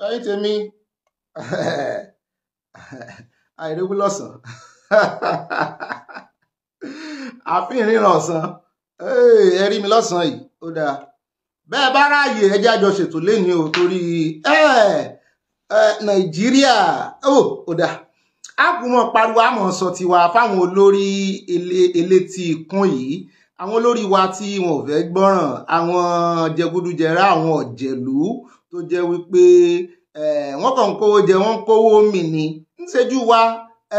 táyé tèmi àìrégún lọ́sàn àfihàn ríran ọ̀sán ẹ rí mi lọ́sàn yìí ó dáa bẹ́ẹ̀ bá ráàyè ẹjẹ́ àjọ ṣètò lẹ́yìn o torí nàìjíríà ó dáa àgùnmọ̀ pariwo àmọ̀ sọ tiwa fáwọn olórí elétí ikún yìí àwọn olórí wa tí wọn ò fẹ́ gbọ́ràn àwọn jẹgúdújẹrá àwọn ọ̀jẹ̀lú tó jẹ́ wípé eh, wọ́n kàn ń kówó jẹ wọ́n ń kówó mì ní ńṣejú wa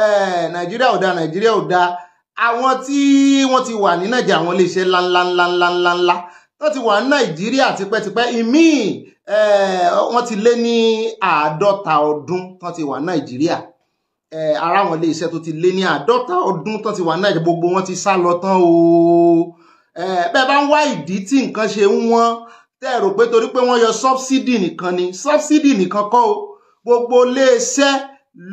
eh, nàìjíríà ò da nàìjíríà ò da àwọn tí wọ́n ti wà ní nàìjíríà àwọn iléeṣẹ́ ńláńláńláńláńlá tó ti wà ní nàìjíríà tipẹ́tipẹ́ ìmíì eh, wọ́n ti lé ní àádọ́ta ọdún tó ti wà ní nàìjíríà ara àwọn iléeṣẹ́ tó ti lé ní àádọ́ta ọdún tó ti wà nàìjíríà gbogbo wọn ti sá lọ tán o bẹ́ẹ̀ bá ń wá ìdí tí nǹkan ṣe ń wọ́n tẹ́ ẹ̀ rò pé torí pé wọ́n yọ subsidy nìkan ni subsidy nìkan kọ́ o gbogbo iléeṣẹ́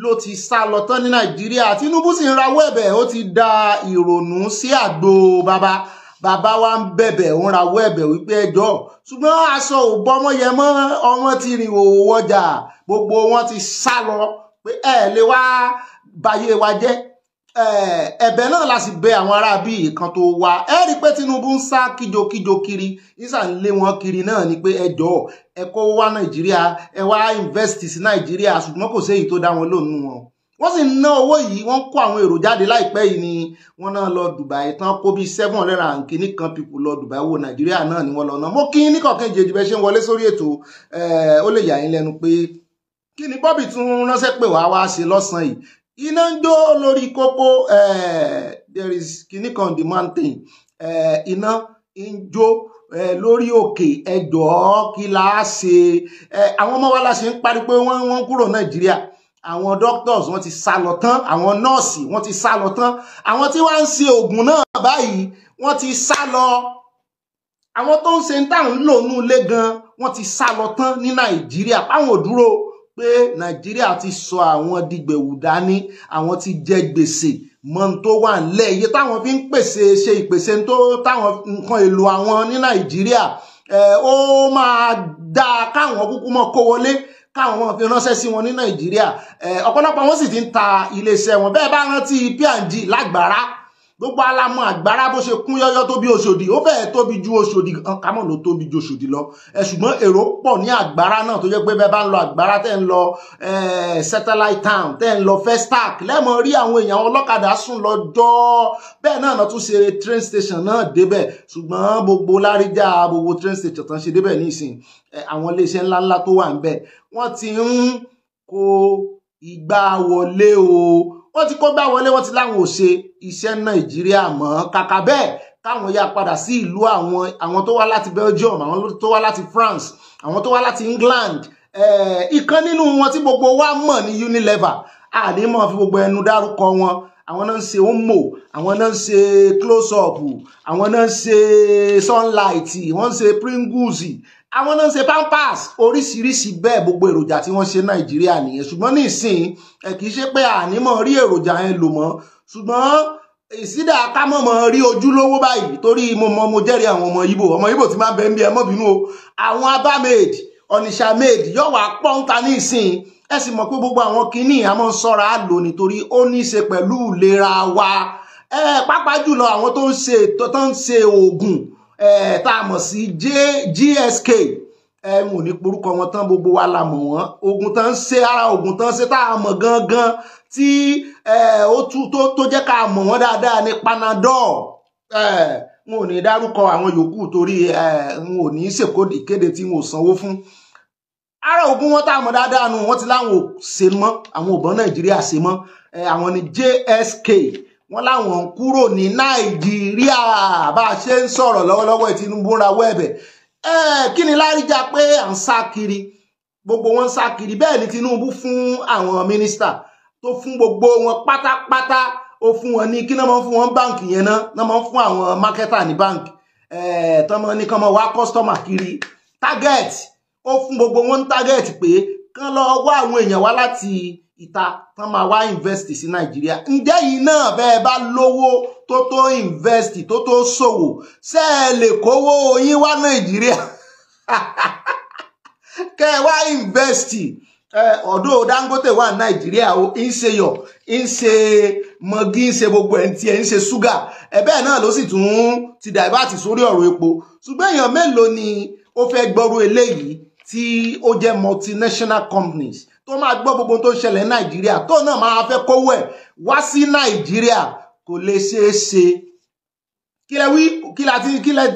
ló ti sá lọ tán ní nàìjíríà tinubu sì ń rawọ́ ẹ̀bẹ̀ ó ti da ìrònú sí àgbo bàbá bàbá wa ń bẹ̀bẹ̀ ń rawọ́ ẹ̀bẹ̀ wípé ẹjọ́ ṣùgbọ́n aṣọ ò bọ́mọyẹmọ́ ọmọ ti rìn òwò ọjà gbogbo wọn ti sá lọ pé ẹ lè wá bayé wa jẹ́ Eh, ẹ̀bẹ̀ náà la sì bẹ àwọn ará bí ìkan tó wá ẹ rí i pé Tinubu ń sá kíjokíjo kiri ìsà ń lé wọn kiri náà ni pé ẹjọ́ ẹ kó wá Nàìjíríà ẹ wá invest sí Nàìjíríà ṣùgbọ́n kò séyìí tó dá wọn lónú wọn wọ́n sì ná owó yìí wọ́n kó àwọn èrò jáde láìpẹ́ yìí ni wọ́n náà lọ Dubai tán kó bíi seven hundred and kìíní kan pipu lọ Dubai wo Nàìjíríà náà ni wọ́n lọ ná mo kí ní kọ̀ọ̀kan ìjẹ́jú bẹ́ẹ̀ ṣe ń wọlé sórí ètò eh, ó lè yà yín lẹ́nu pé kí ni Bobby tún ránṣẹ́ pè wá wá ṣe lọ́sàn yìí iná ń jó lórí kókó eh, there is kinní kan the mountain eh, iná ń jó eh, lórí òkè ẹjọ́ kí la ṣe àwọn ọmọ wa la ṣe ń parí pé wọ́n wọ́n kúrò nàìjíríà àwọn doctors wọ́n ti sá lọ tán àwọn nọ́ọ̀sì wọ́n ti sá lọ tán àwọn tí wọ́n ń ṣe oògùn náà báyìí wọ́n ti sá lọ àwọn tó ń ṣe ń tà ń lò nú ilé gan wọ́n ti sá lọ tán ní nàìjíríà páwọn ò dúró pé nàìjíríà ti sọ àwọn dìgbèwù dání àwọn ti jẹ gbèsè mọ n tó wà nílẹ̀ iye táwọn fi ń pèsè ṣe ìpèsè tó táwọn nǹkan èlò àwọn ní nàìjíríà ó máa dáa káwọn kúkú mọ kó wọlé káwọn fi ránṣẹ́ sí wọn ní nàìjíríà ọ̀pọ̀lọpọ̀ wọn sì ti ń ta iléeṣẹ́ wọn bẹ́ẹ̀ bá rántí P&G lágbára gbogbo alamọ àgbára bó ṣe kún yọyọ tó bí Òṣòdì ó fẹ́ẹ̀ tóbi ju Òṣòdì kámọ̀ ló tóbi ju Òṣòdì lọ ẹ ṣùgbọ́n èrò pọ̀ ní àgbára náà tó jẹ́ pé bẹ́ẹ̀ bá ń lọ àgbára tẹ́ ń lọ satellite town tẹ́ ń lọ Festac lẹ́mọ̀ rí àwọn èèyàn ọlọ́kadà sùn lọ́jọ́ bẹ́ẹ̀ náà tún ṣe train station náà débẹ̀ ṣùgbọ́n gbogbo láríjà gbogbo train station tán ṣe débẹ̀ nísìn àwọn iléeṣẹ́ ńláńlá tó wà ń bẹ̀ wọ́n ti ń kó igbá wọlé o wọ́n ti kó gbá wọlé wọ́n ti láwọn ò ṣe iṣẹ́ nàìjíríà mọ́ kàkà bẹ́ẹ̀ káwọn ya padà sí ìlú àwọn àwọn tó wá láti belgium àwọn tó wá láti france àwọn tó wá láti england eh, ìkan nínú wọn tí gbogbo wa mọ̀ ní unilever àní mọ̀ fi gbogbo ẹnu dárúkọ wọn àwọn náà ń ṣe omo àwọn náà ń ṣe close up àwọn náà ń ṣe sunlight wọ́n ń ṣe pringles àwọn náà ń ṣe pampers oríṣiríṣi bẹ́ẹ̀ gbogbo èròjà tí wọ́n ṣe nàìjíríà nìyẹn ṣùgbọ́n nísìnyí ẹ kì í ṣe pé ànímọ̀ rí èròjà yẹn lò mọ́ ṣùgbọ́n ìsídà kámọ́mọ́ rí ojúlówó báyìí torí mo mọ mo jẹ́rìí àwọn ọmọ ibo ọmọ ibo ti máa bẹ̀ ń bí ẹ mọ́ bínú o àwọn abamed ọ̀nìṣà med yóò wá pọ́ńta ní ìsìn ẹ sì mọ̀ pé gbogbo àwọn kinní àmọ́ sọ́ra lò nítorí ó ní ṣe pẹ̀lú ìlera wa ẹ pápá jùlọ àwọn tó ń ṣe òògùn tá a mọ̀ sí GSK ẹ̀hún ò ní porúkọ wọn tán gbogbo wa la mọ̀ wọ́n ogun tán ń ṣe ara ogun tán ń ṣe tá a mọ̀ gangan tí ó tú tó jẹ́ ká mọ̀ wọ́n dáadáa ní panadol n ò ní dárúkọ àwọn yòókù torí n ò ní ṣèkóde ìkéde tí n ò sanwó fún ara ogun wọn tá a mọ̀ dáadáa nu wọn ti láwọn ò ṣe mọ́ àwọn ò bọ́ Nàìjíríà ṣe mọ́ àwọn ni JSK wọ́n láwọn ń kúrò ní nàìjíríà bá a ṣe ń sọ̀rọ̀ lọ́wọ́lọ́wọ́ Tinubu rawọ́ ẹ̀bẹ̀ kí ni láríjà pé à ń sá kiri gbogbo wọn ń sá kiri bẹ́ẹ̀ ni Tinubu fún àwọn mínísítà tó fún gbogbo wọn pátápátá ó fún wọn ní kí náà máa ń fún wọn báǹkì yẹn náà náà máa ń fún àwọn mákẹ́tà ní báǹkì tọmọ ní kọmọ wá kọ́sítọ́mà kiri target ó fún gbogbo wọn ní target pé kán lọ wá àwọn èèyàn wá láti ìta tán máa wá invest sí nàìjíríà ǹjẹ́ yìí náà bẹ́ẹ̀ bá lówó tó tó invest tó tó ṣòwò ṣé ẹ lè kówó yín wá nàìjíríà kẹ́ ẹ wá invest ọ̀dọ̀ dangote wà nàìjíríà o ń ṣe yọ̀ ń ṣe mọ́gí ń ṣe gbogbo ẹ̀ ń tiẹ̀ ń ṣe ṣúgà ẹ̀bẹ́ẹ̀ náà ló sì tún ti divert sórí ọ̀rọ̀ epo ṣùgbọ́n èèyàn mélòó ni ó fẹ́ gbọ́rú eléyìí tí ó jẹ́ multinational companies tó máa gbọ́ gbogbo tó ń ṣẹlẹ̀ nàìjíríà tó náà máa fẹ́ kówó ẹ̀ wá sí nàìjíríà kò lè ṣeé ṣe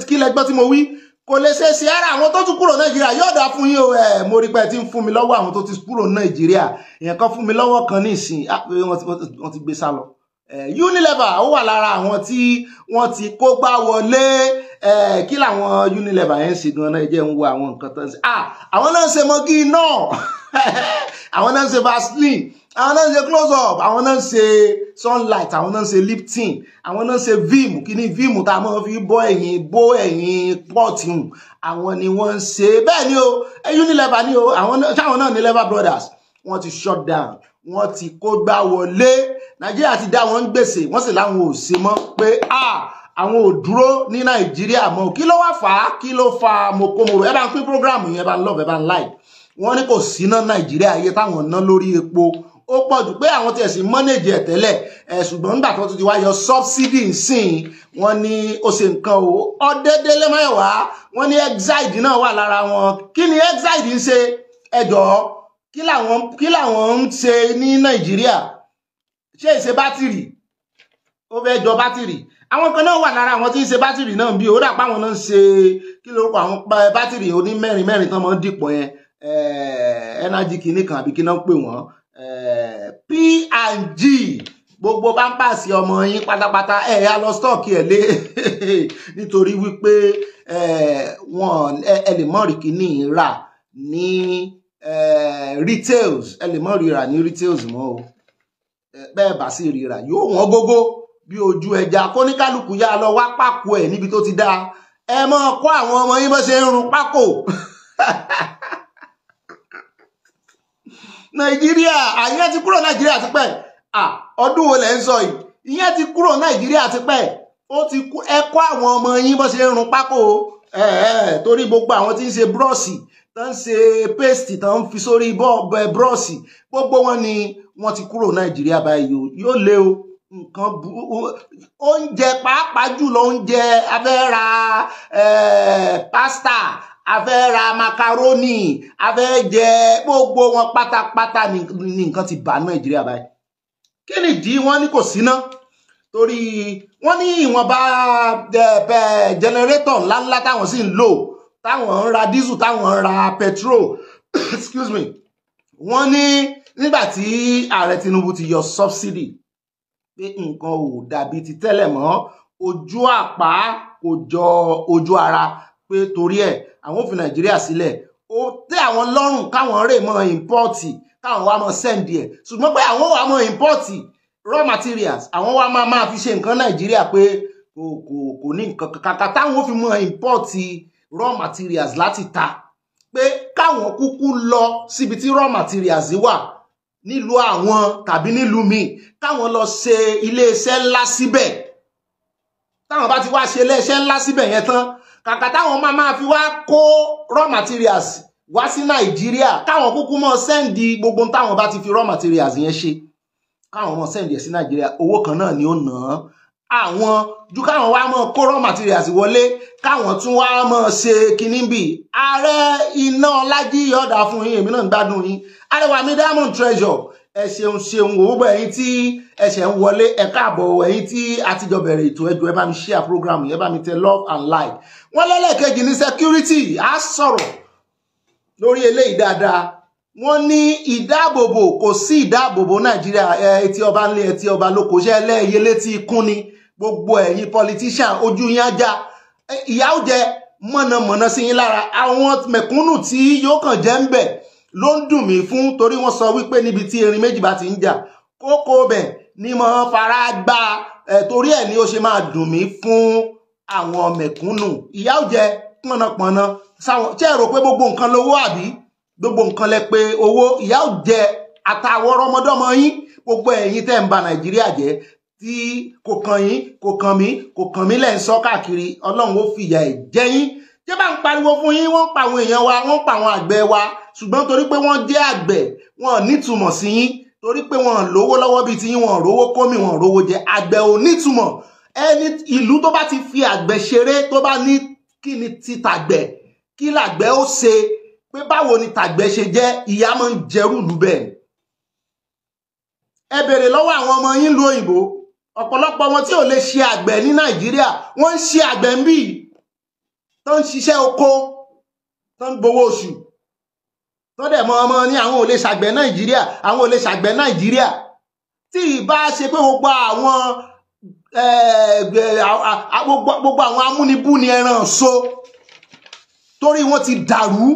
kí lẹ gbọ́ tí mo wí kò lè ṣe ṣe ara àwọn tó tún kúrò nàìjíríà yóò dá fún yín o ẹ mo rí pé tí ń fún mi lọ́wọ́ àwọn tó ti kúrò nàìjíríà èèyàn kan fún mi lọ́wọ́ kan ní ìsìn ah, wọ́n ti gbé sá lọ. Unilever ó wà lára àwọn tí wọ́n ti kó gbá wọlé kí làwọn Unilever yẹn ń ṣe ganan ẹ jẹ́ ń wo àwọn nǹkan tó ń ṣe ah, àwọn náà ń ṣe mọ́gí náà. àwọn náà ń ṣe vaseline àwọn náà ń ṣe close up àwọn náà ń ṣe sunlight àwọn náà ń ṣe tint. àwọn náà ń ṣe vim kíní vim tá a máa fi bọ́ ẹ̀yìn bó ẹ̀yìn pọ́ọ̀tì hùn àwọn ni wọ́n ń ṣe bẹ́ẹ̀ ni o unilever ni o táwọn náà ní lever brothers wọ́n ti shut down wọ́n ti kó gbá wọlé nàìjíríà ti dá wọn ń gbèsè wọ́n sì láwọn ò ṣe mọ́ pé ah àwọn ò dúró ní nàìjíríà mọ́ kí ló wá fà á kí ló fa mokomoro ẹ bá ń pín program yẹn ẹ bá ń love ẹ bá ń like wọ́n ní kò síná nàìjíríà iye táwọn ná lórí epo ó pọ̀ jù pé àwọn tiẹ̀ sí mọ́nèjì ẹ̀ tẹ́lẹ̀ ẹ̀ ṣùgbọ́n nígbà tó ti wá yọ sọ́bsidì nsìn wọ́n ní ó ṣe nǹkan o ọ̀dẹ́dẹ́lẹ́ mẹ́wàá wọ́n ní exide náà wà lára wọn kí ni exide ń ṣe ẹ̀dọ́ kí làwọn kí làwọn ń ṣe ní nàìjíríà ṣé ìṣe bátìrì ó fẹ́ jọ bátìrì àwọn kan náà wà lára àwọn tí ń ṣe bátìrì náà bí ó dà pé àwọn náà ń ṣe kí lórúkọ àwọn bátìrì onímẹ́rin mẹ́rin tán mọ́ dìpọ̀ yẹn Eh, energy kìíní kan àbí kí náà ń pè wọ́n eh, P&G gbogbo pampasì ọmọ yín pátápátá ẹ á lọ stọọkì ẹ lé nítorí wípé eh, wọn ẹ lè mọ rí kíní rà ní retails ẹ lè mọ rírà ní retails mo, o bẹ́ẹ̀ bá sì rírà yóò wọ́n gógó bí ojú ẹja kóníkálukú yá lọ wá pákó ẹ níbi tó ti dáa ẹ mọ kó àwọn ọmọ yín bó ṣe ń run pákó nàìjíríà àyẹ́ ti kúrò nàìjíríà tipẹ́ ọdún wo lẹ̀ ń sọ yìí ìyẹn ti kúrò nàìjíríà tipẹ́ ó ti kú ẹ kọ́ àwọn ọmọ yín bó ṣe ń run pákó torí gbogbo àwọn tí ń ṣe búrọ́ọ̀sì tó ń ṣe paste tó ń fi sórí búrọ́ọ̀sì gbogbo wọn ni wọ́n ti kúrò nàìjíríà báyìí yóò lé o nǹkan oúnjẹ pàápàá jùlọ oúnjẹ abẹ́ra pásítà a fẹ́ ra macaroni a fẹ́ jẹ gbogbo wọn pátápátá ni nǹkan ti bà nàìjíríà báyìí kí nìdí wọn ní kò síná torí wọn ní ìwọ̀nba jẹnẹrétọ̀ ńláńlá táwọn sì ń lò táwọn ń ra dísù táwọn ń ra petrol excuse me wọn ní nígbà tí ààrẹ Tinubu ti yọ subsidy pé nǹkan ò dàbí ti tẹ́lẹ̀ mọ́ ojú àpá kò jọ ojú ara pé torí ẹ̀ àwọn ò fi nàìjíríà sílẹ̀ ó tẹ́ àwọn lọ́rùn káwọn rè mọ́ ìmpọ́ọ̀tì káwọn wá mọ́ sẹ́ǹdì ẹ̀ ṣùgbọ́n pé àwọn wà mọ́ ìmpọ́ọ̀tì raw materials àwọn wá máa máa fi ṣe nǹkan nàìjíríà pé kò kò kò ní nǹkan kàkà táwọn ò mọ́ ìmpọ́ọ̀tì raw materials láti ta pé káwọn kúkú lọ síbi tí raw materials wà nílùú àwọn tàbí nílùú míì káwọn lọ ṣe iléeṣẹ́ ńlá síbẹ̀ táwọn bá ti wá ṣe iléeṣẹ́ ńlá síbẹ̀ yẹn tán kàkà táwọn máa máa fi wá kó raw materials wá sí nàìjíríà káwọn kúkú mọ́ sẹ́ǹdì gbogbo táwọn bá ti fi raw materials yẹn ṣe káwọn mọ́ sẹ́ǹdì ẹ̀ sí nàìjíríà owó kan náà ni ó ná àwọn ju káwọn wá mọ́ kó raw materials wọlé káwọn tún wá mọ́ ṣe kinní bì ààrẹ iná ọlájí ọ̀dà fún yín èmi náà gbádùn yín àrẹwà mi diamond treasure ẹ ṣeun ṣeun òwúgbọ ẹ̀yin tí ẹṣẹ ń wọlé ẹ káàbọ̀ ẹ̀yin tí a ti jọ bẹ̀rẹ̀ ètò ẹjọ ẹ bá mi share program yẹn bá mi tẹ love and light. wọn lẹlẹkejì ní security á sọ̀rọ̀ lórí eléyìí dáadáa wọn ní ìdáàbòbò kò sí ìdáàbòbò nàìjíríà etí ọba ńlẹ etí ọba lóko ṣẹ ẹlẹyẹ létí ikún ni gbogbo ẹ̀yin politician ojú yín ajá ìyà ó jẹ mọ̀nàmọ̀nà sí yín lára àwọn mẹ̀kúnnù tí yóò kàn jẹ́ ń bẹ̀ ló ń dùn mí fún torí wọ́n sọ wípé níbi tí erin méjì bá ti ń jà kókó bẹ̀ ni mo fara gbá ẹ̀ torí ẹ̀ ni ó ṣe máa dùn mí fún àwọn mẹ̀kúnnù ìyá ò jẹ pọnapọna sáwọn tí ẹ rò pé gbogbo nǹkan lówó àbí gbogbo nǹkan lẹ pé owó ìyá ò jẹ àtàwọn ọmọdọmọ yín gbogbo ẹ̀yin tẹ́ ń ba nàìjíríà jẹ tí kò kàn yín kò kàn mí kò kàn mí lẹ ń sọ káàkiri Ọlọ́run ó fìyà ẹ jẹ tí bá ń pariwo fún yín wọ́n ń pa àwọn èèyàn wa wọ́n ń pa àwọn àgbẹ̀ wa ṣùgbọ́n torí pé wọ́n jẹ́ àgbẹ̀ wọn nítumọ̀ sí yín torí pé wọn lówó lọ́wọ́ bíi ti yín wọn rówó kómi wọn rówó jẹ àgbẹ̀ ò nítumọ̀ ẹni ìlú tó bá ti fi àgbẹ̀ ṣeré tó bá ní kí ni ti tàgbẹ̀ kí làgbẹ̀ ó ṣe pé báwo ni tàgbẹ̀ ṣe jẹ́ ìyá máa ń jẹrú ìlú bẹ́ẹ̀ ẹ bèrè lọ́wọ́ àwọn ọmọ yín lu òyìnbó ọ̀pọ̀lọpọ̀ wọn tí ò lè ṣe àgbẹ̀ ní nàìjíríà wọ́n ń ṣe àgbẹ̀ ń bíi tó ń ṣiṣẹ́ oko tó ń gbowó oṣù tó dẹ̀ mọ́ ọmọ ní àwọn ò lè ṣàgbẹ̀ nàìjíríà àwọn ò lè ṣàgbẹ̀ nàìjíríà tí ìbá ṣe pé gbogbo àwọn eh, eh, gbogbo àwọn amúnibú ni ẹran so torí wọ́n ti dàrú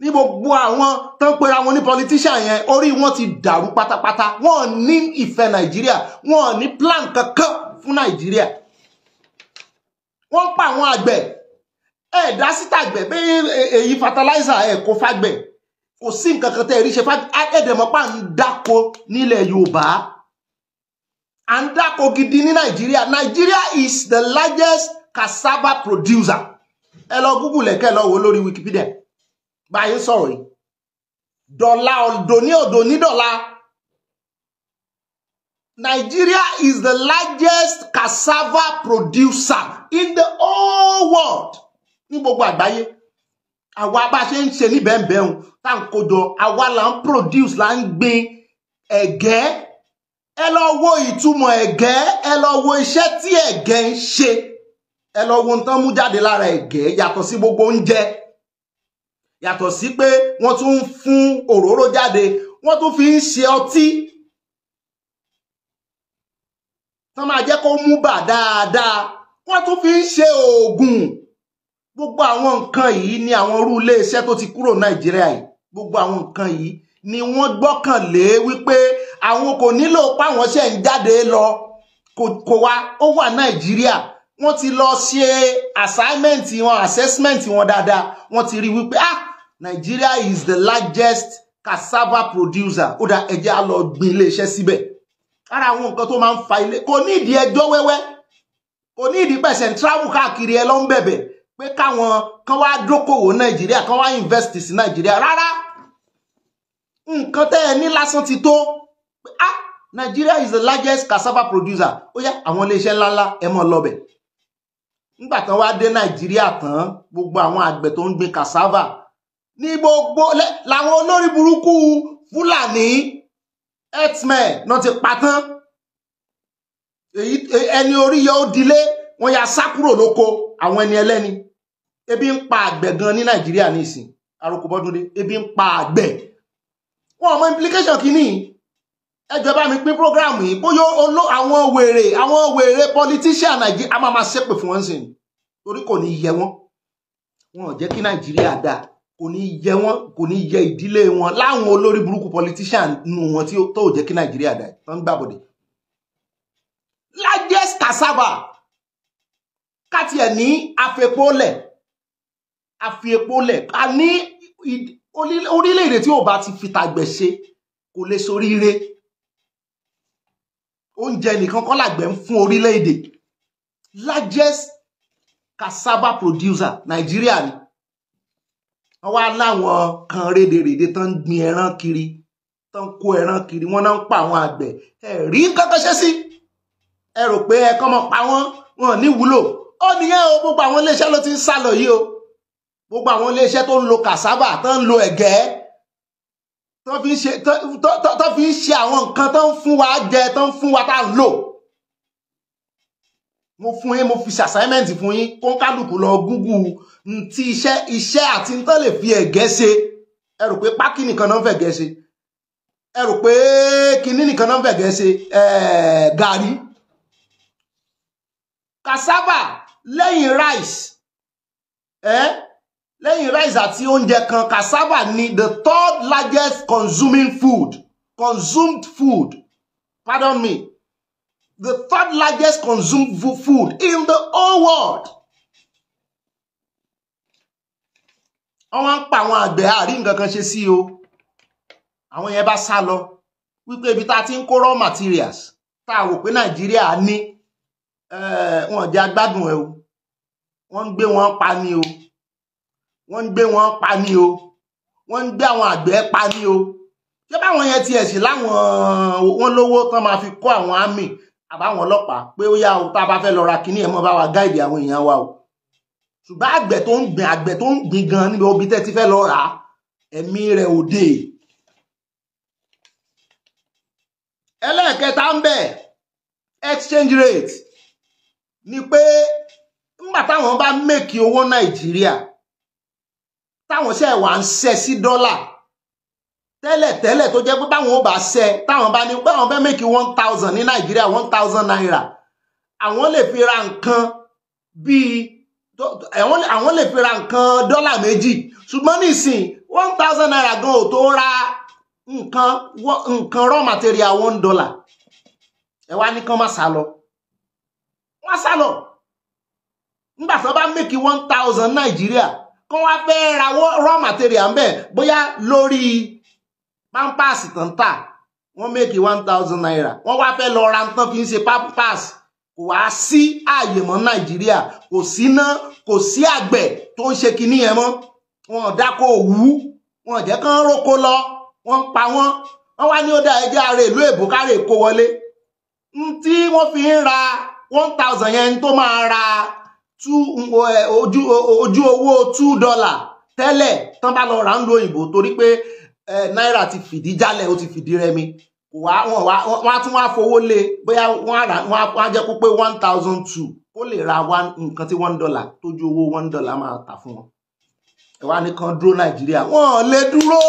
ní gbogbo àwọn tó ń pera wọn ní politician yẹn orí wọ́n ti dàrú pátápátá wọ́n ní ìfẹ́ nàìjíríà wọ́n ní plan kankan fún nàìjíríà wọ́n ń pa àwọn àgbẹ̀ ẹ dá síta gbẹ pé èyí fertilizer ẹ kó fagbẹ kò sí nǹkan kan tẹ ẹ rí ṣe ẹdẹmọpá ń dáko nílẹ̀ Yorùbá à ń dáko gidi ní Nàìjíríà Nàìjíríà is the largest cassava producer ẹ lọ Google ẹ kẹ́ lọ wo lórí Wikipedia báyìí sọ̀rọ̀ yìí dọ̀la ọ̀dọ̀ ní ọ̀dọ̀ ní dọ̀la Nigeria is the largest cassava producer in the whole world ní gbogbo àgbáyé àwa bá ṣe ń ṣe níbẹ̀ẹ́bẹ̀ẹ́hùn tá à ń kójọ àwa là ń produce là ń gbin ẹ̀gẹ́ ẹ lọ wo ìtumọ̀ ẹ̀gẹ́ ẹ lọ wo iṣẹ́ tí ẹ̀gẹ́ ń ṣe ẹ lọ wo nǹkan mú jáde lára ẹ̀gẹ́ yàtọ̀ sí gbogbo oúnjẹ yàtọ̀ sí pé wọ́n tún ń fún òróró jáde wọ́n tún fi ń ṣe ọtí tán máa jẹ́ kó mú bà dáadáa wọ́n tún fi ń ṣe oògùn gbogbo àwọn nǹkan yìí ni àwọn irú iléeṣẹ́ tó ti kúrò nàìjíríà yìí gbogbo àwọn nǹkan yìí ni wọ́n gbọ́kànlé wípé àwọn kò nílò páwọn ṣe ń jáde lọ kò wá ó wà nàìjíríà wọ́n ti lọ ṣe assignment wọn assessment wọn dáadáa wọ́n ti rí wípé ah Nigeria is the largest cassava producer ó dá ẹjẹ́ á lọ gbin iléeṣẹ́ síbẹ̀ ara àwọn nǹkan tó máa ń fa ilé kò ní ìdí ẹjọ́ wẹ́wẹ́ kò ní ìdí pẹ̀sẹ̀ ń travel káàkiri ẹ lọ ń bẹ̀bẹ̀ pé káwọn kan wá dókòwò nàìjíríà kan wá invest sí nàìjíríà rárá nǹkan tẹ́ ẹ ní lásán ti tó pé ah nàìjíríà is the largest cassava producer ó yá àwọn iléeṣẹ́ ńláńlá ẹ mọ̀ lọ́bẹ̀ nígbà tán wá dé nàìjíríà tán gbogbo àwọn àgbẹ̀ tó ń gbin cassava ní gbogbo làwọn olórí burúkú fúlàní herdsmen náà ti pa tán ẹni orí yọ ó dilé wọn yà sá kúrò lóko àwọn ẹni ẹlẹ́ni ebi ń pa àgbẹ̀ gan ní nàìjíríà ní ìsìn àròkò bọ́dúndé ebi ń pa àgbẹ̀ wọn ọmọ implication kìíní ẹjọ bá mi pín program yìí bóyá oló àwọn wèrè àwọn wèrè politician nàìjíríà a máa ma ṣépè fún wọn sìn torí kò ní yẹ wọn wọn ò jẹ́ kí nàìjíríà dà kò ní yẹ wọn kò ní yẹ ìdílé wọn láwọn olórí burúkú politician nù wọn tí tó ò jẹ́ kí nàìjíríà dà tó ń gbàbọdè largest cassava kátiẹ̀ ní afẹ́pọ́lẹ̀ a fi epo lẹ̀ a ní orílẹ̀-èdè tí ò bá ti fi tàgbẹ̀ ṣe kò lè soríire oúnjẹ nìkan kọ́ làgbẹ̀ ń fún orílẹ̀-èdè largest cassava producer Nàìjíríà ni wọ́n wá láwọn kan rédèrèdè tó ń gbin ẹran kiri tó ń kó ẹran kiri wọ́n náà ń pa àwọn àgbẹ̀ ẹ rí kankan ṣe sí ẹ rò pé ẹ kọ́ mọ pa wọ́n wọn ò ní wúlò ó nìyẹn o gbogbo àwọn iléeṣẹ́ ló ti ń sá lọ yìí o gbogbo àwọn iléeṣẹ́ tó ń lo cassava tó ń lo ẹ̀gẹ́ tó fi ń ṣe tó fi ń ṣe àwọn nǹkan tó ń fún wa jẹ tó ń fún wa tá à ń lò mo fún yín mo fi ṣe assignment fún yín kó kálukú lọ Google ti iṣẹ́ iṣẹ́ àti ń tán lè fi ẹ̀gẹ́ ṣe ẹ rò pé pákí nìkan náà ń fẹ̀gẹ́ ṣe ẹ rò pé kinní nìkan náà ń fẹ̀gẹ́ ṣe gàrí cassava lẹ́yìn rice. Eh? lẹ́yìn rice àti oúnjẹ kan cassava ni the third largest consuming food consumed food pardon me the third largest consumed food in the whole world. wọ́n ń pa àwọn àgbẹ̀ àrí nǹkan kan ṣe sí o àwọn yẹn bá sá lọ wípé ibi tá a ti ń kó raw materials tá a wò pé nàìjíríà ní eh, wọn jẹ agbádùn ẹ o wọ́n ń gbé wọn pa ni o wọ́n ń gbé wọn pa ni o wọ́n ń gbé àwọn àgbẹ̀ pa ni o ṣé báwọn yẹn tiẹ̀ sí láwọn wọn lówó tán máa fi kọ́ àwọn àmì àbáwọn ọlọ́pàá pé ó yá o tá a bá fẹ́ lọ ra kinní ẹ̀ mọ́ bá wa gáìdì àwọn èèyàn wa o ṣùgbọ́n àgbẹ̀ tó ń gbìn àgbẹ̀ tó ń gbìn gan níbi obi tẹ́ ti fẹ́ lọ rà á ẹ̀mí rẹ̀ ò dé ẹlẹ́ẹ̀kẹta ń bẹ̀ exchange rate ni pé ńgbà táwọn bá mẹ́kì owó Nàìjíríà táwọn ṣe wà ń ṣe sí dọ́là tẹ́lẹ̀tẹ́lẹ̀ tó jẹ́ pé báwọn ò bá ṣe táwọn bá ní báwọn fẹ́ mẹ́kì one thousand ní nàìjíríà one thousand naira àwọn lè fi ra nǹkan bíi àwọn lè fi ra nǹkan dọ́là méjì ṣùgbọ́n nísìn one thousand naira gan ò tó ra nǹkan nǹkan raw material one dollar ẹ wá ní kán má sá lọ wọ́n sá lọ nígbà tí wọ́n bá mẹ́kì one thousand nàìjíríà kán wá fẹ́ ra raw material ń bẹ̀ bóyá lórí pampers tán tà wọ́n méèkì one thousand naira wọ́n wá fẹ́ lọ ra tán fi ń ṣe pampers kò wá sí ààyè mọ́ nàìjíríà kò síná kò sí àgbẹ̀ tó ń ṣe kinní yẹn mọ́ wọn ò dáko òwú wọn ò jẹ́ kán róko lọ wọ́n pa wọ́n wọ́n wá ní ó dá ẹjẹ́ ara ìlú èbó káre kó wọlé tí wọ́n fi ń ra one thousand yẹn tó máa ra Eh, ojú owó two dollar tẹ́lẹ̀ tán bá lọ rà ń lo òyìnbó torí pé eh, náírà ti fìdí jálẹ̀ ó ti fìdí rẹmi wọ́n á tún wá fowó lé bóyá wọ́n jẹ́ kó pé one thousand two ó lè ra nǹkan tí one dollar tójú owó one dollar máa tà fún wọn ẹ wá ní kan dúró nàìjíríà wọn lè dúró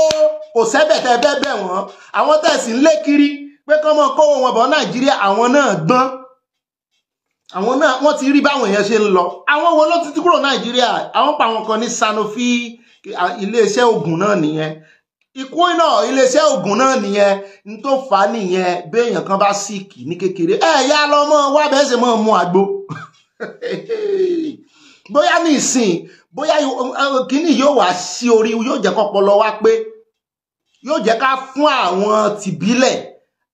kò sẹ́bẹ̀ tẹ́ bẹ́ẹ̀ bẹ́ẹ̀ wọ́n àwọn tẹ̀sí ń lé kiri pé kọ́mọ kó wọn bọ̀ nàìjíríà àwọn náà gbọ́n àwọn náà wọ́n ti rí báwọn èèyàn ṣe ń lọ àwọn wo ló ti kúrò nàìjíríà àwọn pa àwọn kan ní Sanofi iléeṣẹ́ oògùn náà nìyẹn ikú náà iléeṣẹ́ oògùn náà nìyẹn n tó fà á nìyẹn béèyàn kan bá síìkì ní kékeré ẹ yá lọ mọ wá bẹ́ẹ̀ ṣe mọ́ mu àgbo bóyá ní ìsìn bóyá kínní yóò wá sí orí yóò jẹ́ kọ́pọlọ wá pé yóò jẹ́ ká fún àwọn tìbílẹ̀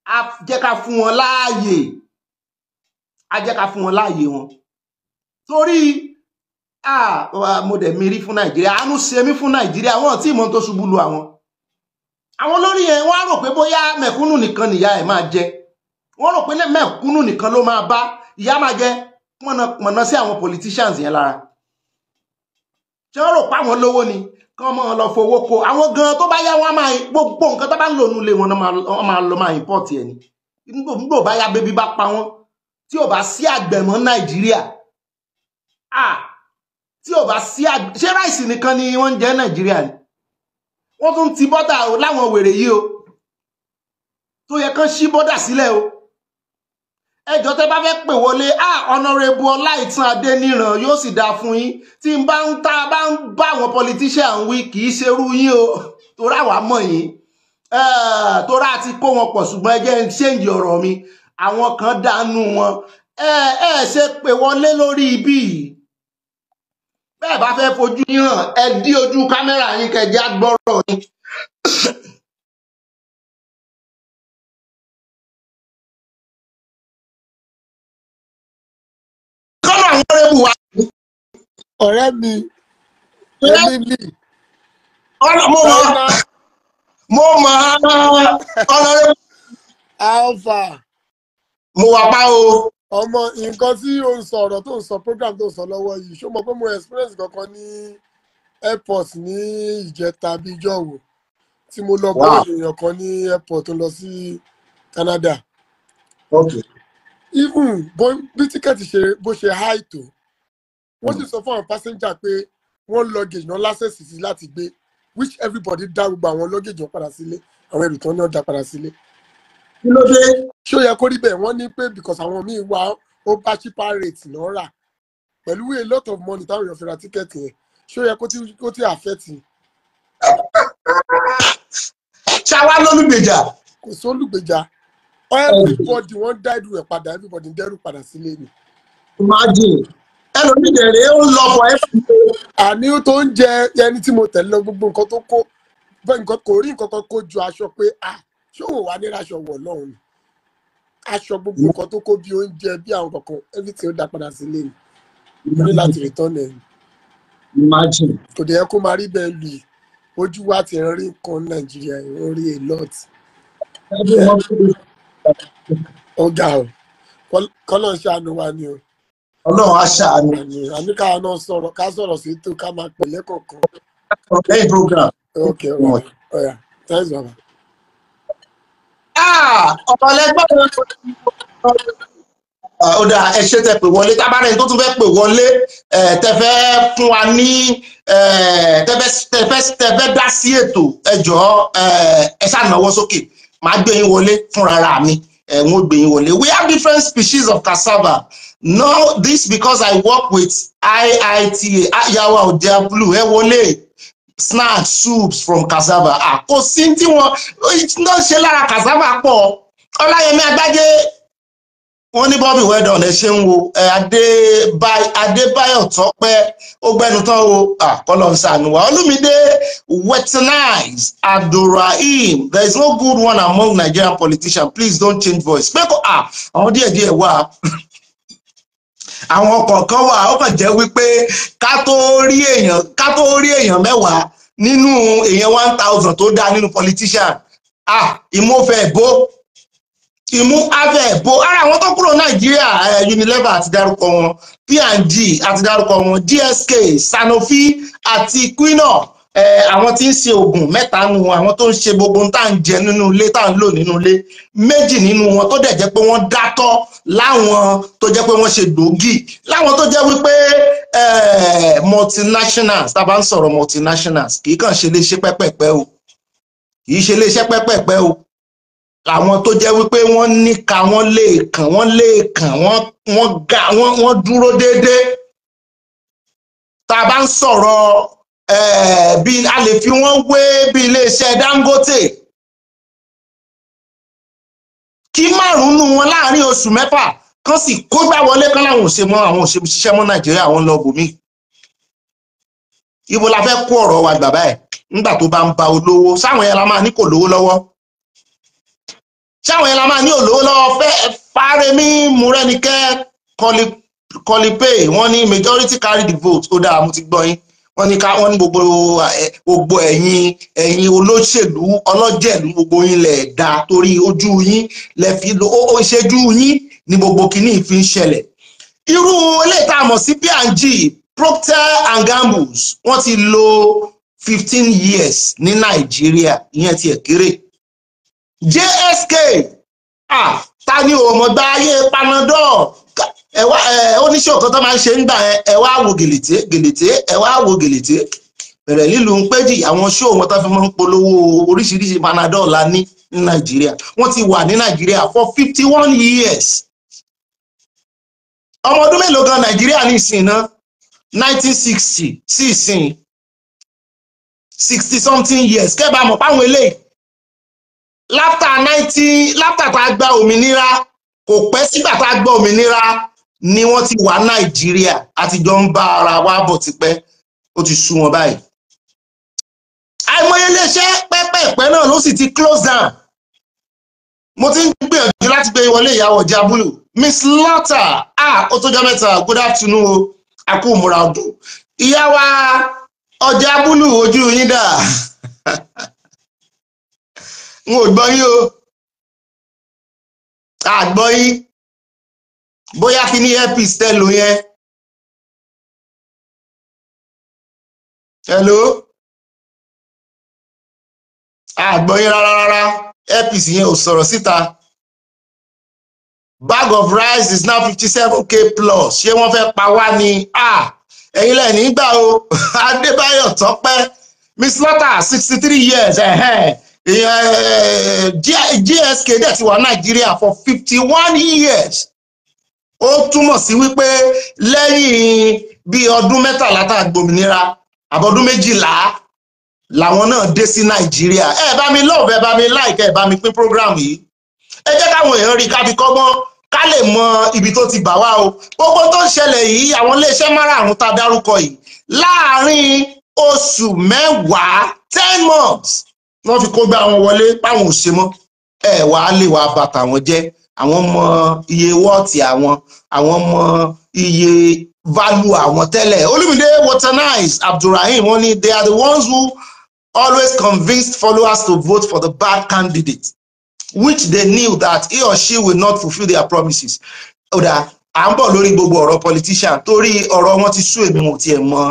á ká fún wọn láàyè á jẹ́ ká fún wọn láàyè wọn torí mo dẹ̀ mi rí fún nàìjíríà àánú ṣe mí fún nàìjíríà wọn tí ìmọ̀ tó ṣubú lu àwọn àwọn olórí yẹn wọ́n á rò pé bóyá mẹ̀kúnnù nìkan nìyá ẹ̀ máa jẹ wọ́n rò pé mẹ̀kúnnù nìkan ló máa bá ìyá máa jẹ pọ̀nà sí àwọn politicians yẹn lára tí wọ́n rò pé àwọn lówó ni kán mọ́ lọ fowó ko àwọn gan tó bá yá wọn máa gbogbo nǹkan tó bá ń lò nílé wọn máa lọ máa import ẹ̀ ni gbogbo bá yá bébí bá pa wọn tí ò bá sí àgbẹ̀ mọ́ nàìjíríà tí ò bá sí àgbẹ̀ ṣé ráìsì nìkan ni wọ́n ń jẹ nàìjíríà ni wọ́n tún ti bọ́dà o láwọn wèrè yìí o tó yẹ kán ṣí bọ́dà sílẹ̀ o ẹjọ́ tẹ́ bá fẹ́ pè wọlé a ọ̀nàrẹ́bù ọláìtàn adéníran yóò sì dáa fún yín tí n bá ń ta bá ń bá àwọn politician wí kì í ṣerú yín o torá wàá mọ̀ yín torá ti kó wọn pọ̀ ṣùgbọ́n ẹ ń ṣéǹjì ọ̀rọ̀ mi àwọn kan dánú wọn ẹ ẹ ṣe pé wọlé lórí ibi bẹ́ẹ̀ bá fẹ́ fojú yín hàn ẹ dí ojú kámẹ́rà yín kẹjá gbọ́rọ̀ yín. ọ̀rẹ́ mi ẹbí mi. mo mọ̀ mo mọ̀ ọ̀nà rẹ̀ mo wà pa o. ọmọ nǹkan tí o ń sọ ọ̀rọ̀ tó ń sọ program tó ń sọ lọ́wọ́ yìí ṣó mọ̀ pé mo experience kankan ní airport ní ìjẹta bíjọ́ wò tí mo lọ bá èèyàn kan ní airport tó lọ sí Canada. Okay. even bí tíkẹ́ẹ̀tì ṣe bó ṣe high tó wọ́n sì hmm. sọ fún àwọn pásẹ́njà pé wọ́n luggage náà lásẹ̀sì sí láti gbé which everybody dá gbogbo àwọn luggage wọn padà sílé àwọn ẹrù tán náà dá padà sílé. kí ló dé ṣó yẹ kó rí bẹ́ẹ̀ wọ́n ní pé because àwọn míì wá ó bá cheaper rate náà rà pẹ̀lú a lot of money táwọn èèyàn fi ra tíkẹ́ẹ̀tì yẹn ṣó yẹ kó tí àfẹ́tì. ṣáwá lólùgbèjà. kò sólùgbèjà everybody wọ́n dá ìdúró ẹ̀ padà everybody ń dẹ́rù padà sílé ni. imagine ẹlòmíì dẹ̀rẹ̀ ó ń lọ fọ ẹ́ fún mi. àní tó ń jẹ ẹni tí mo tẹ̀lé lọ gbogbo nǹkan tó kó bẹ́ẹ̀ nǹkan kò rí nǹkan kan kó ju aṣọ pé ah ṣé òun wà ní aṣọ wọ̀ lọ́hùn-ún aṣọ gbogbo nǹkan tó kó bí oúnjẹ bí àwọn kankan everything ó dá padà sílé ni mo ní láti return ẹ̀ imagine kò dé yẹ kó máa rí bẹ́ẹ̀ lù ojú wa ti rí nǹkan nàìjíríà ó rí a lot ó o kọ́lọ̀ ń ṣàánú wa ni o ọlọ́run á ṣàánú àní ká náà sọ̀rọ̀ ká sọ̀rọ̀ sí tó ká máa pẹ̀lẹ́ kọ̀ọ̀kan. Ok, program. ok ok. ọ̀ya thanks baba. Ah, ọ̀rọ̀ lẹ́gbọ́n ah, tẹ pè wọlé tábàárẹ̀ tó tún fẹ́ pè wọlé tẹfẹ́ fún wa ní tẹfẹ́ dá sí ètò ẹjọ́ ẹ ṣànáwó sókè màá gbé wọlé fúnra mi wọ́n gbé wọlé we have different species of cassava know this because I work with IITA ah, Yawa Odia Blue ẹ wọlé snacks soups from cassava kò sí tí wọ́n ń ṣe lára cassava pọ̀ ọláyẹmí agbájé wọ́n ní bobby well done ẹ ṣeun wo adébáyọ̀ tọ́pẹ́ ó gbẹnu tán o kọlọmsànùwà olùmídé wetinized abdulrahim there is no good one among Nigerian politicians please don't change voice pé kò àwọn díẹ̀ díẹ̀ wà àwọn kọ̀ọ̀kan wà ó kàn jẹ́ wípé ká tó rí èèyàn ká tó rí èèyàn mẹ́wàá nínú èèyàn one thousand tó dáa nínú politician ah ìmúfẹ́ bó ìmú afẹ́ bó ara àwọn tó kúrò nàìjíríà Unilever àti dárúkọ wọn P&G àti dárúkọ wọn GSK Sanofi àti Quinor àwọn tí ń ṣe oògùn mẹ́ta nu wọn àwọn tó ń ṣe gbogbo tá à ń jẹ nínú ilé tá à ń lò nínú ilé méjì nínú wọn tó dẹ̀ jẹ́ pé wọ́n dátọ́ láwọn tó jẹ́ pé wọ́n ṣe gbòógì láwọn tó jẹ́ wípé multinationals tá a bá ń sọ̀rọ̀ multinationals kì í kàn ṣe iléeṣẹ́ pẹ́pẹ́pẹ́ o kì í ṣe iléeṣẹ́ pẹ́pẹ́pẹ́ o àwọn tó jẹ́ wípé wọ́n níka wọ́n lè kàn wọ́n lè kàn wọ́n dúró déédéé tá ń sọ̀rọ̀ Eh, bí a lè fi wọ́n wé bí iléeṣẹ́ Dangote kí márùn-ún wọn láàrin oṣù mẹ́fà kan sì kógbá wọlé kan láwọn òṣè mọ́ àwọn òṣè ṣiṣẹ́ mọ́ Nàìjíríà àwọn lọ bòmí ibo la fẹ́ kó ọ̀rọ̀ wa bàbá ẹ̀ nígbà tó bá ń ba olówó sáwọn yẹn la máa ní kò lówó lọ́wọ́ sáwọn yẹn la máa ní olówó lọ́wọ́ fẹ́ Fáremí Múrẹ́nikẹ́ kọlipé wọ́n ní majority carry the vote ó dáa mo ti gbọ́ yín wọ́n ní ká wọ́n ní gbogbo gbogbo ẹ̀yin ẹ̀yin olóṣèlú ọlọ́jẹ̀lú gbogbo yín lẹ̀ dá torí ojú yín lẹ̀ fi ó ṣejú yín ní gbogbo kìíní fi ń ṣẹlẹ̀ irú eléyìí tá a mọ̀ sí P&G Procter and Gamble wọ́n ti lò fifteen years ní Nàìjíríà ìyẹn ti ẹ̀ JSK ah ta ni òmò gbáyé panadol ẹwà ẹ oníṣẹ́ ọ̀kan tó máa ń ṣe ń gbà ẹ ẹwà wo gèlèté gèlèté ẹwà wo gèlèté bẹ̀rẹ̀ lílu ń péjì àwọn ṣó wọn tó fi máa ń polówó oríṣiríṣi panadol la ní ní nàìjíríà wọ́n ti wà ní nàìjíríà for fifty one years ọmọ ọdún mélòó kan nàìjíríà ní ìsìn náà nineteen sixty sí ìsìn sixty something years kẹ́ẹ̀bà mọ̀ páwọn eléyìí látà nineteen látà tá a gba òmìnira kò pẹ́ sígbà tá a gba òmìnira ni wọ́n ti wà nàìjíríà àtijọ́ ń bá ara wa bọ̀ tipẹ́ ó ti sú wọn báyìí àìmọye iléeṣẹ́ pẹ́pẹ́pẹ́ náà ló sì ti close down mo ti ń gbìyànjú láti gbé wọlé ìyàwó jabulu miss Lata ah ó tó jọ mẹ́ta good afternoon o àkó òmùra ọdún ìyá wa ọjà búlù ojú yín dà n ò gbọ́ yín o àgbọ́ yín bóyá kí ní earpiece tẹ́ lò yẹn. hello àgbọ̀yé rárá rárá earpiece yẹn ò sọ̀rọ̀ síta bag of rice is now fifty seven k plus ṣé wọ́n fẹ́ pa wá ni ẹ̀yin lẹ́yìn nígbà o adébáyọ̀ tọ́pẹ́ miss lọ́tà sixty three years eh, gsk dẹ̀ ti wà nàìjíríà for fifty one years ó túmọ̀ sí wípé lẹ́yìn bí ọdún mẹ́tàlá tá a gbòmìnira àbọ̀dún méjìlá làwọn náà dé sí nàìjíríà ẹ bá mi love ẹ bá mi like ẹ bá mi pín program yìí ẹ jẹ́ káwọn èèyàn rí kábi kọ́gbọ́n ká lè mọ ibi tó ti bà wá o gbogbo tó ń ṣẹlẹ̀ yìí àwọn iléeṣẹ́ márààrún tá a dárúkọ yìí láàárín oṣù mẹ́wàá ten months wọ́n fi kó gbá wọn wọlé páwọn ò ṣe mọ́ ẹ wàá lè wàá bàtà wọn jẹ́ àwọn mọ iye wọ́ọ̀tì àwọn àwọn mọ iye value àwọn tẹ́lẹ̀ olumide waternize abdulrahim wọ́n ní they are the ones who always convinced followers to vote for the bad candidate which they knew that he or she will not fulfil their promises ọ̀dà à ń bọ̀ lórí gbogbo ọ̀rọ̀ politician torí ọ̀rọ̀ wọn ti sú èmi ò tiẹ̀ mọ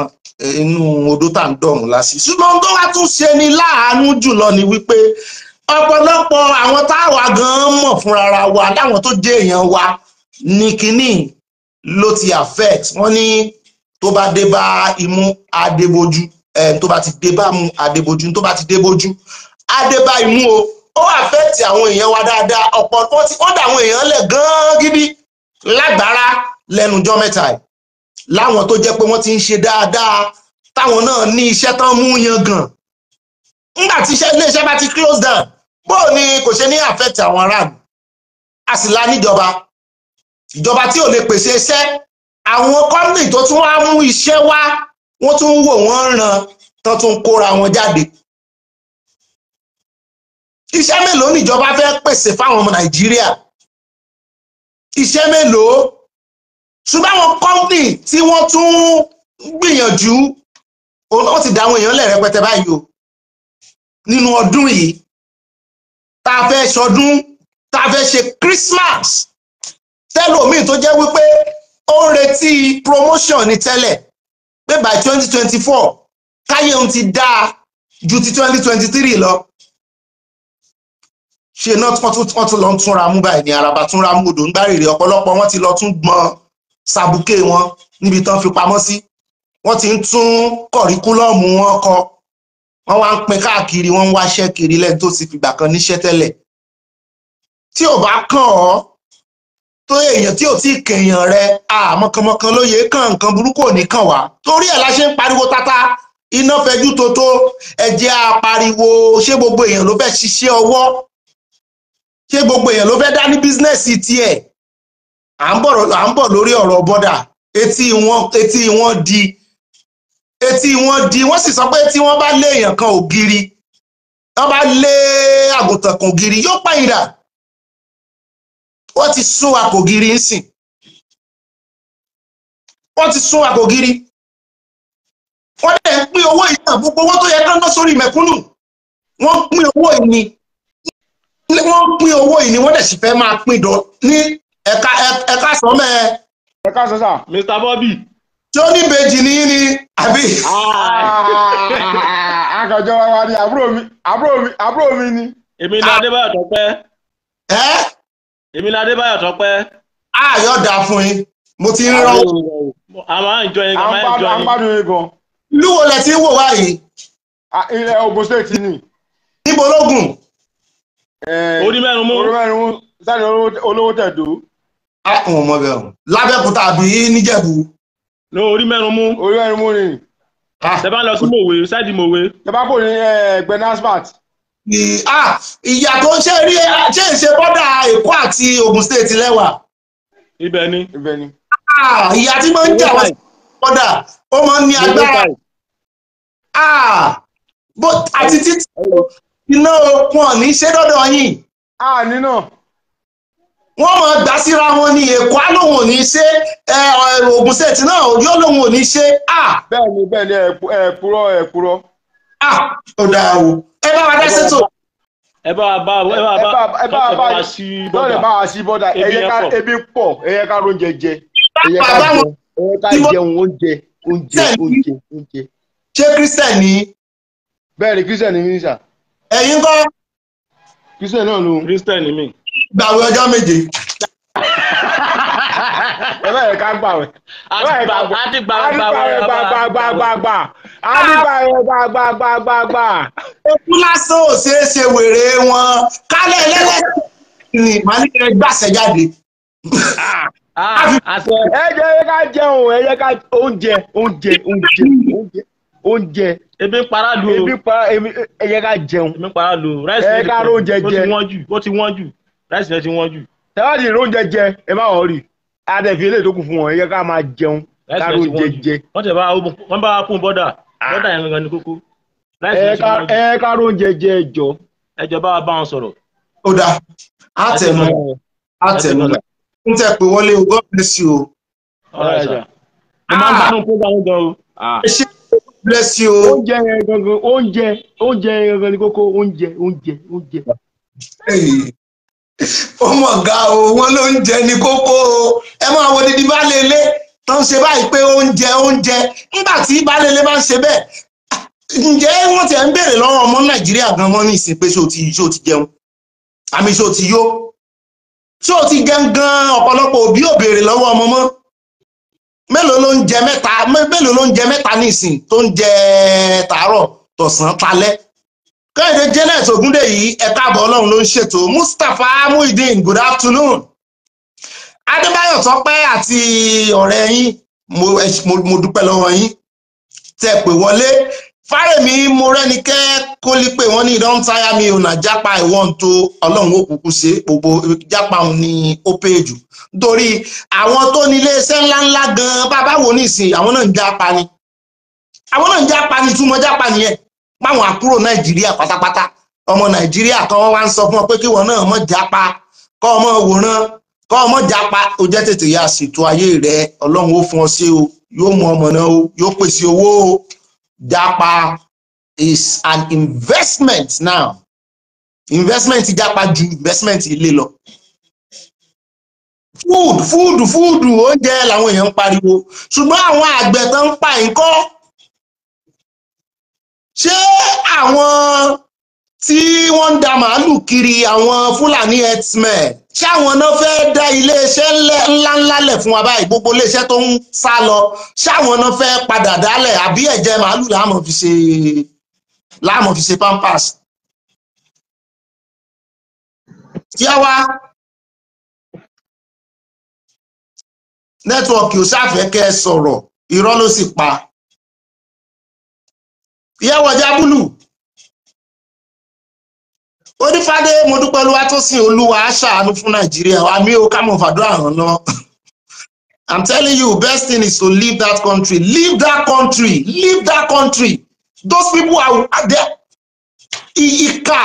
eh, inú odò tá à ń dọ̀hún lásì ṣùgbọ́n tó wá tún ṣe ni láàánú jùlọ ni wípé ọ̀pọ̀lọpọ̀ àwọn táwa gan mọ̀ fúnra wa láwọn tó jẹ́ èèyàn wa ní kínní ló ti affect wọ́n ní tó bá dé bá imú adébójú tó bá ti dé bá mu adébójú tó bá ti dé bójú adébá imú o ó affect àwọn èèyàn wa dáadáa ọ̀pọ̀ wọ́n ti kọ́dà àwọn èèyàn lẹ̀ gan gidi lágbára lẹ́nujọ́ mẹ́ta yìí láwọn tó jẹ́ pé wọ́n ti ń ṣe dáadáa táwọn náà ní iṣẹ́ tán mú yan gan nígbà tí iṣẹ́ ilé iṣẹ́ bá ti close down bóò ni kò ṣe ní affect àwọn aráàlú a sì la níjọba ìjọba tí ò lè pèsè iṣẹ́ àwọn company tó tún wá mú iṣẹ́ wá wọ́n tún ń wò wọ́n ràn tó tún kóra wọn jáde iṣẹ́ mélòó níjọba fẹ́ pèsè fáwọn ọmọ nàìjíríà iṣẹ́ mélòó ṣùgbọ́n àwọn company tí wọ́n tún gbìyànjú òun náà ti dá àwọn èèyàn lẹ̀ rẹpẹtẹ báyìí o nínú ọdún yìí tá a fẹ́ ṣọdún tá fẹ́ ṣe Christmas tẹ́lòmíì tó jẹ́ wípé ó ń retí promotion ní tẹ́lẹ̀ pé by 2024, twenty four káyé òun ti dáa ju ti twenty twenty three lọ ṣe náà wọ́n tún lọ ń túnra mú báyìí ní araba túnra mú odò ń gbárìrì ọ̀pọ̀lọpọ̀ wọ́n ti lọ tún gbọ́n sàbùkẹ́ wọn níbi tán fi pamọ́ sí wọ́n ti ń tún kọ̀ríkúlọ́ọ̀mù wọn kọ wọ́n wá ń pín káàkiri wọ́n ń wáṣẹ́ kiri lẹ́ni tó ti fìgbà kan níṣẹ́ tẹ́lẹ̀ tí ò bá kàn ọ́ tó èèyàn tí ò tí kèèyàn rẹ àmọ̀kànmọ̀kàn ló yẹ kàn nǹkan burúkú ò ní kàn wá torí ẹ̀ la ṣe ń pariwo tata iná fẹjú tótó ẹ̀jẹ̀ apariwo ṣé gbogbo èèyàn ló fẹ́ ṣiṣẹ́ ọwọ́ ṣé gbogbo èèyàn ló fẹ́ dá ní bísínẹ́sì tiẹ̀ à ń bọ̀ lórí ọ̀rọ̀ bọ́dà etí wọn etí wọn di etí wọn di wọ́n sì sọ pé tí wọ́n bá lé èèyàn kan ògiri wọ́n bá lé àgùntàn kan ògiri yóò pàyìndà wọ́n ti sún àkògiri ń sìn wọ́n ti sún àkògiri wọ́n dẹ̀ ń pín owó ìná gbogbo owó tó yẹ kán ná sórí mẹ̀kúnnù wọ́n pín owó ìní wọ́n pín owó ìní wọ́n dẹ̀ sì fẹ́ máa pín dọ̀ ní ẹ̀ka ẹ̀ka sọ́mẹ́. ẹ̀ka sọ́sà Mr. Bobby tí ó ní ìbejì ní ní àbí. Ah. akànjọ wa wa ni àbúrò mi àbúrò mi àbúrò mi ni. èmi ni ah. adébáyọ̀ tọ́pẹ́. ẹ́. èmi ni adébáyọ̀ tọ́pẹ́. ayọ̀ ah, dà fún yín mo ti ń rán. a máa ń jọ yín gan máa ń jọ yín. a ń gbádùn yín gan. lúwo lẹ ti ń wò báyìí. ilẹ̀ Ògùn state ni. níbo lógùn. onímẹ̀rún mú. onímẹ̀rún mú sani olówó tẹ̀dó. a kàn mọ̀ bẹ́ẹ̀ o lábẹ́kúta àbí níjẹ̀bú. No, orí mẹ́rin mú. orí mẹ́rin mú ni. tẹ́bá lọ sí mòwe ṣáàdì mòwe. tẹ́bá kò ní ẹgbẹ́ nasbat. ìyà tó ń ṣe rí ṣe ń ṣe bọ́dà èkó àti Ògùn state lẹ́wà. ibẹ̀ ni. ibẹ̀ ni. ìyà tí máa ń jà wá sí bọ́dà ó máa ń ní agbára. àti títí iná okun ọ̀ní ṣé dọ́dọ̀ yín. a nínú wọ́n máa gbà síra wọn ní èkó alóhùn ò ní ṣe ogun ṣètì náà òjò lóhùn ò ní ṣe. bẹ́ẹ̀ni bẹ́ẹ̀ni ẹkúrọ ẹkúrọ. ó dáa o ẹ bá wa dá ṣètò. ẹ bá wa bá ẹ bá wa bá ẹ bá wa bá sí bọ́dà ẹ bá wa sí bọ́dà ẹ yẹ ká ebi pọ̀ ẹ yẹ ká róúnjẹ jẹ ẹ yẹ ká jẹun ẹ yẹ ká jẹun oúnjẹ oúnjẹ oúnjẹ oúnjẹ. ṣé kristian ni. bẹ́ẹ̀ni kristian ni mínísà. ẹ̀yin kọ́. kristian náà ló. kristian ni mí gbàwé ọjọ́ méje. ẹ bá yẹ ká gbàwé. a ti gbàwé gbàwé gbàgbàgbàgbà a ti gbàwé gbàgbàgbàgbà. eku lásán ò ṣeé ṣe wèrè wọn kálẹ̀ lẹ́lẹ́sìn ìmọ̀lẹ́rẹ́ gbàṣẹ jáde. Ah, ẹ jẹ́ ká jẹun ẹ jẹ́ ká oúnjẹ oúnjẹ oúnjẹ oúnjẹ oúnjẹ. ebi paradu o ebi pa ebi ẹ yẹ ká jẹun. ebi paradu o rice mill ẹ ká oúnjẹ jẹ ó ti wọ́n jù ó ti wọ́n jù láìsí ẹ ti wọ́n jù tẹ́wádìí ló ń jẹjẹ ẹ má wọ́n rí adẹ̀fín eléyìí tó kù fún wọn ẹ yẹ ká máa jẹun káró jẹjẹ. wọ́n tẹ̀ bá wọ́n bá kún bọ́dà ah. bọ́dà yẹn gangan ní kókó. ẹ káró jẹjẹ ẹjọ. ẹjọ bá wa bá wọn sọ̀rọ̀. ó dáa á tẹnu á tẹnu n tẹ pé wọlé o God bless you o. mo máa ń ah. bá nínú program gan o. Ah. ẹ ṣe God bless you o. oúnjẹ yẹn gangan oúnjẹ oúnjẹ yẹn gangan ní kókó oúnjẹ oúnjẹ oúnjẹ ó mọ̀ ga o wọ́n ló ń jẹ ní kókó o ẹ máa wo dídí baálé ilé tó ń ṣe báyìí pé oúnjẹ oúnjẹ nígbà tí baálé bá ń ṣe bẹ́ẹ̀ ǹjẹ́ wọ́n ti ẹ̀ ń béèrè lọ́rọ̀ ọmọ nàìjíríà gan wọ́n ní ìsìn pé ṣó ti ṣó ti jẹun àmì ṣó ti yó ṣó ti gangan ọ̀pọ̀lọpọ̀ òbí ò béèrè lọ́wọ́ ọmọ mọ́ mélòó ló ń jẹ mẹ́ta mélòó ló ń jẹ mẹ́ta ní ìsìn tó ń jẹ tàárọ̀ tọ̀sán talẹ́ kẹ́hìndé janet ogúndèyí ẹ̀ka àbọ̀ ọlọ́run ló ń ṣètò mustapha muhyiddin good afternoon adébáyọ̀ tọ́pẹ́ àti ọ̀rẹ́ yín mo dúpẹ́ lọ́wọ́ yín tẹ́ pè wọlé fárẹ̀mí mo rẹ́nikẹ́ kó lè pè wọ́n ní ìdán táyà mi ò nà jápa ìwọ̀n tó ọlọ́run òkùnkùn ṣe gbogbo jápa òun ní ó pé jù torí àwọn tó ní iléeṣẹ́ ńláńlá gan-an bàbá wò nísìn àwọn náà ń jápa ni àwọn náà ń jápa ni túmọ̀ jápa nìyẹn páwọn àkúrò nàìjíríà pátápátá ọmọ nàìjíríà kan wá ń sọ fún ọ pé kí wọn náà mọ japa kọ ọmọ wòran kọ ọmọ japa ó jẹ tètè ya ṣètò ayé rẹ ọlọ́run ó fún ọ sí o yóò mú ọmọ náà o yóò pèsè owó o japa is an investment now investment japa ju investment ilé lọ food food food oúnjẹ làwọn èèyàn ń pariwo ṣùgbọ́n àwọn àgbẹ̀ tó ń pa nǹkan ṣé àwọn tí wọ́n ń da màálù kiri àwọn fúlàní herdsmen ṣáwọn náà fẹ́ dá iléeṣẹ́ ńláńlá lẹ̀ fún wa báyìí gbogbo iléeṣẹ́ tó ń sá lọ ṣáwọn náà fẹ́ padà dálẹ̀ àbí ẹ̀jẹ̀ màálù láàmú fi ṣe láàmú fi ṣe pampers. kí nẹ́tíwọ̀kì ò ṣàfẹ́ kẹ́ ẹ sọ̀rọ̀ irọ́ ló sì pa ìyàwó jábúlù onífádé mo dúpẹ́ olúwa aṣàánú fún nàìjíríà àmì o kámọ̀ fàdúrà hàn náà i'm telling you best thing is to leave that country leave that country leave that country those people are, are there ìkà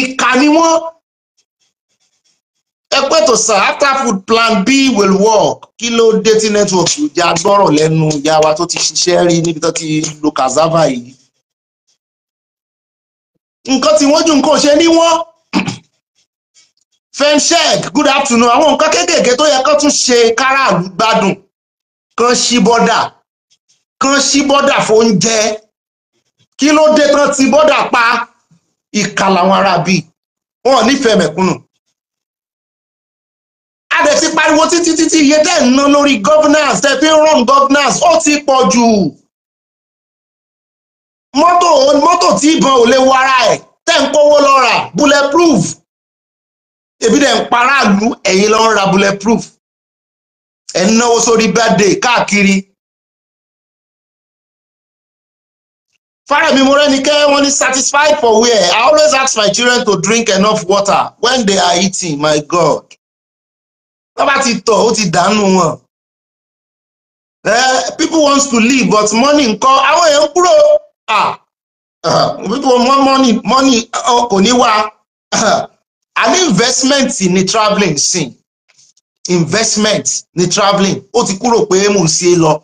ìkà ni wọ́n ẹgbẹ́ tó sàn after food plan b will work kí ló dé tí network ìjà gbọ́rọ̀ lẹ́nu ìyá wa tó ti ṣiṣẹ́ rí níbi tó ti lo cassava yìí nǹkan tí wọ́n jù nǹkan ṣe ní wọ́n femsheg good afternoon àwọn nǹkan kéékèèké tó yẹ kán tún ṣe káràlú gbádùn kan ṣí bọ́dà kan ṣí bọ́dà fóúnjẹ kí ló dé tán ti bọ́dà pa ìkà làwọn ará bí wọn nífẹ̀ẹ́ mẹ̀kúnnù a dẹ̀ ti pariwo títí títí iye tẹ́ ń ná lórí governance tẹ́ fi ń run governance ó ti pọ̀ jù mọ́tò òun mọ́tò tí ìbọn ò lè wọ ara ẹ̀ tẹ́ ń kówó lọ rà bulletproof ebi dẹ̀ ń paráàlú ẹ̀yin lọ ń ra bulletproof ẹ̀ ń náwó sórí birthday káàkiri. Fárẹ̀mí Morenike wọ́n ní satisfied for where I always ask my children to drink enough water when they are eating my God. Tó bá ti tọ̀ ó ti dànù wọn. Eh, people wants to live but money ń kọ́ àwọn èèyàn Ah, ah, money money ah, kò ní wá a ní investment ní travelling sí investment ní traveling. ó ti kúrò pé mò ń ṣe lọ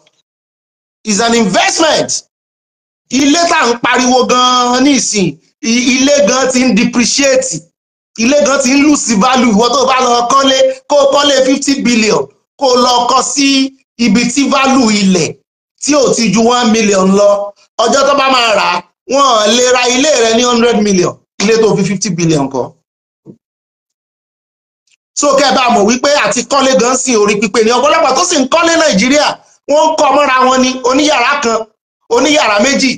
is an investment ilé tá à ń pariwo gan-an ní ìsìn ilé gan ti ń depreciate ilé gan ti ń lose value ìwọ tó bá lọ kọ́lé kó kọ́lé fifty billion kó lọ kọ́ sí ibi tí value ilẹ̀ tí ò ti ju one million lọ ọjọ́ tó bá máa rà wọ́n lè ra ilé rẹ ní hundred million ilé tó fi fifty billion kọ́ so kẹ́ bá mọ̀ wípé àti kọ́lé gan sí orí pípé ní ọ̀pọ̀lọpọ̀ tó sì ń kọ́lé nàìjíríà wọ́n ń kọ́ mọ́ra wọn ní oníyàrá kan oníyàrá méjì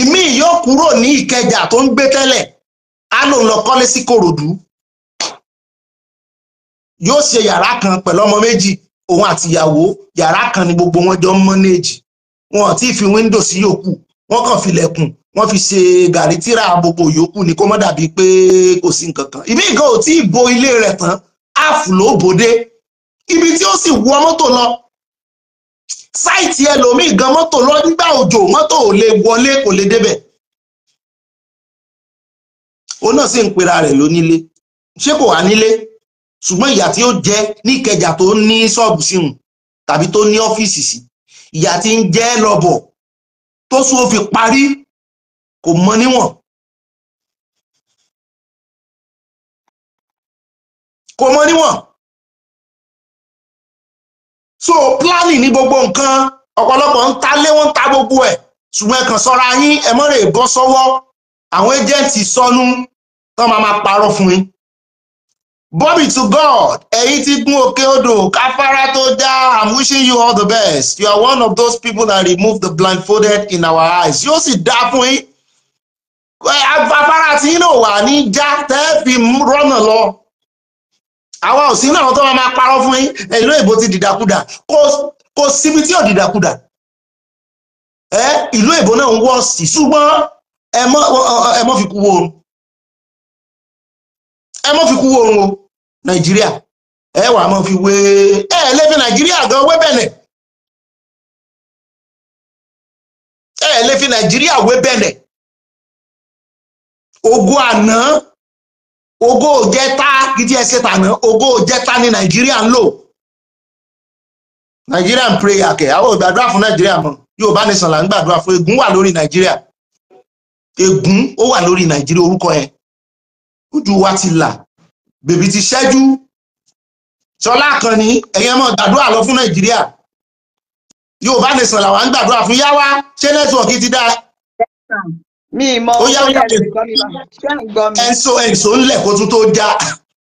ìmí yóò kúrò ní ìkẹjà tó ń gbé tẹ́lẹ̀ á lòun lọ kọ́lé sí kòròdú yóò ṣe yàrá kan pẹ̀lú ọmọ méjì òun àtìyàwó yàrá kan ni gbogbo wọn jọ ń mọ́nẹ́ẹ̀jì wọn ò tí ì fi wíńdò sí yòókù wọn kàn filẹ̀kùn wọn fi ṣe gàrí tíra gbogbo yòókù ni kó mọ́ dàbí pé kò sí nǹkan kan ìmí nǹkan ò tí ì bo ilé rẹ̀ tán áàfù ló bòde ibi tí ó sì wọ mọ́tò lọ sáìtì ẹlòmíì gan mọ́tò lọ nígbà òjò mọ́tò ò lè wọlé kò lè débẹ̀ òun náà sì ń pera rẹ̀ lónílé ṣé kò wá nílé ṣùgbọ́n ìyà tí ó jẹ́ ní ìkẹjà tó ní ṣọ́ọ̀bù síhùn tàbí tó ní ọ́fíìsì sí ìyà tí ń jẹ́ lọ́bọ̀ tó sún ó fi parí kò mọ níwọ̀n kò mọ níwọ̀n so planning ní gbogbo nǹkan ọ̀pọ̀lọpọ̀ ń ta lé wọ́n ń ta gbogbo ẹ̀ ṣùgbọ́n ẹ̀kàn sọ́ra yín ẹ mọ́ rè bọ́ sọ́wọ́ àwọn ẹjẹ́ǹtì sọnù tán máa máa parọ́ fún yín Bobby to God, ẹ̀yin tí gun òkè odò, káfárá tó dá, I'm wishing you all the best. You are one of those people that remove the blindfolded in our eyes. Yóò sì dá fún yín. Afárá tí yín náà wà ní já tẹ́ fi rọ́nà lọ. Àwa ò sí náà tó máa máa parọ́ fún yín. Ìlú èbó ti dìdàkudà. Kò síbi tí ò dìdàkudà. Ìlú èbó náà ń wọ̀ sí ṣùgbọ́n ẹ mọ́ fi kú wo. ẹ mọ́ fi nàìjíríà ẹ wà mọ́ fi wé ẹ nàìjíríà gan wé fi nàìjíríà wé bẹ̀nẹ̀ ogo àná ogo òjẹta tàná ogo nàìjíríà ń lò nàìjíríà ń prayer kẹ àwọn ìgbàdúrà fún nàìjíríà mọ Yorùbá nìsan là ń gbàdúrà fún ègún wà lórí nàìjíríà ègún ó wà lórí nàìjíríà orúkọ yẹn ojú wa ti là bèbí ti ṣẹ́jú ṣọlá kan ní ẹ̀yẹn mọ̀ gbàdúrà lọ fún nàìjíríà yóò bá lè sàn làwọn ń gbàdúrà fún yáwá ṣé nẹ́tíwọ̀kì ti dáa. mi mọ ó yá wíyá lè gbọ́ mi ṣé ń gbọ́ mi. ẹnso ẹnso ńlẹ̀ kó tún tó já.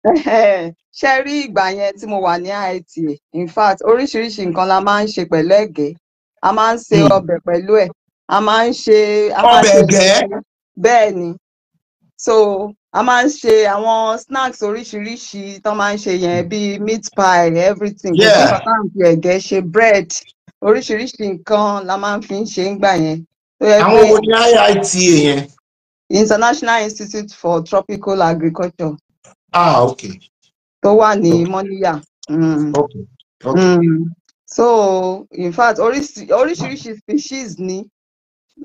ṣe rí ìgbà yẹn tí mo wà ní IITA e? in fact oríṣiríṣi nǹkan la máa ń ṣe pẹ̀lú ẹ̀gẹ́ a máa ń ṣe hmm. ọbẹ̀ pẹ̀lú ẹ̀ a máa ń ṣe. ọbẹ̀ ẹ̀gẹ́. bẹ́ẹ̀ ni so a máa ń ṣe àwọn snacks oríṣiríṣi tó máa ń ṣe yẹn bíi meat pie everything kò sí pàtàkì fi ẹ̀gẹ́ ṣe bread oríṣiríṣi nǹkan la máa ń fi ń ṣe ń gbà yẹn. àwọn wo ni IITA yẹn. International Institute for Tropical Agriculture. ah ok. tó wà ní Mọ́níyà. Mm. ok ok. Mm. so in fact oríṣiríṣi species ni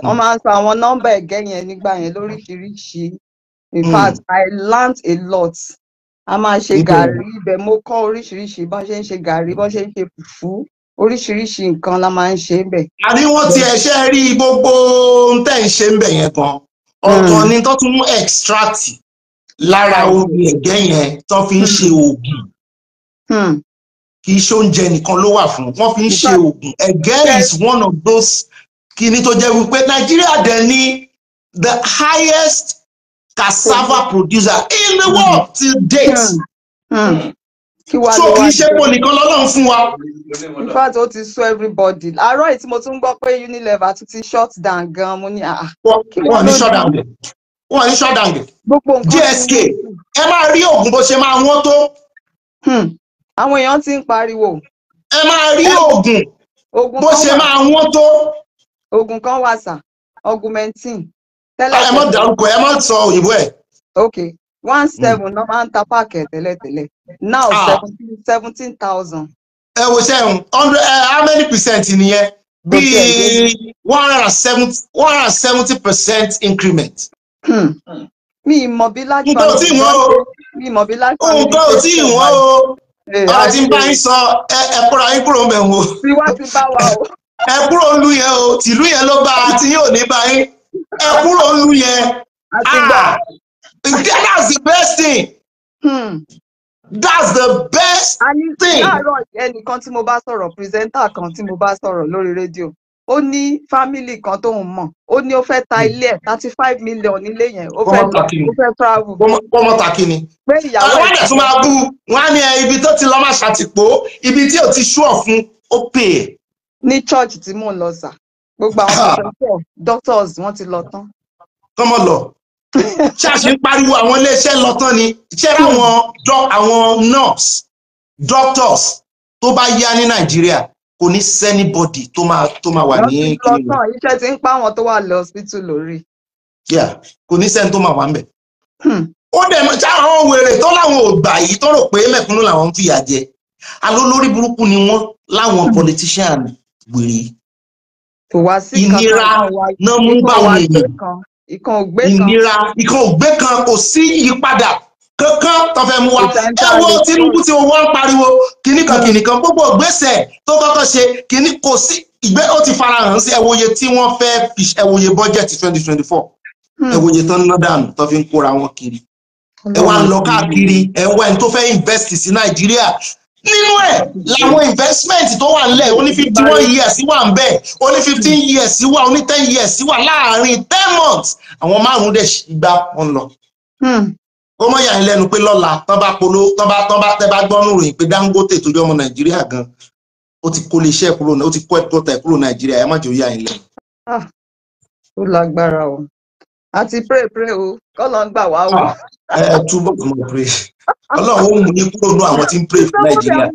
wọ́n máa ń sọ àwọn nọ́mbà ẹ̀gẹ́ yẹn nígbà yẹn lóríṣiríṣi in mm. fact i learnt a lot a máa ṣe gàrí ibẹ̀ mo kọ́ oríṣiríṣi bá ṣe ń ṣe gàrí bá ṣe ń ṣe fùfú oríṣiríṣi nǹkan la máa ń ṣe ń bẹ̀. àbí wọ́n ti ẹ̀ṣẹ́ rí gbogbo tẹ̀ ń ṣe ń bẹ̀ yẹn kan hmm. ọ̀kan ni tó tún mú extract lára hmm. omi ẹ̀gẹ́ yẹn tó fi ń hmm. ṣe oògùn kì í ṣe oúnjẹ nìkan ló wà fún wọ́n fi ń ṣe oògùn ẹ̀gẹ́ is one of those kí ni tó jẹ́ wípé nàìjíríà dẹ̀ ni the highest cassava producer in the world till date. Hmm. Hmm. so kì í ṣe pò nìkan lọ́lọ́run fún wa. in fact ó ti sú everybody àárọ̀ yìí tí mo tún gbọ́ pé Unilever tún ti shut down gan-an mo ní àá. Ah, ah. wọ́n ní shut down wọ́n ní shut down GSK ẹ máa rí oògùn bó ṣe máa wọ́n tó. Hmm. àwọn èèyàn ti ń pariwo. ẹ máa rí oògùn bó ṣe máa wọ́n tó. oògùn kan wà sà augmentin tẹ́lẹ̀ ah, ẹ má dárúkọ ẹ má sọ òyìnbó ẹ. ok one hmm. seven náà máa ń ta páàkì ẹ̀ tẹ́lẹ̀tẹ́lẹ̀ now ah. seventeen thousand. ẹ wo sẹ́hun hundred eh, how many percent nìyẹn bíi one hundred seventy one hundred seventy percent increment. Hmm. mi mọ̀ bí lájú àwọn ọ̀hún tó ti wọ́n o mi mọ̀ bí lájú àwọn ọ̀hún tó ti wọ́n o eh, ọ̀rọ̀ tí bá eh. yín sọ ẹ kúra yín kúrò ń ẹ kúrò lu yẹn o tìlú yẹn ló bá a ti yóò ní bá yín ẹ lu yẹn ah that's the best thing. Hmm. That's the best thing. láàárọ̀ ẹnìkan tí mo bá sọ̀rọ̀ pírẹsẹ́ńtà kan tí mo bá sọ̀rọ̀ lórí rédíò ó ní fámìlì kan tóun mọ̀ ó ní ó fẹ́ ta hmm. ilé ẹ̀ thirty five million nílé yẹn ó fẹ́ ó fẹ́ travel. ọmọ tàkì ni. wọ́n á tún máa bú wọ́n á ní ibi tó ti lọ́ máa ṣàtìpó ibi tí ò ti ṣú ọ̀fun ó pè é. ní church tí mò ń lọ sà gbogbo àwọn ah. doctors wọ́n ti lọ tán. kọ́mọ lọ ṣáàṣì ń pariwo àwọn iléeṣẹ́ lọ tán ni ṣé àwọn àwọn nurse doctors tó bá yá ní nàìjíríà kò ní sẹ́nibọ́dì tó máa tó máa wà ní. lọ́tàn iṣẹ́ ti ń pa àwọn tó wà lọ hospital lórí. kò ní sẹ́ni tó máa wà ń bẹ̀. Hmm. ó dẹ̀ mọ sáwọn wèrè tó láwọn ò gbà yìí tó rò pé mẹ̀kúnnù làwọn ń fìyà jẹ alólórí burúkú ni wọ́n láwọn politician wèrè kò wá sí ìnira náà mú bá àwọn èèyàn ìnira ìkan ògbé kan kò sí ìyípadà kankan tó fẹ́ mú wa ẹ wo Tinubu tí wọn ń pariwo kìnnì kan hmm. kìnnì kan gbogbo gbèsè tó kọ́kọ́ ṣe kìnnì kò sí ìgbé ó ti farahàn sí ẹwòye tí wọ́n fẹ́ fi ẹwòye bọ́jẹ̀tì twenty twenty four hmm. ẹwòye tó ń ná dànù tó fi ń kóra wọn kiri ẹ wá ń hmm. lọ káàkiri ẹ ń wá ẹni tó fẹ́ invest sí Nàìjíríà nínú ẹ̀ làwọn investment tó wà nílẹ̀ ó ní fifty one years wà ń bẹ̀ ó ní fifteen years wà ó ní ten years wà láàárín ten months àwọn márùn-ún dẹ̀ gbà wọn lọ. Hmm. ó mọ̀ yà ń lẹ́nu pé lọ́la tán bá polo tán bá tán bá tẹ́ bá gbọ́nú ròyìn pé Dangote tó jẹ́ ọmọ Nàìjíríà gan ó ti kó lè iṣẹ́ kúrò ó ti kó ẹ̀kọ́ tẹ̀ kúrò Nàìjíríà ẹ̀ má jẹ́ ó yà ń lẹ́nu. Ah, ó lágbára o àti pray pray o kọ́ ló ń gbà wá o. Ah ẹ túbọ̀ mọ̀ pray ọlọ́run ó mú yín kúrò nínú àwọn tí ń pray fún nàìjíríà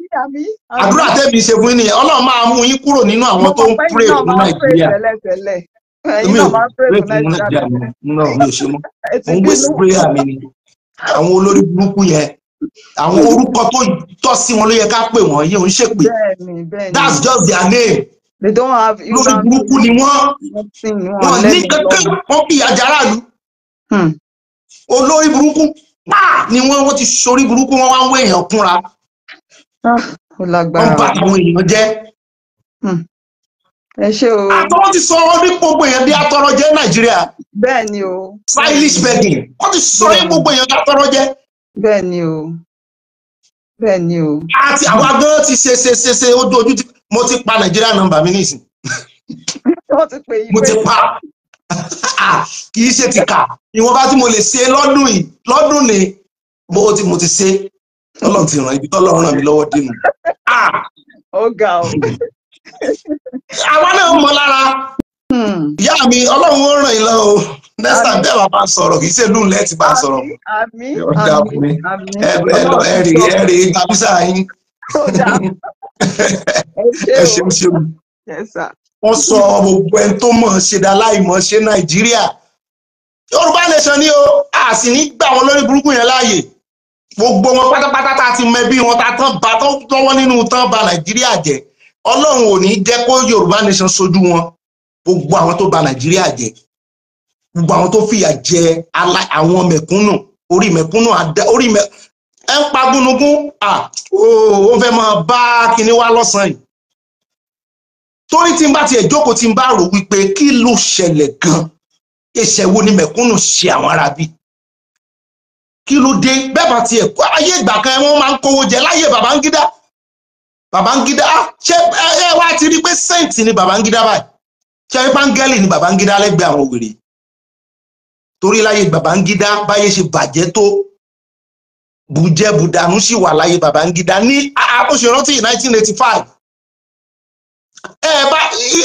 àdúrà tẹ́bi ṣe fún nìyẹn ọlọ́run máa mú yín kúrò nínú àwọn tó ń pray fún nàìjíríà èmi ò pray fún nàìjíríà mi nínú mi ò mọ́ mo ń gbèsè prayer mi ni àwọn olórí burúkú yẹn àwọn orúkọ tó tọ́ sí wọn ló yẹ ká pè wọ́n yẹn ò ń that's just their name lórí burúkú ni wọ́n wọ́n ní kankan wọ́n bí àjàrà lu olórí burúkú pa ni wọ́n wọ́n ti sorí burúkú wọ́n wá ń wé èèyàn kúnra ah, wọ́n bá àwọn èèyàn jẹ́. Hmm. àtọ́wọ́ ti sọ ọ́ ní gbogbo èèyàn bí atọ́rọ́ jẹ́ nàìjíríà. bẹ́ẹ̀ ni o. stylish begging wọ́n ti sọ ní gbogbo èèyàn bí atọ́rọ́ jẹ́. bẹ́ẹ̀ ni o. bẹ́ẹ̀ ni o. àti àwa gan ti ṣe ṣe ṣe ṣe ojú ojú mo ti pa nàìjíríà nọ́mbà mi nísìn. mo ti pa kì í ṣe tìkà ìwọ̀n bá tí mo lè ṣe lọ́dún yìí lọ́dún ni mo ti mo ti ṣe tọ́lọ̀ ti ràn ibi tọ́lọ̀ ràn mí lọ́wọ́ dínú. ó ga o. àwa náà mọ lára hmm. ìyá mi ọlọ́run ó ràn yín lọ́wọ́ o next time bẹ́ẹ̀ bá sọ̀rọ̀ kì í ṣe lóun lẹ́ẹ̀tì bá sọ̀rọ̀ ọ̀dà ọkùnrin ẹ̀rì ẹ̀rì gbàbísà yín ẹ ṣeun ṣeun wọ́n sọ gbogbo ẹni tó mọ̀ ṣe dá láìmọ̀ ṣe nàìjíríà yorùbá nation ni o a sì ní gbà wọn lórí burúkú yẹn láàyè gbogbo wọn pátápátá tá a ti mẹbí wọn tá a tán ba tán lọ́wọ́ nínú tán ba nàìjíríà jẹ́ ọlọ́run ò ní jẹ́ kó yorùbá nation sojú wọn gbogbo àwọn tó ba nàìjíríà jẹ́ gbogbo àwọn tó fìyà jẹ àwọn mẹ̀kúnnù orí mẹ̀kúnnù orí mẹ ẹ ń pa gúnugún à ó fẹ́ máa bá kinní wá lọ́sàn yìí torí tí n bá tiẹ̀ jókòó tí n bá rò wípé kí ló ṣẹlẹ̀ gan ẹ̀ṣẹ̀ wo ni mẹ̀kúnnù ṣe àwọn ará bí kí ló dé bẹ́ẹ̀ bá tiẹ̀ kó ayé ìgbà kan wọ́n máa ń kówó jẹ láyé Babangida Babangida ah, ṣé ẹ wá ti rí pé sẹ́ǹtì ni Babangida báyìí ṣé ẹ pàǹgẹ́lì ni Babangida lẹ́gbẹ̀ẹ́ àwọn wèrè torí láyé Babangida báyé ṣe bàjẹ́ tó bùjẹ́ bùdànù sì wà láyé Babangida ní àkóṣe ah, ah, rántí 1985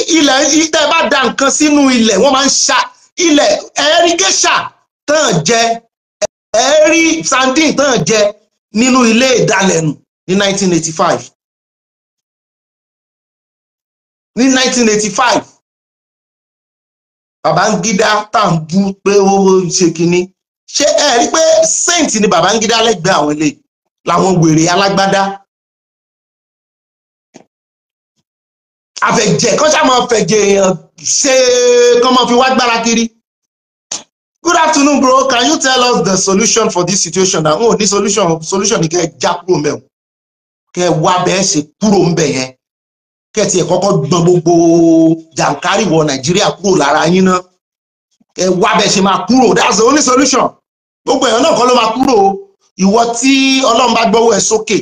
ilẹ̀ tẹ́ bá da nǹkan sínú ilẹ̀ wọ́n máa ń ṣá ilẹ̀ ẹ̀ẹ́rí géṣà tán jẹ ẹ̀ẹ́rí sandin tán jẹ nínú ilé ìdalẹ̀nù ní 1985 ní 1985 Babangida tá à ń bú pé ó ṣe kinní ṣé ẹ rí pé saint ni Babangida lẹ́gbẹ̀ẹ́ àwọn ilé làwọn wèrè alágbádá àfẹ̀jẹ̀ kọ́ sáà máa fẹ̀jẹ̀ èèyàn ṣe kọ́ máa fi wá gbára kiri. good afternoon bro can you tell us the solution for this situation na n ò ní solution solution ni kẹ́ ẹ já kúrò mẹ́wọ̀n kẹ́ ẹ wá bẹ́ẹ̀ ṣe kúrò ń bẹ̀ yẹn kẹ́ ẹ tiẹ̀ kọ́kọ́ gbọ́n gbogbo jàǹkárì wọ nàìjíríà kúrò lára yín náà kẹ́ ẹ wá bẹ́ẹ̀ ṣe máa kúrò that's the only solution gbogbo èèyàn náà kọ́ ló máa kúrò ìwọ tí ọlọ́run bá gbọ́wọ́ ẹ sókè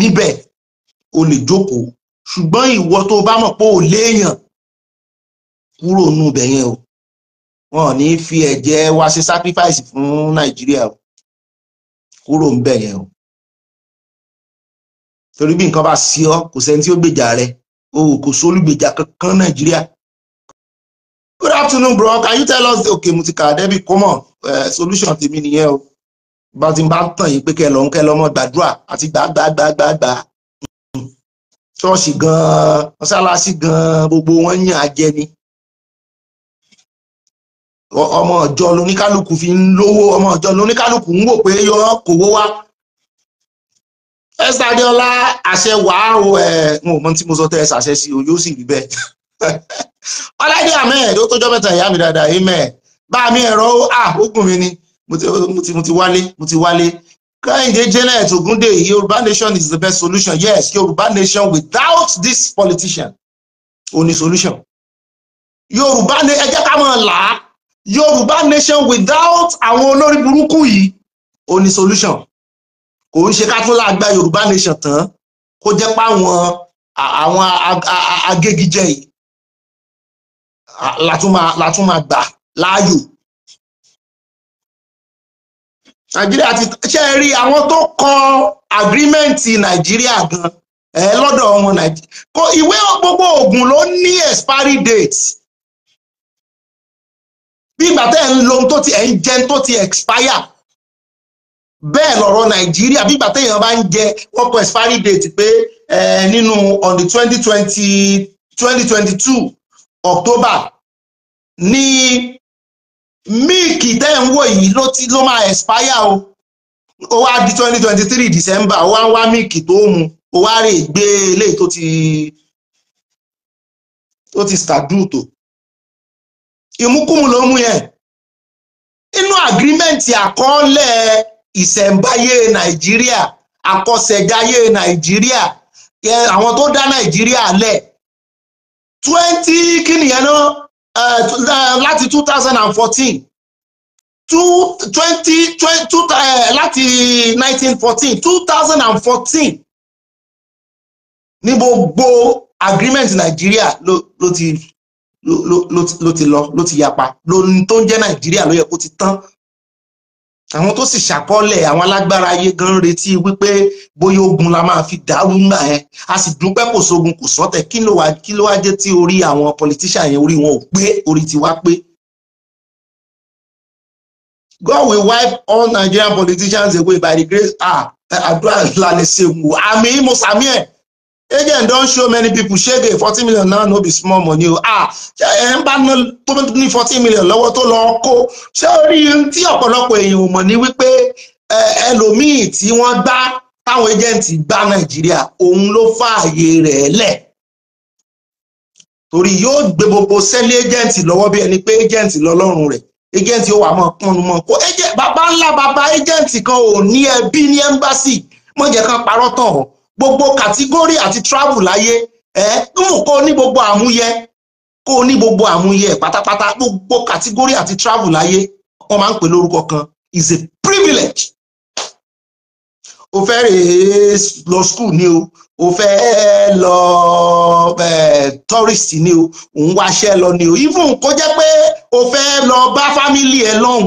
níbẹ̀ o lè jókòó ṣùgbọ́n ìwọ tó bá mọ̀ pé ò léèyàn kúrò nù ibẹ̀ yẹn o wọn ò ní fi ẹ̀jẹ̀ wá ṣe sacrifice fún nàìjíríà o kúrò ń bẹ̀ o torí bí nǹkan bá sí ọ kò sẹ́ni tí ó gbèjà rẹ o kò sólùgbèjà kankan nàìjíríà good afternoon bro can you tell us okay mo ti kà débi kọ́mọ̀ solution tèmi nìyẹn o bá ti bá ń tàn yín pé kẹ́ lọ́n kẹ́ lọ́mọ gbàdúrà àti gbàgbàgbàgbà ṣọ́ọ̀ṣì gan-an mọ́sálásí gan-an gbogbo wọn yàn ajẹni ọmọ ọjọ́ lóníkálùkù fi ń lówó ọmọ ọjọ́ lóníkálùkù ń wò pé yọ kòwó wá Esther Adéọlá àṣẹ wàá o ẹ n ò mọ tí mo sọ tẹ ẹ ṣàṣẹ sí o yóò sì rí bẹ́ẹ̀ ọládé ahmed ó tójọ mẹ́ta ìyá mi dáadáa amen bá mi ẹ̀rọ ah, ó gùn mi ni mo ti wálé mo ti wálé Kẹ́hìndé Janet Ogundeyi, Yoruba nation is the best solution. Yes, Yoruba nation without this politician ò ní solution. Yoruba ni ẹ jẹ́ ká máa là á. Yoruba nation without àwọn olórí burúkú yìí ò ní solution. Kò ń ṣe ká tún láàgbá Yoruba nation tán kó jẹ́ páwọn àwọn agégijẹ yìí látún máa gbà láàyò nàìjíríà ti ṣe rí àwọn tó kọ àgírímẹ́ǹtì nàìjíríà gan ẹ lọ́dọ̀ wọn nàìjíríà kò ìwé gbogbo oògùn ló ní expiry date bí ìgbà tẹ́ ń lo ohun tó ti ẹ̀ ń jẹun tó ti expire bẹ́ẹ̀ lọ̀rọ̀ nàìjíríà bí ìgbà téèyàn bá ń jẹ wọ́n kọ expiry date pé nínú on the twenty twenty twenty twenty two october ní míìkì tẹ́ ń wò yìí ló ti ló máa expire o ó wá di twenty twenty three december ó wá ń wá míìkì tó mu ó wá rè gbé eléyìí tó ti tó ti stàdúùtò ìmúkúmu ló mú yẹn inú àgírímẹ́ǹtì àkọọ́lẹ̀ ìṣẹ̀ǹbáyé nàìjíríà àkọsẹ̀jáyé nàìjíríà àwọn tó dá nàìjíríà lẹ̀ twenty kí nìyẹn náà. Uh, uh, láti two thousand and fourteen two twenty twenty uh, láti nineteen fourteen two thousand and fourteen ní gbogbo agreement nàìjíríà ló ti lọ ló ti yapa lóhun tó ń jẹ́ nàìjíríà ló yẹ kó ti tán àwọn tó sì ṣàkọọ́lẹ̀ àwọn alágbára ayé gan retí wípé bóyá ogun la máa fi dàrú ńgbà yẹn a sì dúpẹ́ kò sógun kò sọ́tẹ̀ kí ló wá kí ló wá dé tí orí àwọn politician yẹn orí wọn ò pé orí ti pé. God will wipe all Nigerian politicians away by the grace ah àdúrà lálẹ́ ṣe wò àmì ìmọ̀sàmí ẹ̀. Again, don show many people shege forty million naira no be small money o ah ẹ ń bá ná tó ní fourteen million lọ́wọ́ tó lọ kó ṣé orí tí ọ̀pọ̀lọpọ̀ èèyàn ò mọ̀ ní wípé ẹlòmíì tí wọ́n gbá táwọn agent gbá nàìjíríà òun ló fààyè rẹ̀ lẹ̀ torí yóò gbé gbogbo sẹ́lé agent lọ́wọ́ bí ẹni pé agent lọ́lọ́run rẹ̀ agent yóò wà mọ́ pọ́nnu mọ́ kó bàbá ńlá bàbá agent kan ò ní ẹbí ní embassy mọ̀jẹ̀ kan parọ́ tàn ọ́ gbogbo kàtígórì àti travel láyé ẹ mú kó ní gbogbo àmúyẹ kó ní gbogbo àmúyẹ pátápátá gbogbo kàtígórì àti travel láyé wọn máa ń pè lórúkọ kan is a privilege o fẹ́ lọ school ni o o fẹ́ lọ tourist ni o òun wáṣẹ́ lọ ni o even kó jẹ́ pé o fẹ́ lọ bá family ẹ lọ́hùn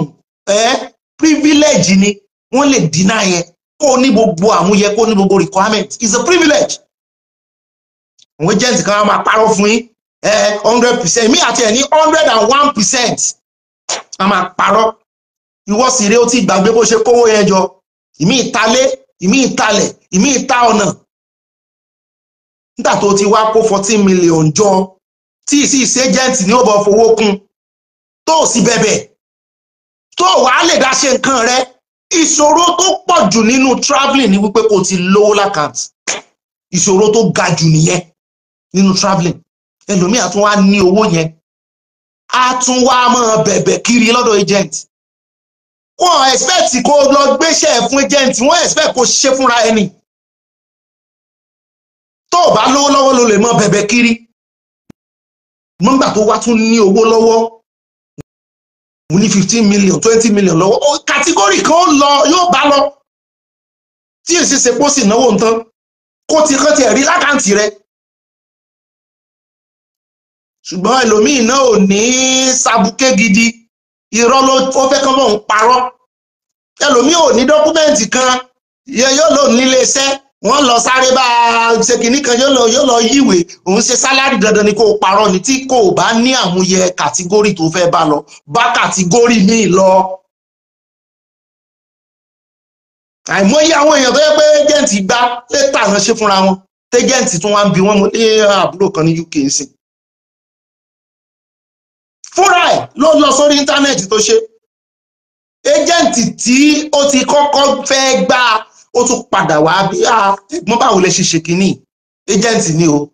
ẹ privilege ni wọ́n lè dínà yẹn kó ní gbogbo àmúyẹ kó ní gbogbo requirement is a privilege àwọn agent kan máa parọ́ fún yín hundred percent mi àti ẹ̀ ní hundred and one percent a máa parọ́ ìwọ sì rèé ó ti gbàgbé bó ṣe kówó yẹn jọ ìmí ìtalé ti wá kó fourteen million jọ tí ìsí ní fowó kún tó sì bẹ̀bẹ̀ ìṣòro tó pọ̀ jù nínú traveling ni wípé kò ti lówó lákàntì ìṣòro tó ga jù nìyẹn nínú traveling ẹlòmíà tún wá ní owó yẹn a tún wá máa bẹ̀bẹ̀ kiri lọ́dọ̀ agent wọn expect kó lọ gbéṣẹ́ fún agent wọn expect kó ṣe fúnra ẹni tó o bá lówó lọ́wọ́ ló lè mọ bẹ̀bẹ̀ kiri nígbà tó wá tún ní owó lọ́wọ́ mo ní fifteen million twenty million lọ́wọ́ kàtígórì kan ó lọ yóò bá lọ tí èsì sepo sì náwó nǹkan kó ti kán ti ẹ̀rí lákàntì rẹ ṣùgbọ́n ẹlòmíì náà ò ní sabuké gidi irọ́ ló ó fẹ́ kán bọ̀ ń parọ́ ẹlòmíì ò ní dọ́kúmẹ́ǹtì kan yẹ yóò lò nílé iṣẹ́ wọ́n lọ sáré bá ṣe kan yóò lọ yóò òun ṣe sálárì dandan ni kò parọ́ ni tí kò bá ní àmúyẹ kàtígórì tó fẹ́ bá lọ bá kàtígórì míì lọ. àìmọye àwọn èèyàn tó yẹ pé ẹjẹǹtì gbá lẹ́tà náà ṣe fúnra wọn tẹjẹǹtì tún wá ń bi wọn mo ní eh, àbúrò kan ní UK sí. fúnra ẹ̀ ló lọ sórí íńtánẹ́ẹ̀tì tó ṣe ẹjẹǹtì tí ó ti kọ́kọ́ fẹ́ gbá a ó tún padà wá bí ẹ̀gbọ́n ah, báwo lẹ ṣe ṣe kínní ni o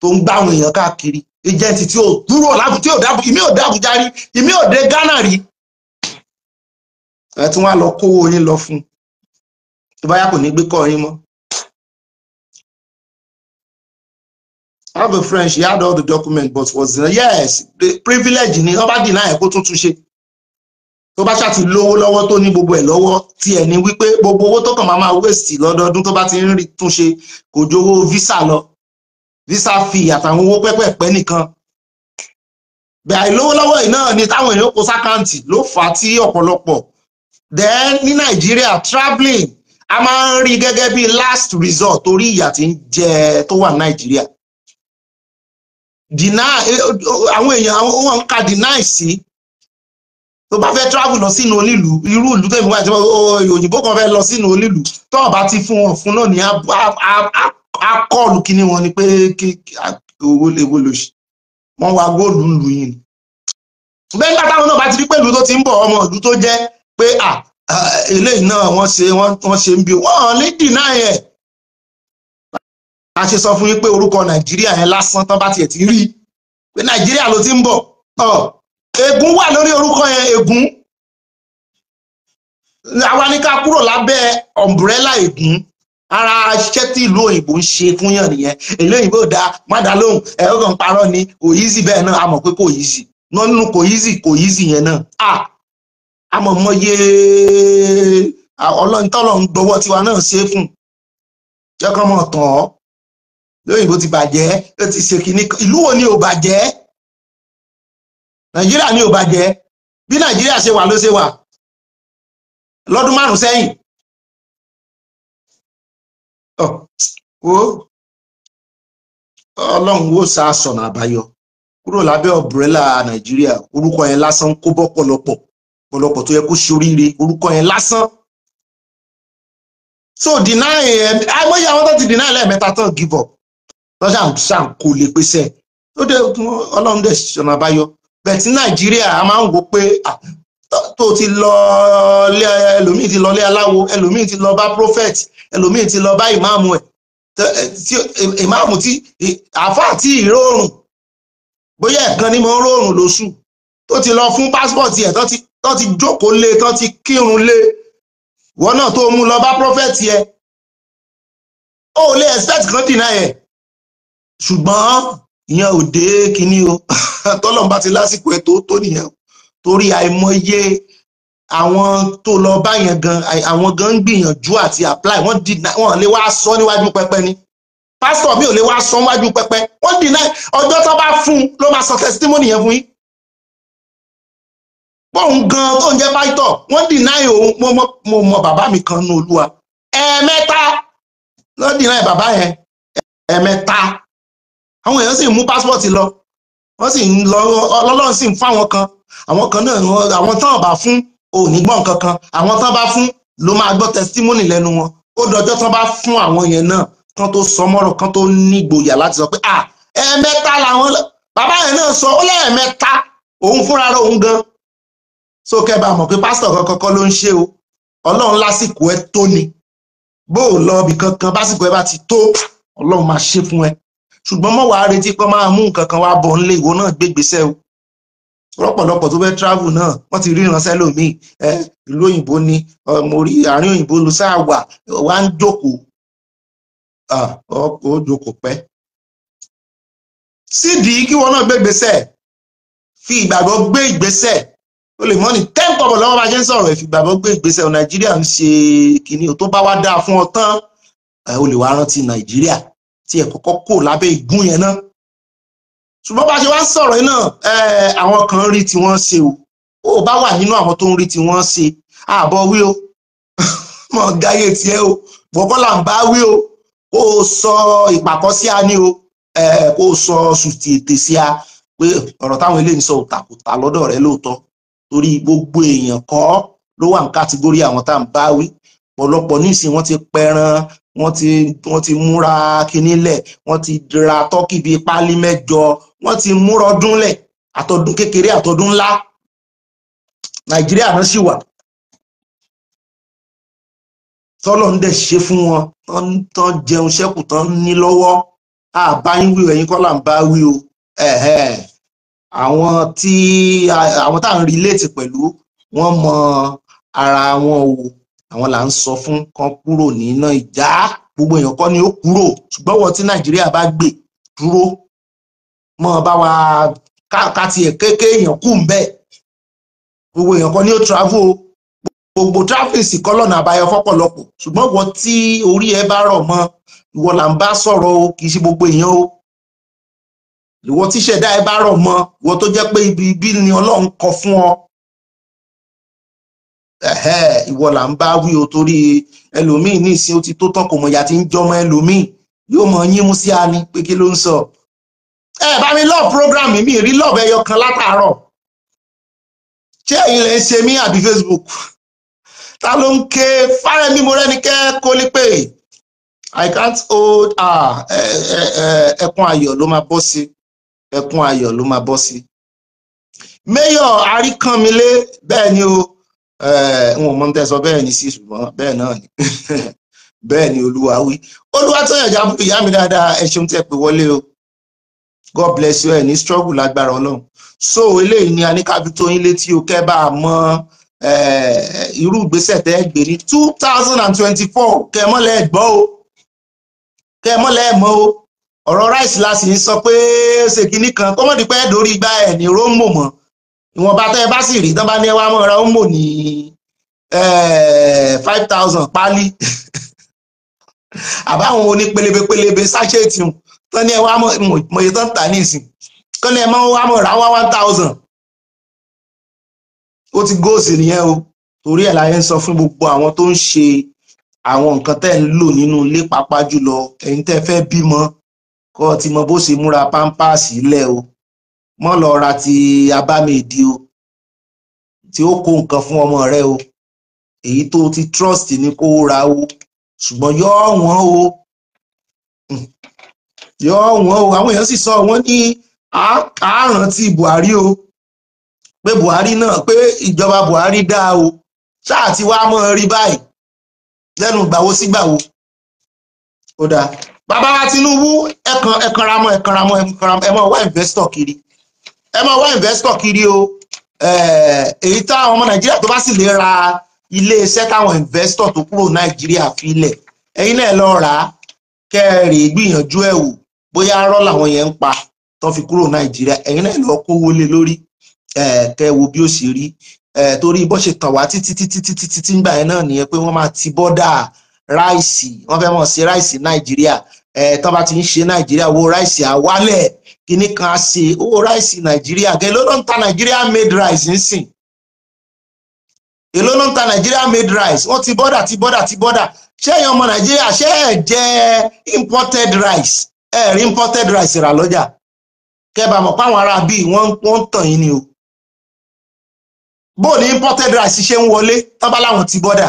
tó ń gbá àwọn èèyàn káàkiri agent tí ò dúró láti tí ò dábò ìmí ò dé Àbújá ìmí ò dé Ghana rí ẹ tí wọ́n lọ kówó yín lọ fún tó bá yá kò ní gbé kọ́ yín mọ́. I have a friend she had all the documents but was yes the privilege ni wọ́n bá deny ẹ kó to tún ṣe tó bá ṣàti lówó lọ́wọ́ tó ní gbogbo ẹ̀ lọ́wọ́ tí ẹni wípé gbogbo owó tó kàn máa máa wéèsì lọ́dọọdún tó bá ti ń rí túnṣe kò jówó visa lọ visa fi àtàwọn owó pẹ́pẹ́pẹ́ nìkan bẹ́ẹ̀ àìlówó lọ́wọ́ yìí náà ni táwọn èèyàn kó sákàǹtì ló fà á tí ọ̀pọ̀lọpọ̀ then ní nàìjíríà travelling a máa ń rí gẹ́gẹ́ bí last resort torí ìyà tí ń jẹ tó wà nàìjíríà deny eh, eh, àwọn èèyàn àwọn ohun kan deny sí tó bá fẹ́ travel lọ sínú onílù irú ìlú tẹ̀mí wáyé tí òyìnbó kan fẹ́ lọ sínú onílù tó bá ti fún wọn fún náà ní akọ́ọ̀lù kíní wọn ni pé owó léwó lóṣù wọ́n wá góòlù ń lu yìí ni bẹ́ẹ̀ nígbà táwọn náà bá ti rí pẹ̀lú tó ti ń bọ̀ ọmọ ìlú tó jẹ́ pé à eléyìí náà wọ́n ṣe wọ́n ṣe ń bí wọ́n ní dìnnà yẹn a ṣe sọ fún yín pé orúkọ nàìjíríà yẹn lásán tán bá tiẹ̀ ti rí pé nàìjíríà ló ti ń bọ̀ tán. Egun wà lórí orúkọ yẹn egun. àwa ní ká kúrò lábẹ́ ọ̀mbrẹ́là ègún ara iṣẹ́ tí ìlú òyìnbó ń ṣe fún yàn nìyẹn èlé òyìnbó dá mádà lóhùn ẹ̀rọ kan parọ́ ni kò yízì bẹ́ẹ̀ náà a mọ̀ pé kò yízì nínú kò yízì kò yízì yẹn náà a a mọ̀ mọ́yé ọlọ́run tọ́lọ̀ ń gbọ́wọ́ tiwa náà ṣe fún jẹ́ mọ̀ tán lóyìnbó ti bàjẹ́ ó ti ṣe kìíní ìlú wo ni ò bàjẹ́ nàìjíríà mi ò bàjẹ́ bí nàìjíríà ṣe wà ló ṣe wà lọ́dún márùn sẹ́yìn wo ọlọ́run wo sá sọ̀nà àbáyọ kúrò lábẹ́ ọ̀bùrẹ́là nàìjíríà orúkọ yẹn lásán kó bọ́ pọ̀lọpọ̀ pọ̀lọpọ̀ tó yẹ kó ṣoríire orúkọ yẹn lásán so deny eh, àìmọye àwọn tó ti deny lẹ́ẹ̀mẹ́ta tó give up lọ́sàn-án kò lè pèsè ọlọ́run dẹ̀ sọ̀nà àbáyọ bẹ̀tí nàìjíríà a máa ń wò pé ah, tó ti lọ lé ẹlòmíì ti lọ lé aláwo ẹlòmíì ti lọ bá prophet ẹlòmíì ti lọ bá ìmáàmù ẹ ìmáàmù tí àáfàá tí ìrọ̀rùn bóyá ẹ̀kan ni mo ń rọ̀rùn lóṣù tó ti lọ fún passport ẹ̀ tó ti jókòó lé tó ti kírun lé wọn náà tó mú lọ bá prophet ẹ ó lè expect kan dìnnà ẹ ṣùgbọ́n ìyẹn ò dé kínní o tọ́lọ̀ bá ti lásìkò ẹ̀ tó tó nìyẹn torí àìmọye àwọn tó lọ bá gan àwọn gan ń gbìyànjú àti apply wọ́n deny wọ́n lè wá sọ níwájú pẹpẹ ni pásítọ̀ mi ò lè wá sọ níwájú pẹpẹ wọ́n deny ọjọ́ tó bá fún ló máa sọ testimony yẹn fún yín bóun gan tó ń jẹ́ pásítọ̀ wọ́n deny òun mo mọ bàbá mi kan nínú olúwa ẹ̀ẹ̀mẹ́ta ló bàbá yẹn ẹ̀ẹ̀mẹ́ta àwọn èèyàn sì mú pásítọ̀tì lọ wọ́n sì ń lọ ọlọ́run sì ń fún àwọn kan àwọn kan náà àwọn tán bá fún onígbọ̀n kankan àwọn tán bá fún ló máa gbọ́ testimony lẹ́nu wọn ó dọjọ́ tán bá fún àwọn yẹn náà kán tó sọ mọ́rọ̀ kán tó nígboyà láti sọ pé à ẹ̀ẹ̀mẹ́ta làwọn bàbá yẹn náà sọ ó lẹ́ẹ̀mẹ́ta òun fúnra rẹ̀ òun gan so kẹ́ bá mọ̀ pé pásítọ̀ kankan kọ́ ló ń ṣe o ọlọ́run lásìkò ẹ tó ni bó o lọ ibì kankan básìkò ẹ bá ti tó ọlọ́run máa ṣe fún ẹ ṣùgbọ́n mọ̀ wàá retí pé máa mú nǹkan kan wá bọ̀ nílé ìwọ náà gbégbèsẹ́ o lọ́pọ̀lọpọ̀ tó fẹ́ travel náà wọ́n ti rí ìránṣẹ́ lómii ẹ ìlú òyìnbó ni mo rí àárín òyìnbó lu sáà wà wá ń jókòó ó jókòó pẹ́ sídìí kí wọn náà gbé ìgbésẹ̀ fi ìgbàgbọ́ gbé ìgbésẹ̀ o lè mọ̀ ní ten kọ́bọ̀ lọ́wọ́ bá jẹ́ ń sọ̀rọ̀ ìfi ìgbàgbọ́ gbé ìgbésẹ̀ nàìjíríà ń ṣe o tó bá wá dáa fún ọ tán o lè wá rántí nàìjíríà tí ẹ̀ kọ́kọ́ kò lábẹ́ ìgún yẹn náà ṣùgbọ́n bá ṣe wá ń sọ̀rọ̀ iná àwọn kan rí tí wọ́n ṣe o ó bá wà nínú àwọn tó ń rí tí wọ́n ṣe ààbọ̀ wí o mọ̀ gáyé tiẹ̀ o bọ́kọ́ là ń bá wí o kó o sọ ìpàkọ́ sí a ní o kó o sọ sùtì ètè sí a pé ọ̀rọ̀ táwọn eléyìí sọ òtàkùtà lọ́dọ̀ rẹ lóòótọ́ torí gbogbo èèyàn kọ́ ló wà ní kátígórì àwọn tá à ń bá wí ọ̀pọ̀lọpọ̀ ní ìsìn wọ́n ti pẹran wọ́n ti wọ́n ti múra kinní lẹ̀ wọ́n ti ra tọ́kì bíi pálí mẹ́jọ wọ́n ti múra ọdún lẹ̀ àtọdún kékeré àtọdún ńlá nàìjíríà náà sì wà tọ́lọ̀ ń dẹ̀ ṣe fún wọn tán jẹun ṣẹ́kù tán ní lọ́wọ́ àbáyín wí ẹ̀yin kọ́là ń bá wí o àwọn tí àwọn tá à ń relate pẹ̀lú wọ́n mọ ara wọn o àwọn là ń sọ fún kan kúrò nínú ìjà gbogbo èèyàn kọ́ ni ó kúrò ṣùgbọ́n wọn tí nàìjíríà bá gbè dúró mọ́ bá wa ká tiẹ̀ kéèké èèyàn kù ń bẹ̀ gbogbo èèyàn kọ́ ni ó travel gbogbo traffic kọ́ lọ́nà àbáyọ fọ́pọ̀lọpọ̀ ṣùgbọ́n wọn tí orí ẹ bá rọ̀ mọ́ ìwọ là ń bá sọ̀rọ̀ o kì í ṣe gbogbo èèyàn o ìwọ tíṣẹ̀dá ẹ bá rọ̀ mọ́ ìwọ tó jẹ́ pé ibi ibi ni ọlọ́run kọ fún ọ ìwọ là ń bá wí o torí ẹlòmíì ní ìsìn ó ti tó tán kò mọ̀ ìyá tí ń jọmọ ẹlòmíì yóò mọ̀ yín mú sí a ni pé kí ló ń sọ. ẹ bá mi love program mi rí love ẹyọ kan látàárọ̀ ṣé ẹ̀yin lè ṣe mí àbí Facebook ta ló ń ké fárẹ́mí mo rẹ́ni kẹ́ kólípè I can't hold ah, ẹkún ayọ̀ ló máa bọ́ sí ẹkún ayọ̀ ló máa bọ́ sí. Mayor Aríkànmilé bẹ́ẹ̀ ni o. Eh, n ò mọ tẹ́ sọ bẹ́ẹ̀ ni sí ṣùgbọ́n bẹ́ẹ̀ náà ni bẹ́ẹ̀ ni olúwa wí olúwa tó yànjá fún ìyá mi dáadáa ẹ ṣeun tẹ́ pé wọlé o god bless you ẹ ní struggle lágbára Ọlọ́run so eléyìí ni a ní kábí tó yín létí o kẹ́ bá a mọ eh, irú ìgbésẹ̀ tẹ́ ẹ gbé ní two thousand and twenty-four kẹ́ mọ́lẹ̀ gbọ́ o kẹ́ mọ́lẹ̀ mọ́ o ọ̀rọ̀ rice la sì ń sọ pé ṣèkínní kan kọ́mọ́dé pẹ́ dórí igba ẹ̀ ní róńgbò mọ́ ìwọ̀nba tẹ́ ẹ bá sì rí tán bá ní ẹ wá ó mò ní five thousand pálí àbáwọn oní pélébé pélébé sáṣẹ́ẹ̀tì tán ní ẹ wá mọ̀ èyí tán tà ní ìsìn kán ní ẹ máa wá mọ̀ wá one thousand ó ti góòsì nìyẹn o torí ẹ̀ láyé ń sọ fún gbogbo àwọn tó ń ṣe àwọn nǹkan tẹ́ ń lò nínú ilé pàápàá jùlọ ẹ̀yin tẹ́ fẹ́ bímọ kọ́ ọ ti mọ bó ṣe múra pámpáàsì lẹ̀ o mọ́ lọ ra ti abámẹ́ẹ̀dì o tí ó kó nǹkan fún ọmọ rẹ o èyí tó ti trust ni kó ra o ṣùgbọ́n yọ wọ́n o hmm. yọ wọ́n o àwọn èèyàn sì sọ wọ́n ní àárántí Buhari o pé Buhari náà pé ìjọba Buhari dáa o ṣáà ti wá mọ́ rí báyìí lẹ́nu gbàwo sí gbàwo ó dáa bàbá wa Tinubu ẹ̀kan ẹ̀kanramọ́ ẹ̀kanramọ́ wá investor kiri ẹ máa wá investor kiri o èyí táwọn ọmọ nàìjíríà tó bá sì lè ra iléeṣẹ́ táwọn investor tó kúrò nàìjíríà filẹ̀ ẹ̀yin náà lọ rà á kẹrì gbìyànjú ẹ̀ wò bóyá rọ́ làwọn yẹn ń pa tó fi kúrò nàìjíríà ẹ̀yin náà lọ kówó lé lórí kẹ wo bí ó ṣe rí torí bó ṣe tàn wá títí títí títí títí ńgbà yẹn náà nìyẹn pé wọ́n máa ti bọ́dà ráìsì wọ́n fẹ́ mọ̀ sí ráìsì nàìjíríà tó bá ti ń ṣe nàìjíríà wo ráìsì àwálẹ̀ kìíní kan á ṣe owó ráìsì nàìjíríà gẹ ló ló ń ta nàìjíríà made rice nsìn èló ló ń ta nàìjíríà made rice wọ́n ti bọ́dà ti bọ́dà ti bọ́dà ṣé ẹ̀yin ọmọ nàìjíríà ṣé ẹ̀ jẹ imported rice ẹ̀ rí imported rice rà lọ́jà kẹba mọ̀ páwọn ará bíi wọ́n ń tàn yín ni o bó ní imported rice ṣe ń wọlé tọ́ba láwọn ti bọ́dà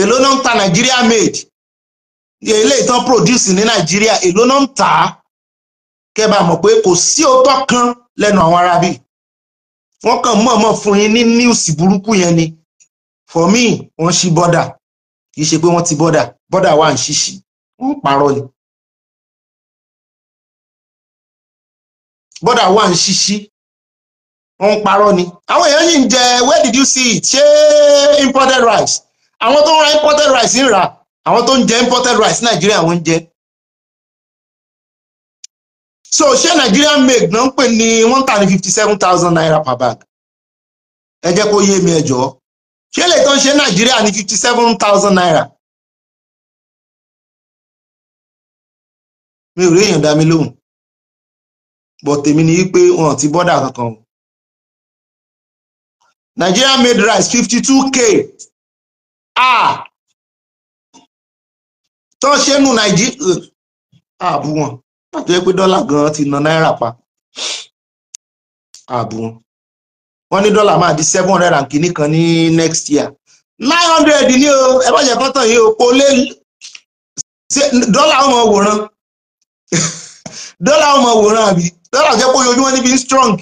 èló ló ń ta nàìjíríà made eléyìí tán produce ní nàìjíríà èló náà ń tà á kẹ́ bá mọ̀ pé kò sí òótọ́ kan lẹ́nu àwọn arábí wọ́n kàn mọ̀ọ́mọ̀ fún yín ní níùsì burúkú yẹn ni for me wọ́n ṣí bọ́dà kì í ṣe pé wọ́n ti bọ́dà bọ́dà wà ń ṣíṣí wọ́n parọ́ ni bọ́dà wà ń ṣíṣí wọ́n parọ́ ni àwọn èèyàn yìí ń jẹ where did you see it ṣé imported rice àwọn tó ń ra imported rice ń rà á àwọn tó ń jẹ imported rice nàìjíríà wọ́n ń jẹ so ṣé nàìjíríà make náà ń pè ní one thousand fifty seven thousand naira per bag ẹ jẹ́ kó yé mi ẹ jọ̀ọ́ ṣé lè tán ṣe nàìjíríà ní fifty seven thousand naira mi ò rí èèyàn dá mi lóhùn bọ̀ tèmi ni wípé wọn ti bọ́dà kankan o Nigeria made rice fifty two k ah tó ṣe nù nàìjíríà ààbò wọn pàtó yẹ pé dọ́là gan ti na náírà pa ààbò wọn wọ́n ní dọ́là máa di seven hundred and kìíní kan ní next year nine hundred ní o ẹ bá jẹ kọ́tàn yìí o kò lè dọ́là ọmọ wòran dọ́là ọmọ wòran àbí dọ́là jẹ́ pé ojoojúmọ́ níbi strong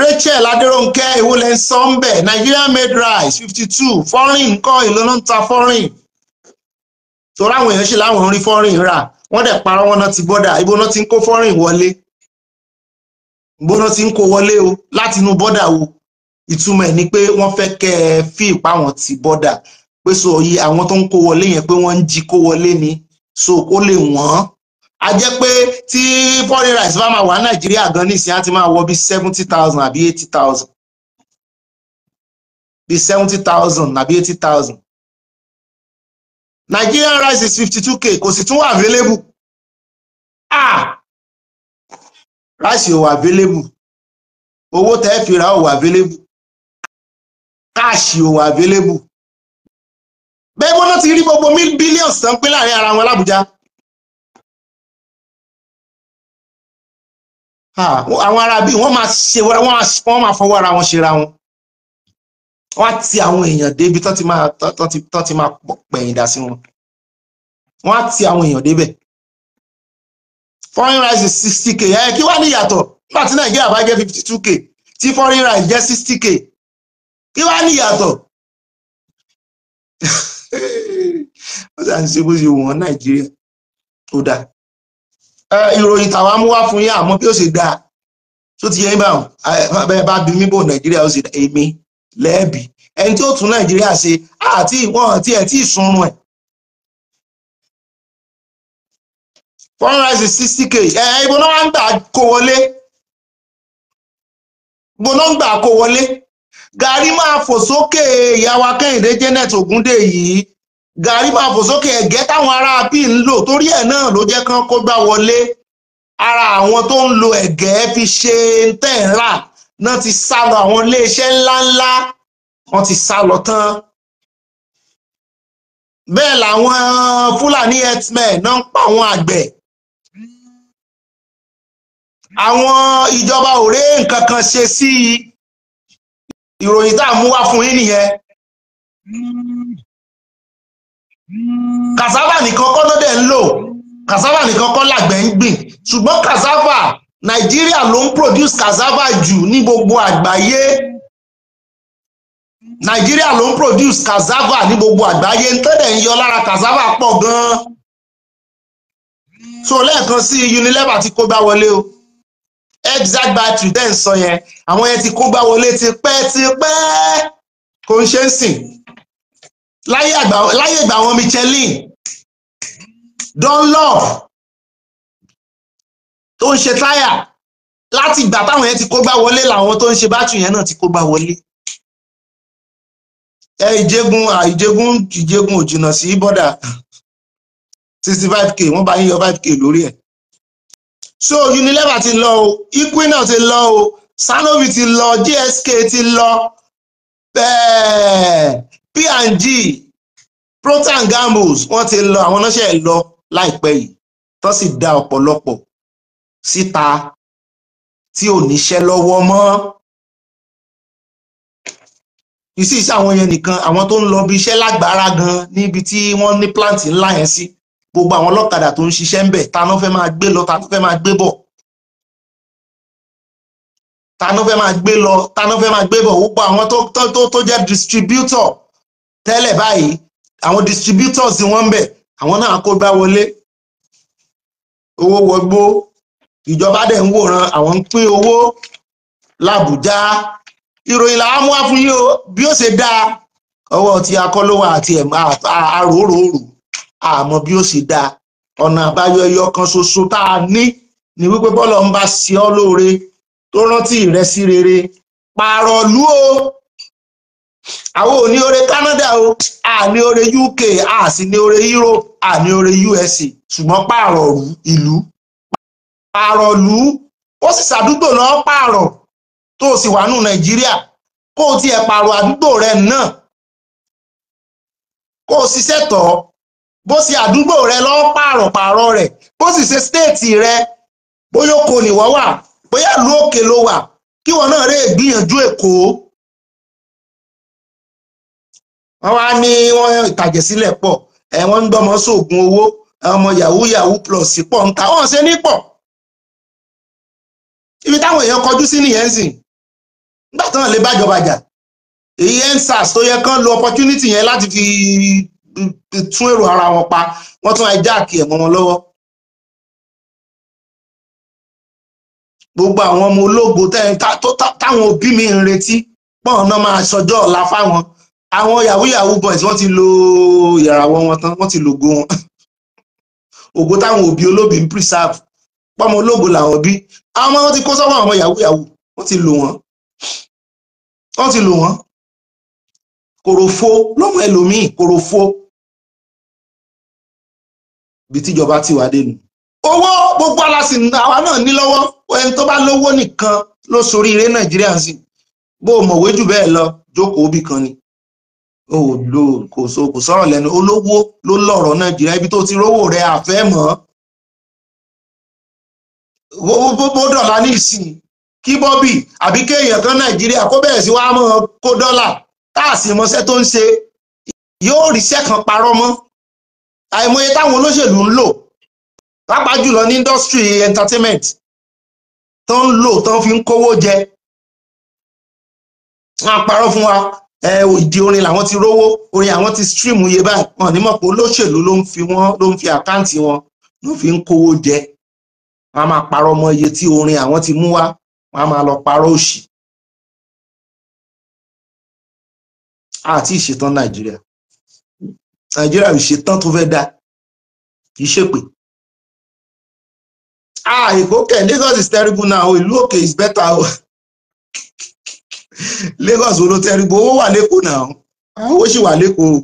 Rachel Adérónkẹ́ ewúlẹ̀ sọ́ńbẹ̀ Nigeria made rice fifty two foreign nǹkan èlò ló ń ta foreign torí àwọn èèyàn ṣe láwọn orí foreign rà wọ́n dẹ̀ parọ́ wọn náà ti bọ́dà ibo náà ti ń kó foreign wọlé ibo náà ti ń kó wọlé o láti inú bọ́dà o ìtumọ̀ ẹ̀ ni pé wọ́n fẹ́ kẹ́ ẹ fi ìpá wọn ti bọ́dà pé so yìí àwọn tó ń kó wọlé yẹn pé wọ́n ń jí kó wọlé ni so ó lè wọ́n a jẹ́ pé tí foreign rice bá máa wà nàìjíríà gan ní ìsìn á ti máa wọ bí seventy thousand àbí eighty thousand bí seventy thousand àbí eighty thousand nigerian rice is fifty two k kò sì tún wà available ah rice ò wà available owó tẹ́ fi ra ò wà available káàṣì ò wà available bẹ́ẹ̀ bọ́n náà ti rí gbogbo mílíọ̀nù tán pé láàrin ara wọn lábújá. àwọn ará bíi wọ́n máa ṣe wọ́n máa fọwọ́ ara wọn ṣera wọn wọ́n á ti àwọn èèyàn débi tán ti máa tán ti máa pẹ̀yìn dà sí wọn wọ́n á ti àwọn èèyàn débẹ̀ foreign rice is sixty k ẹ kí wàá ní ìyàtọ̀ nígbà tí nàìjíríà bá jẹ́ fifty two k tí foreign rice jẹ́ sixty k kí wàá ní ìyàtọ̀ wọ́n ṣàǹṣe bó ṣe wọ̀n nàìjíríà ó dáa ìròyìn tàwa mú wá fún yín àmọ́ bí ó ṣe dáa tó ti yẹ ń báwọn bẹ́ẹ̀ bá bí mímọ nàìjíríà ó ṣe èmi lẹ́ẹ̀bì ẹni tí ó tún nàìjíríà ṣe àti ìwọ̀n tí ẹ tí ì sunrun ẹ̀. foreign rice sixty k ẹ ibo náà ń gbà kó wọlé ibo náà ń gbà kó wọlé gàrí máa fò sókè ìyá kẹ́hìndé janet ògúndé yìí gàrí máa fò sókè ẹ̀gẹ́ táwọn ará bí ń lò torí ẹ̀ náà ló jẹ́ kán kó gbá wọlé ara àwọn tó ń lo ẹ̀gẹ́ fi ṣe tẹ̀ ń rà náà ti sá lọ àwọn iléeṣẹ́ ńláńlá wọ́n ti sá lọ tán bẹ́ẹ̀ làwọn fúlàní herdsmen náà ń pa àwọn àgbẹ̀ àwọn ìjọba ò rí nǹkan kan ṣe sí ìròyìn tá a mú wá fún yín nìyẹn cassava nìkan kọ́ ló dẹ̀ ń lò cassava nìkan kọ́ làgbẹ̀ ń gbìn ṣùgbọ́n cassava nàìjíríà ló ń produce cassava jù ní gbogbo àgbáyé nàìjíríà ló ń produce cassava ní gbogbo àgbáyé ń tẹ́lẹ̀ ń yọ lára cassava pọ̀ gan-an so lẹ́ẹ̀kan sí unilever ti kó bá wọlé o exact battery dẹ́n sọ yẹn àwọn yẹn ti kó bá wọlé ti pẹ́ ti pẹ́ kò ń ṣe ń sìn láyé ìgbà àwọn Michelin Dunlop tó ń ṣe táyà láti ìgbà táwọn yẹn ti kó gbá wọlé làwọn tó ń ṣe bátìrì yẹn náà ti kó gbá wọlé ẹ ìjẹgun àìjẹgun ìjẹgun òjìnà sí bọ́dà sixty five k wọ́n bá yín yọ five k lórí ẹ̀ so Unilever ti lọ o Equinox ti lọ o Sanofi ti lọ GSK ti lọ eh. P&G Procter and Gamble wọ́n ti lọ àwọn náṣẹ́ lọ láìpẹ́ yìí tó sì dá ọ̀pọ̀lọpọ̀ síta tí ò níṣẹ́ lọ́wọ́ mọ́ ìsí ìsí àwọn yẹn nìkan àwọn tó ń lọ bí iṣẹ́ lágbára gan níbi tí wọ́n ní plant ńlá yẹn sí gbogbo àwọn ọlọ́kadà tó ń ṣiṣẹ́ ń bẹ̀ ta ló fẹ́ máa gbé lọ ta ló fẹ́ máa gbé bọ̀ ta ló fẹ́ máa gbé lọ ta ló fẹ́ máa gbé bọ̀ gbogbo àwọn tó jẹ́ distributor tẹ́lẹ̀ báyìí àwọn distributors wọn ń bẹ̀ àwọn náà kó bá wọlé owó wọgbó ìjọba dẹ̀ ń wòran àwọn ń pín owó làbújá ìròyìn làwọn mú wá fún yín o bí ó ṣe dáa ọwọ́ ti akọ́lówó àti ẹ̀mọ́ àròóròrò àmọ́ bí ó ṣe dáa ọ̀nà àbáyọ ẹyọ kan ṣoṣo tá a ní ni wípé bọ́lọ̀ ń bá ṣe ọ́ lóore tó rántí rẹ sí rere pààrọ̀ lú o àwọn ò ní oore Canada o a ní oore UK a sì ní oore Europe a ní oore USA ṣùgbọ́n pààrọ̀ ìlú pààrọ̀ ìlú ó sì ṣàdúgbò náà pààrọ̀ tó o sì wà nù Nàìjíríà kó o tiẹ̀ pààrọ̀ àdúgbò rẹ náà kó o ṣiṣẹ́ tọ̀ bó ṣe àdúgbò rẹ lọ́ pààrọ̀ pààrọ̀ rẹ̀ bó sì ṣe stéètì rẹ bóyá oko nìwọ́ wà bóyá ìlú òkè ló wà kí wọn náà rè gbìyànjú Èkó wọ́n wá ní wọ́n ìtàjẹ̀ sílẹ̀ pọ̀ ẹ wọ́n ń dọ́mọ sóògùn owó ọmọ yahoo yahoo plus pọ̀ ń ta wọ́n ṣe ní pọ̀ ibi táwọn èèyàn kọjú sí nìyẹn sìn nígbà tán lè bájọba jà èyí ensars tó yẹ kán lo opportunity yẹn láti fi eh, tún èrò ara wọn pa wọ́n tún ẹja àkì ẹ̀mọ́ wọn lọ́wọ́ gbogbo àwọn ọmọ ológo táwọn òbí mi ń retí pọ́n náà máa sọjọ́ ọ̀la fáwọn àwọn yahoo yahoo boys wọ́n ti lo ìràwọ̀ wọn tán wọ́n ti lògo wọn ògo táwọn òbí olóbì ń preserve pọ́mọ ológo làwọn bí àwọn ọmọ wọn ti kó sọ́wọ́ àwọn yahoo yahoo wọ́n ti lò wọ́n wọ́n ti lò wọ́n kòròfo lọ́mọ ẹlòmíì kòròfo bí tíjọba ti wà dénú owó gbogbo alásì àwa náà ní lọ́wọ́ ẹni tó bá lówó nìkan ló soríire nàìjíríà sí bó mọ̀wé jù bẹ́ẹ̀ lọ jókòó bì kan ni òòlò oh, kò so kò sọ̀rọ̀ lẹ́nu olówó ló lọ̀rọ̀ nàìjíríà ibi tó ti rówó rẹ̀ àfẹ́ mọ́ bó dọ́là ní ìsìn kí bọ́bì àbí kéèyàn kan nàìjíríà kó bẹ̀rẹ̀ sí wàá mọ́ kó dọ́là táàsì mọ́ṣẹ́ tó ń ṣe yóò ríṣẹ́ kan parọ́ mọ́ àìmọye táwọn olóṣèlú ń lò pàápàá jùlọ ní industry entertainment tó ń lò tó ń fi ń kówó jẹ wọn parọ́ fún wa ìdí orin làwọn ti rówó orin àwọn ti stream iye báyìí wọn ní mọ̀ pé olóṣèlú ló ń fi wọn ló ń fi àkáǹtì wọn ló fi ń kówó jẹ wọn a máa parọ́ mọ iye tí orin àwọn ti mú wá wọn a máa lọ parọ́ òṣì àti ìṣetán nàìjíríà nàìjíríà ìṣetán tó fẹ́ dá kì í ṣèpè ah èkó kẹ̀ Lagos is terrible now ìlú òkè is better Lagos wo ló tẹ́rí gbowó wà lẹ́kọ̀ọ́ náà ah, owó sì wà lẹ́kọ̀ọ́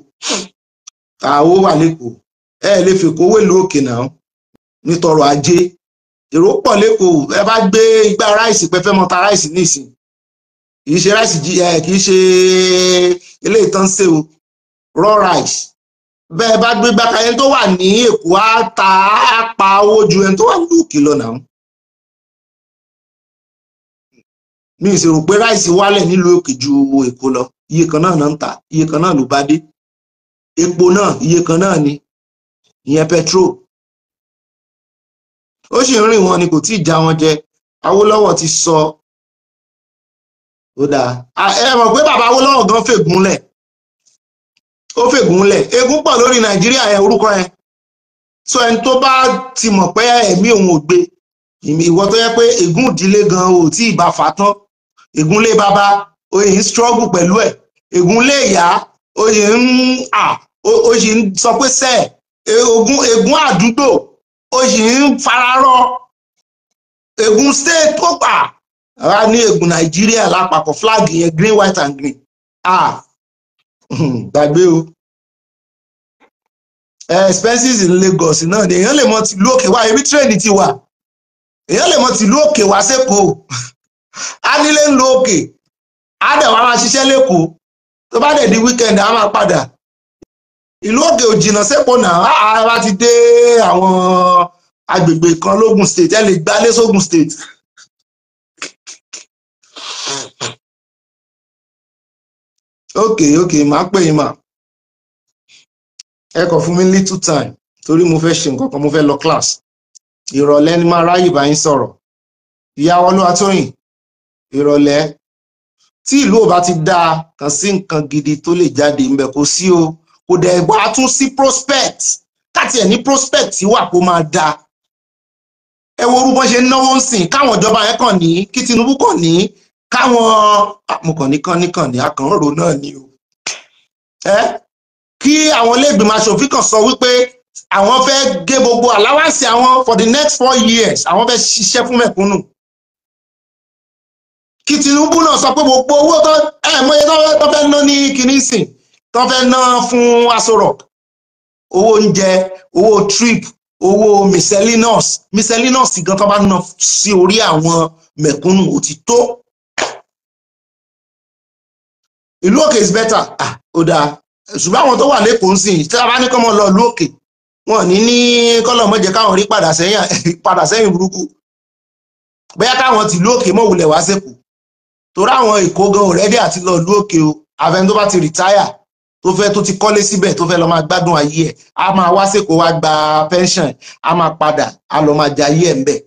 ah, owó wà lẹ́kọ̀ọ́ ẹ lè fi kówó ìlú òkè náà nítorọ̀ ajé èrò pọ̀ lẹ́kọ̀ọ́ ẹ bá gbé igbá ráìsì pẹ́fẹ́ mọ́ta ráìsì nísìn kì í ṣe ráìsì kì í ṣe ilé ìtàn ṣe o raw rice bẹ́ẹ̀ bá gbé gbàkà ẹni tó wà ní Èkó á ta á pa owó ju ẹni tó wà ní lọ náà mi se sì rò pé ráìsì wálẹ̀ nílùú òkè ju èkó lọ iye kan náà ń iye kan náà ló bá dé epo náà iye kan náà ni ìyẹn petrol ó sì ń rìn ni kò tí ì já wọn jẹ Awólọ́wọ̀ ti sọ ó dáa ẹ mọ̀ pé bàbá Awólọ́wọ̀ gan fègúnlẹ̀ ó fègúnlẹ̀ egun pọ̀ lórí Nàìjíríà ẹ orúkọ yẹn so ẹni tó bá ti mọ̀ pé ẹ̀mí òun ò gbé ìwọ tó yẹ pé ègún ìdílé gan ò tí ì bá fà ègúnlé bàbá Oyin struggle pẹ̀lú ẹ̀ ègúnlé ìyá oyè ń à oyè ń sọ pé sẹ́ẹ̀ ogun ègún àdúgbò Oyin ń fararọ ègún state tó pa ara ní ègún nàìjíríà lápapọ̀ flag yẹn green white and green ah gbàgbé o expenses in Lagos náà ni èèyàn lè mọ tìlú òkè wá ibi tírẹ̀nì ti wà èèyàn lè mọ tìlú òkè wá sẹ́kọ̀ọ́ a nílé ń lo òkè a dẹ̀ wá máa ṣiṣẹ́ lẹ́kọ̀ọ́ tó bá dẹ̀ di weekend a máa padà ìlú òkè ò jìnnà sẹ́pọ̀ náà a bá ti dé àwọn agbègbè kan lógun state ẹ lè gbalé sógun state. ok ok màá pè yín mà ẹ kàn fún mi little time torí mo fẹ́ ṣe nǹkan kan mo fẹ́ lọ class ìrọ̀lẹ́ ni máa ráyè bá yín sọ̀rọ̀ ìyá Olúwatóyìn ìrọ̀lẹ́ tí ìlú ò bá ti da kan sí nǹkan gidi tó lè jáde ńbẹ kò sí o kò dẹ̀ wá tún sí prospect káti ẹ̀ ní prospect tí wà kó máa da ẹ wo orúkọ ṣe ń náwó ń sìn káwọn ìjọba yẹn kàn ní kí Tinubu kàn ní káwọn amọ̀kànnìkànnìkànnì akànrò náà ni o ẹ kí àwọn iléègbìmọ̀ aṣòfin kan sọ wípé àwọn fẹ́ gé gbogbo allowance àwọn for the next four years àwọn fẹ́ ṣiṣẹ́ fún mẹ̀kúnnù kí Tinubu náà sọ pé gbogbo owó tó ẹ mọye tó fẹ́ ná ní kìnìsìn tó fẹ́ ná fún Aso owó oúnjẹ owó trip owó miscellaneous miscellaneous gan tó bá ná sí orí àwọn mẹ̀kúnnù ó ti tó ìlú òkè is better ah ó dáa ṣùgbọ́n àwọn tó wà lẹ́kọ̀ọ́ sí tí a bá ní kọ́mọ lọ ìlú òkè wọn ní ní kọ́lọ̀mọ́jẹ káwọn rí padà sẹ́yìn padà sẹ́yìn burúkú bóyá káwọn tìlú òkè mọ̀ wulẹ̀ wá sẹ́kù torí àwọn èkó gan ọ̀rẹ́dì àti lọ ìlú òkè o àfẹn tó bá ti rìtáyà tó fẹ́ tó ti kọ́lé síbẹ̀ tó fẹ́ lọ máa gbádùn ayé ẹ̀ á máa wá sèkó wá gba pension á máa padà á lọ máa jẹ ayé ẹ̀ ń bẹ̀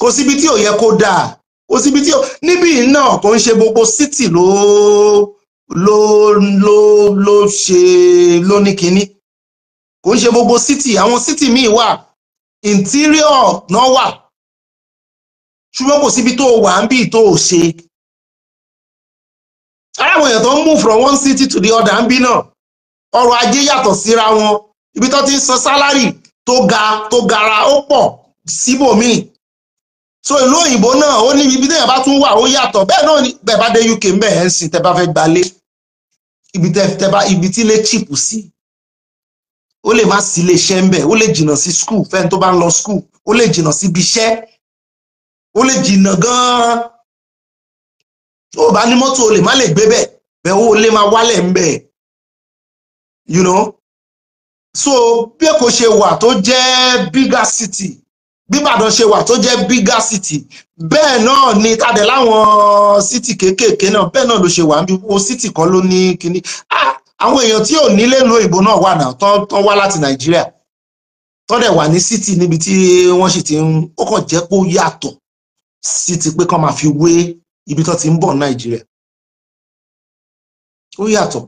kò síbi tí ò yẹ kó dáa kò síbi tí ò níbí náà kò ń ṣe gbogbo city ló ló ló ló ṣe ló ní kinní kò ń ṣe gbogbo city àwọn city míì wà interior náà wà ṣùgbọ́n kò síbi tó wà ń bí tó ò ṣe aráwọn èèyàn tó ń move from one city to the other ń bí náà ọrọ̀ ajé yàtọ̀ síra wọn ibi tó ti ń san sálárì tó ga tó gara ó pọ̀ síbòmíì so ìlú òyìnbó náà ó ní ibi téèyàn bá tún wà ó yàtọ̀ bẹ́ẹ̀ náà bẹ́ẹ̀ bá dé UK ń bẹ̀ ẹ́ ń sìn tẹ́ bá fẹ́ gbalé ibi tẹ́ bá ibi tí lè chip sí ó lè má sí ilé iṣẹ́ ń bẹ̀ ó lè jìnnà sí school fẹ́ni tó bá ń lọ school ó lè jìnnà síbi iṣẹ́ ó lè jìnnà gan-an tó bá ní mọ́tò o lè má lè gbé bẹ̀ bẹ́ẹ̀ ó lè máa wálẹ̀ ń bẹ̀ you know so bí Èkó ṣe wà tó jẹ́ bigger city bí Ìbàdàn ṣe wà tó jẹ́ bigger city bẹ́ẹ̀ náà ni tàdé láwọn city kéékèèké náà bẹ́ẹ̀ náà ló ṣe wà níbi wo city kan ló ní kinní ah, àwọn èèyàn tí ò nílé lo ìbò náà wà náà tán wá láti Nàìjíríà tán wà ní city níbi tí wọ́n sì ti ń ó kàn jẹ́ pé yàtọ̀ sí ti pé kán máa fi wé ibi tó ti ń bọ̀ nàìjíríà ó yàtọ̀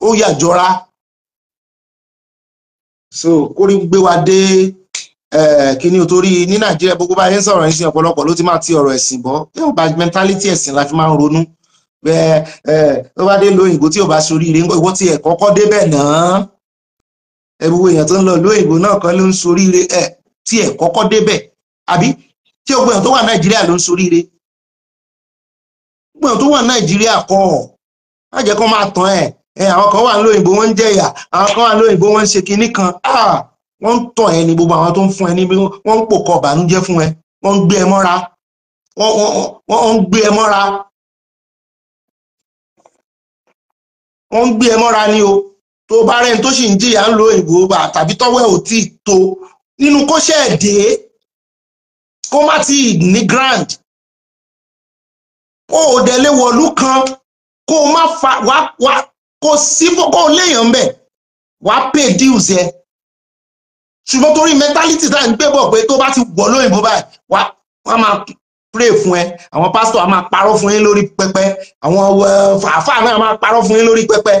ó yàjọra so kórí gbé wa dé kíní o torí ní nàìjíríà gbogbo bá yẹn sọ̀rọ̀ ẹ̀sìn ọ̀pọ̀lọpọ̀ ló ti máa ti ọ̀rọ̀ ẹ̀sìn bọ́ yóò bá mẹ́ntálítì ẹ̀sìn la fi máa ń ronú bẹ́ẹ̀ tó bá dé lóyìnbó tí ò bá soríire ńkọ́ ìwọ tí ẹ̀ kọ́kọ́ débẹ̀ náà ẹ gbogbo èèyàn tó ń lọ lóyìnbó náà kan ló ń soríire ẹ̀ tí ẹ̀ kọ́kọ́ débẹ̀ àbí tí gbogbo tó wà nàìjíríà ló ń soríire gbogbo tó wà nàìjíríà kọ́ ọ má jẹ́ kó máa tàn ẹ̀ ẹ̀ àwọn kan wà ń lóyìnbó wọ́n ń jẹ̀yà àwọn kan wà ń lóyìnbó wọn ń ṣe kinní kan wọ́n ń tàn ẹ́ ní gbogbo àwọn tó ń fún ẹ ní bí wọ́n ń pòkọ̀ ọ̀bànújẹ́ fún ẹ wọ́n ń gbé ẹ mọ́ra wọ́n ń gbé ẹ mọ́ra wọ́n ń gbé ẹ mọ́ra ni o tó bá rẹ́ni tó sì ń jìyà ń lo òyìnbó tàbí tọ́wọ́ ẹ̀ ò tí ì tó nínú kó ṣẹ̀dẹ̀ẹ́ kó má ti ní grand kó o dẹ̀ lé wọ̀lú kan kó o má fa wá wá kó o sí kó o léèyàn ń bẹ̀ wá pè díùs yẹn ṣùgbọ́n torí mẹ́tálítì tá à ń gbé bọ̀ pé tó bá ti wọ̀ lóyìnbó báyìí wá wọ́n máa pray fún ẹ àwọn pásítọ̀ á máa parọ́ fún yín lórí pẹpẹ àwọn àáfàá náà máa parọ́ fún yín lórí pẹpẹ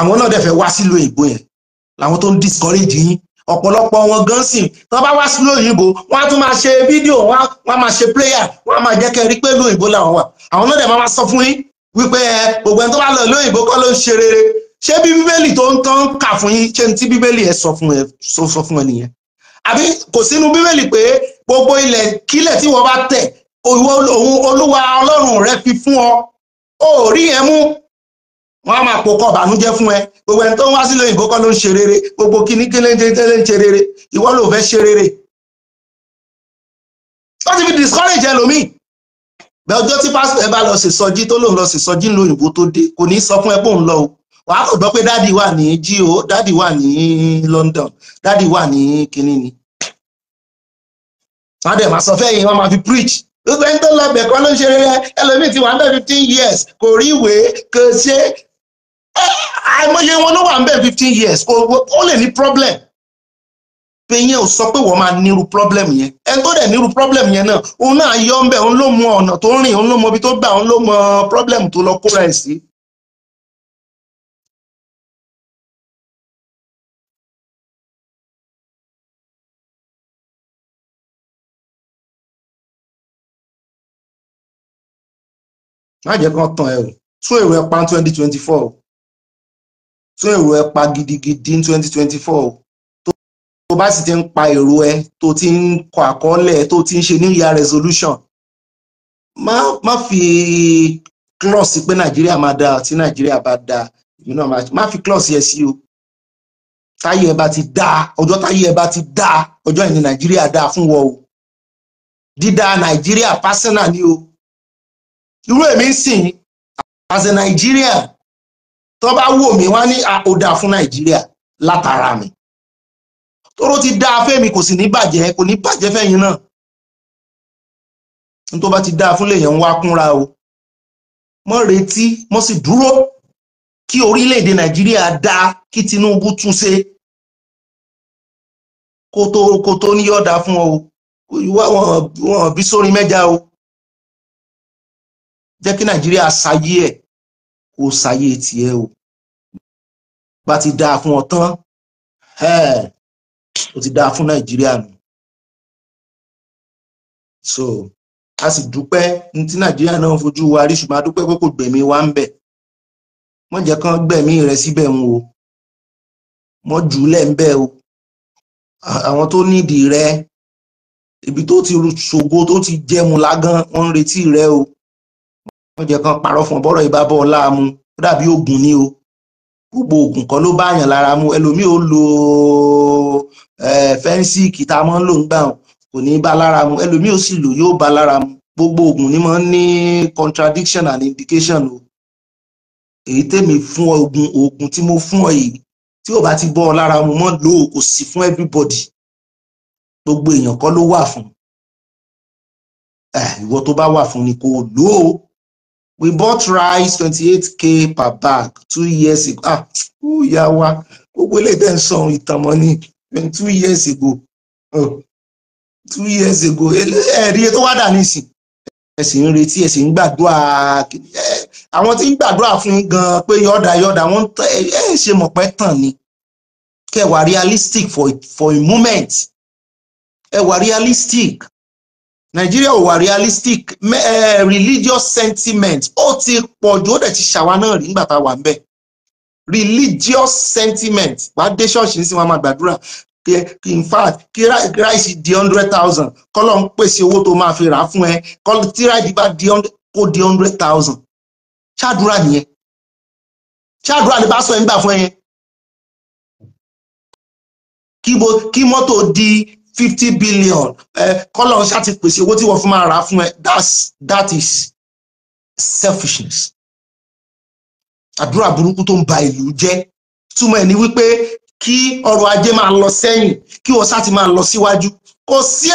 àwọn náà dẹ̀ fẹ́ wá sílùú èbó yẹn làwọn tó ń discourage yín ọ̀pọ̀lọpọ̀ wọn gan sì tán bá wá sí lóyìnbó wọn á tún máa ṣe fídíò wọn á máa ṣe pléyà wọn á máa jẹ́ kẹ́ rí pé lóyìnbó làwọn wà àwọn náà dẹ̀ máa sọ fún yín wípé gbogbo ẹni tó bá lọ lóyìnbó kọ́ ló ń ṣe rere ṣé bí bíbélì tó ń tán kà fún yín ṣé tí bíbélì ẹ sọ fún ẹ sọ fún ẹ nìyẹn àbí kò sínú bíbélì pé gbogbo ilẹ̀ kílẹ̀ tí wọ́n bá tẹ̀ òun olúwa ọlọ́run rẹ fi fún ọ ó rí yẹn mú wọ́n á máa pokọ ọ̀bànújẹ́ fún ẹ gbogbo ẹni tó ń wá sílé òyìnbó kọ́ ló ń ṣe rere gbogbo kíní kílé ń tẹ́lé ń ṣe rere ìwọ ló fẹ́ ṣe rere ó ti fi discourage ẹlòmíì bẹ́ẹ̀ ọjọ́ tí pásítọ̀ ẹ bá lọ sí sọjí tó lòun lọ sí sọjí ńlò òyìnbó tó dé kò ní sọ fún ẹ pé òun lọ o wàá kò gbọ́ pé dáàdì wà ní gio dáàdì wà ní London dáàdì wà ní kinní ni wọ́n á dẹ̀ máa sọ fẹ́yìn wọ́n máa fi preach gbogbo ẹni tó lọ bẹ̀ kọ́ ló ń ṣe rere ẹlòmíì ti wà ní fifteen years kò rí ìwé kò ṣe àìmọye wọn ló wà ń bẹ̀ fifteen years ó lè ní problem pé yẹn ò sọ pé wọ́n máa nírú problem yẹn ẹni tó dẹ̀ nírú problem yẹn náà òun náà yọ ń bẹ̀ òun ló mọ ọ̀nà tó ń rìn òun ló mọ ibi tó gbà òun ló mọ problem tó lọ kóra ẹ̀ sí. má jẹ́ kí wọ́n tàn ẹ́ o tún èrò ẹ̀ pa twenty twenty four tún èrò ẹ pa gidigidi ní twenty twenty four tó ti ń pa èrò ẹ tó ti ń kọ àkọọ́lẹ̀ ti ń ṣe new resolution má má fi klọ́ọ̀sì pé nàìjíríà máa dáa tí nàìjíríà bá dáa èmi náà má fi klọ́ọ̀sì ẹ o táyé ẹ bá ti dáa ọjọ́ táyé ẹ bá ti dáa ọjọ́ ìní nàìjíríà dáa fún wọ o dídá nàìjíríà ni o irú èmi ń sìn as a Nigerian tó bá wò mí wá ní ó dáa fún nàìjíríà látara mi tóró ti dáa fẹ́mi kò sì ní bàjẹ́ kò ní bàjẹ́ fẹ́yìn náà ní tó bá ti dáa fún lèyàn ń wá kúnra o mọ́ retí mọ́ sì dúró kí orílẹ̀-èdè nàìjíríà dáa kí tinubu tún ṣe kó tó kó tó ní yọ̀dá fún ọ wọn bí sórin mẹ́ja o jẹ́ kí nàìjíríà ṣayé ẹ̀ kó ṣayé tiẹ̀ o bá ti dáa fún ọ tán ó ti dáa fún nàìjíríà nù so a sì dúpẹ́ ní tí nàìjíríà náà fojú wa rí ṣùgbọ́n a dúpẹ́ pé kò gbẹ̀mí wa ń bẹ̀ wọ́n jẹ́ kán gbẹ̀mí rẹ síbẹ̀ ń o wọ́n jù ú lẹ̀ ń bẹ̀ o àwọn tó nídìí rẹ ibi tó ti ṣògo tó ti jẹmu lágán wọ́n ń retí rẹ o wọ́n jẹ́ kán parọ́ fún ọ bọ́rọ̀ ìbábọ̀ ọ̀la mu ó dàbí ògùn ni o gbogbo oògùn kan ló bá yàn lára mu ẹlòmíì ó lo fẹ́ǹsì kìtà mọ́ ló ń gbà kò ní bá lára mu ẹlòmíì ó sì lò yóò bá lára mu gbogbo oògùn ni máa ń ní contradiction and indication o èyí tèmi fún oògùn oògùn tí mo fún ọ yìí tí ò bá ti bọ́ ọ lára mu mọ́ lò kò sí fún everybody gbogbo èèyàn kọ́ ló wà fún ìwọ tó bá wà fún ni kò lò ó we bought rice twenty eight k per bag two years ago ah ó yà wá gbogbo eléyìí tẹ̀ ń sọ ìtànmọ́ ní two years ago oh, two years ago ẹ̀rí tó wá dà nísìn ẹ sì ń retí ẹ sì ń gbàdúrà àwọn tí ń gbàdúrà fún yín gan pé yọ̀dà yọ̀dà wọ́n ẹ ṣe mọ̀pẹ́ tàn ni kẹ́ wà realistic for, for a moment ẹ wà realistic Nigeria ò wà realistic uh, religious sentiment ó ti pọ̀ jù ó dẹ̀ ti ṣàwa náà rí nígbà tá a wà ń bẹ̀ religious sentiment wàá dé ṣọ́ọ̀ṣì nísìnyí wàá máa gbàdúrà in fact kí ráìsì di hundred thousand kọ́lọ̀ ń pèsè owó tó máa fi rà á fún ẹ tí ráìsì bá di kó di hundred thousand ṣáàdúrà nìyẹn ṣáàdúrà ni bá sọ ẹ nígbà fún ẹ yẹn kí mọ́tò di fifty billion kọ́lọ̀ ṣá ti pèsè owó tí wọ́n fi máa rà fún ẹ that is selfishness àdúrà burúkú tó ń ba ìlú jẹ́ túmọ̀ ẹ̀ ní wípé kí ọrọ̀ ajé máa lọ sẹ́yìn kí wọ́n sá ti máa lọ síwájú kò sí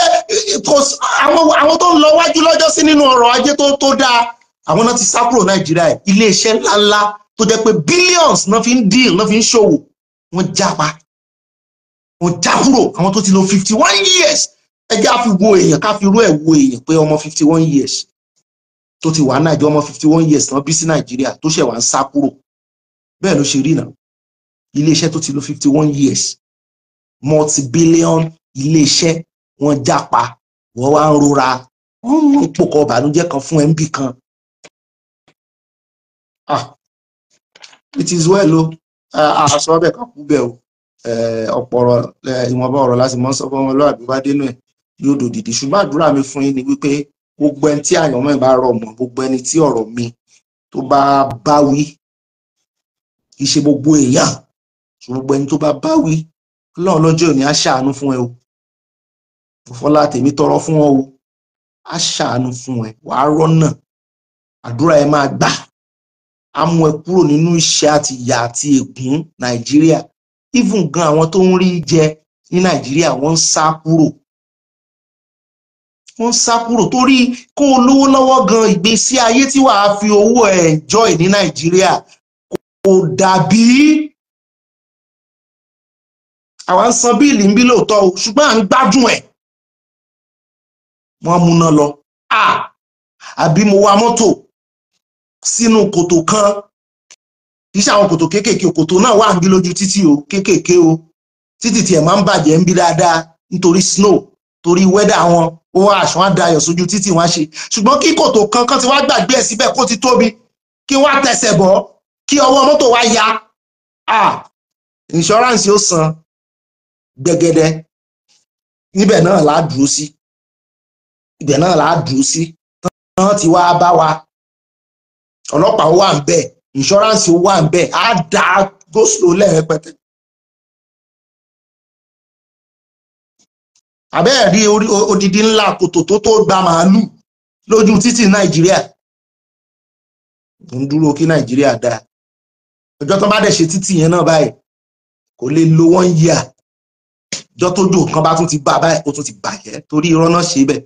àwọn tó ń lọ wájú lọ́jọ́ sí nínú ọrọ̀ ajé tó dáa àwọn náà ti sá kúrò nàìjíríà ẹ̀ iléeṣẹ́ ńláńlá tó jẹ́ pé billions náà fi ń deal náà fi ń ṣòwò wọ́n jápa mo já kúrò àwọn tó ti lo fifty one years ẹ já fi wo èèyàn ká fi rú ẹ̀ wo èèyàn pé ọmọ fifty one years tó ti wà nàìjíríà ọmọ fifty one years tán bí sí nàìjíríà tó ṣẹ̀ wá ń sá kúrò bẹ́ẹ̀ ló ṣe rí náà iléeṣẹ́ tó ti lo fifty one years multi-billion iléeṣẹ́ wọ́n jápa wọ́n wá ń rora wọ́n ń pòkọ ìbànújẹ́ kan fún mb kan. ah it is well o àṣọ ah, ọbẹ̀ kan kú bẹ́ẹ̀ o ọ̀pọ̀rọ̀ ìwọ̀nba ọ̀rọ̀ láti mọ́ sọ fún ọlọ́àbí bá dénú ẹ̀ yóò dòdìdì ṣùgbọ́n àdúrà mi fún yín ni wípé gbogbo ẹni tí àyànmọ́ ìbá rọ̀ mọ́ gbogbo ẹni tí ọ̀rọ̀ mi tó bá bá wí kì í ṣe gbogbo èèyàn ṣùgbọ́n gbogbo ẹni tó bá bá wí ọlọ́run lọ́jọ́ òní á ṣàánú fún ẹ o fọlá tèmi tọrọ fún ọ o á ṣàánú fún ẹ wàá rọ́nà àdúrà ẹ máa gbà á mú ẹ kúrò nínú ìṣẹ́ àti ìyà àti ègún nàìjíríà even gan àwọn tó ń rí jẹ ní nàìjíríà wọ́n ń sá kúrò wọ́n ń sá kúrò torí kó o lówó lọ́wọ́ gan ìgbésí ayé tí wàá fi owó ẹ̀ enjoy ní nàìjíríà kò dàbí àwa ń san bíìlì ń bí lóòótọ́ o ṣùgbọ́n à ń gbádùn ẹ̀ wọ́n múná lọ àbí mo wa mọ́tò sínú kòtò kan kì í ṣe àwọn kòtò kéékèèké kòtò náà wà ń bí lójú títì o kéékèèké o títì tiẹ̀ máa ń bàjẹ́ ń dáadáa nítorí snow torí wẹ́dà wọn ó wá àṣọ àdáyọ̀ sójú títì wọn ṣe ṣùgbọ́n kí kòtò kankan ti wá gbàgbé ẹ̀ síbẹ̀ kó ti tóbi kí wọ́n á tẹsẹ̀ bọ́ kí ọwọ́ mọ́tò wá ya insurance ó san gbẹgẹdẹ níbẹ̀ náà là á dúró sí ibẹ̀ náà là á dúró sí tán ti wá bá wa ọlọ́pàá ó wà ń bẹ́ẹ̀ insurance wà ń bẹ á dá go slow lẹ́ẹ̀pẹ̀tẹ̀. àbẹ́ẹ̀ rí orí odidi ńlá kòtò tó tó gba màálù lójú títì nàìjíríà ń dúró kí nàìjíríà dáa ọjọ́ tó bá dẹ̀ ṣe títì yẹn náà báyìí kò lè lo wọ́n yíà ọjọ́ tó jò kan bá tún ti bá báyìí ó tún ti bàjẹ́ torí irọ́ náà ṣe bẹ́ẹ̀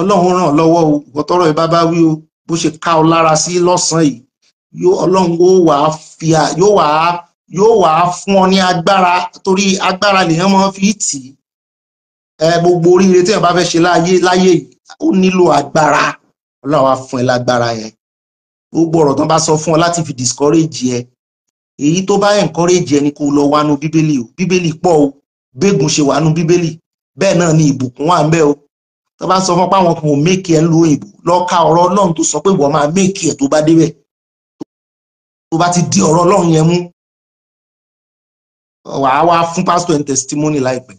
ọlọ́run ràn lọ́wọ́ o ìwọ ẹ bá bá wí o bó ṣe ká ọ lára sí lọ́sàn-án yìí yóò ọlọ́run ó wà á fi yóò wà á yóò wà á fún ọ ní agbára torí agbára lèèyàn máa fi tì í ẹ gbogbo oríire tí ẹ bá fẹ́ ṣe láyé láyé yìí ó nílò agbára ọlọ́run á fún ẹ lágbára yẹn gbogbo ọ̀rọ̀ tán bá sọ fún ọ láti fi discourage ẹ èyí tó bá encourage ẹ ni kó lọ wánú bíbélì o bíbélì pọ̀ o gbégun ṣe wánú bíbélì bẹ́ẹ̀ náà ni ìbùkún wà ń bẹ o tó bá sọ fún páwọn kan ò méèkì ẹ lu òyìnbó lọ ka ọ̀rọ̀ Ọlọ́run tó sọ pé wọ́n máa méèkì ẹ tó bá débẹ̀ tó bá ti di ọ̀rọ̀ Ọlọ́run yẹn mú wàá wá fún pásítọ̀ ẹni testimony láìpẹ́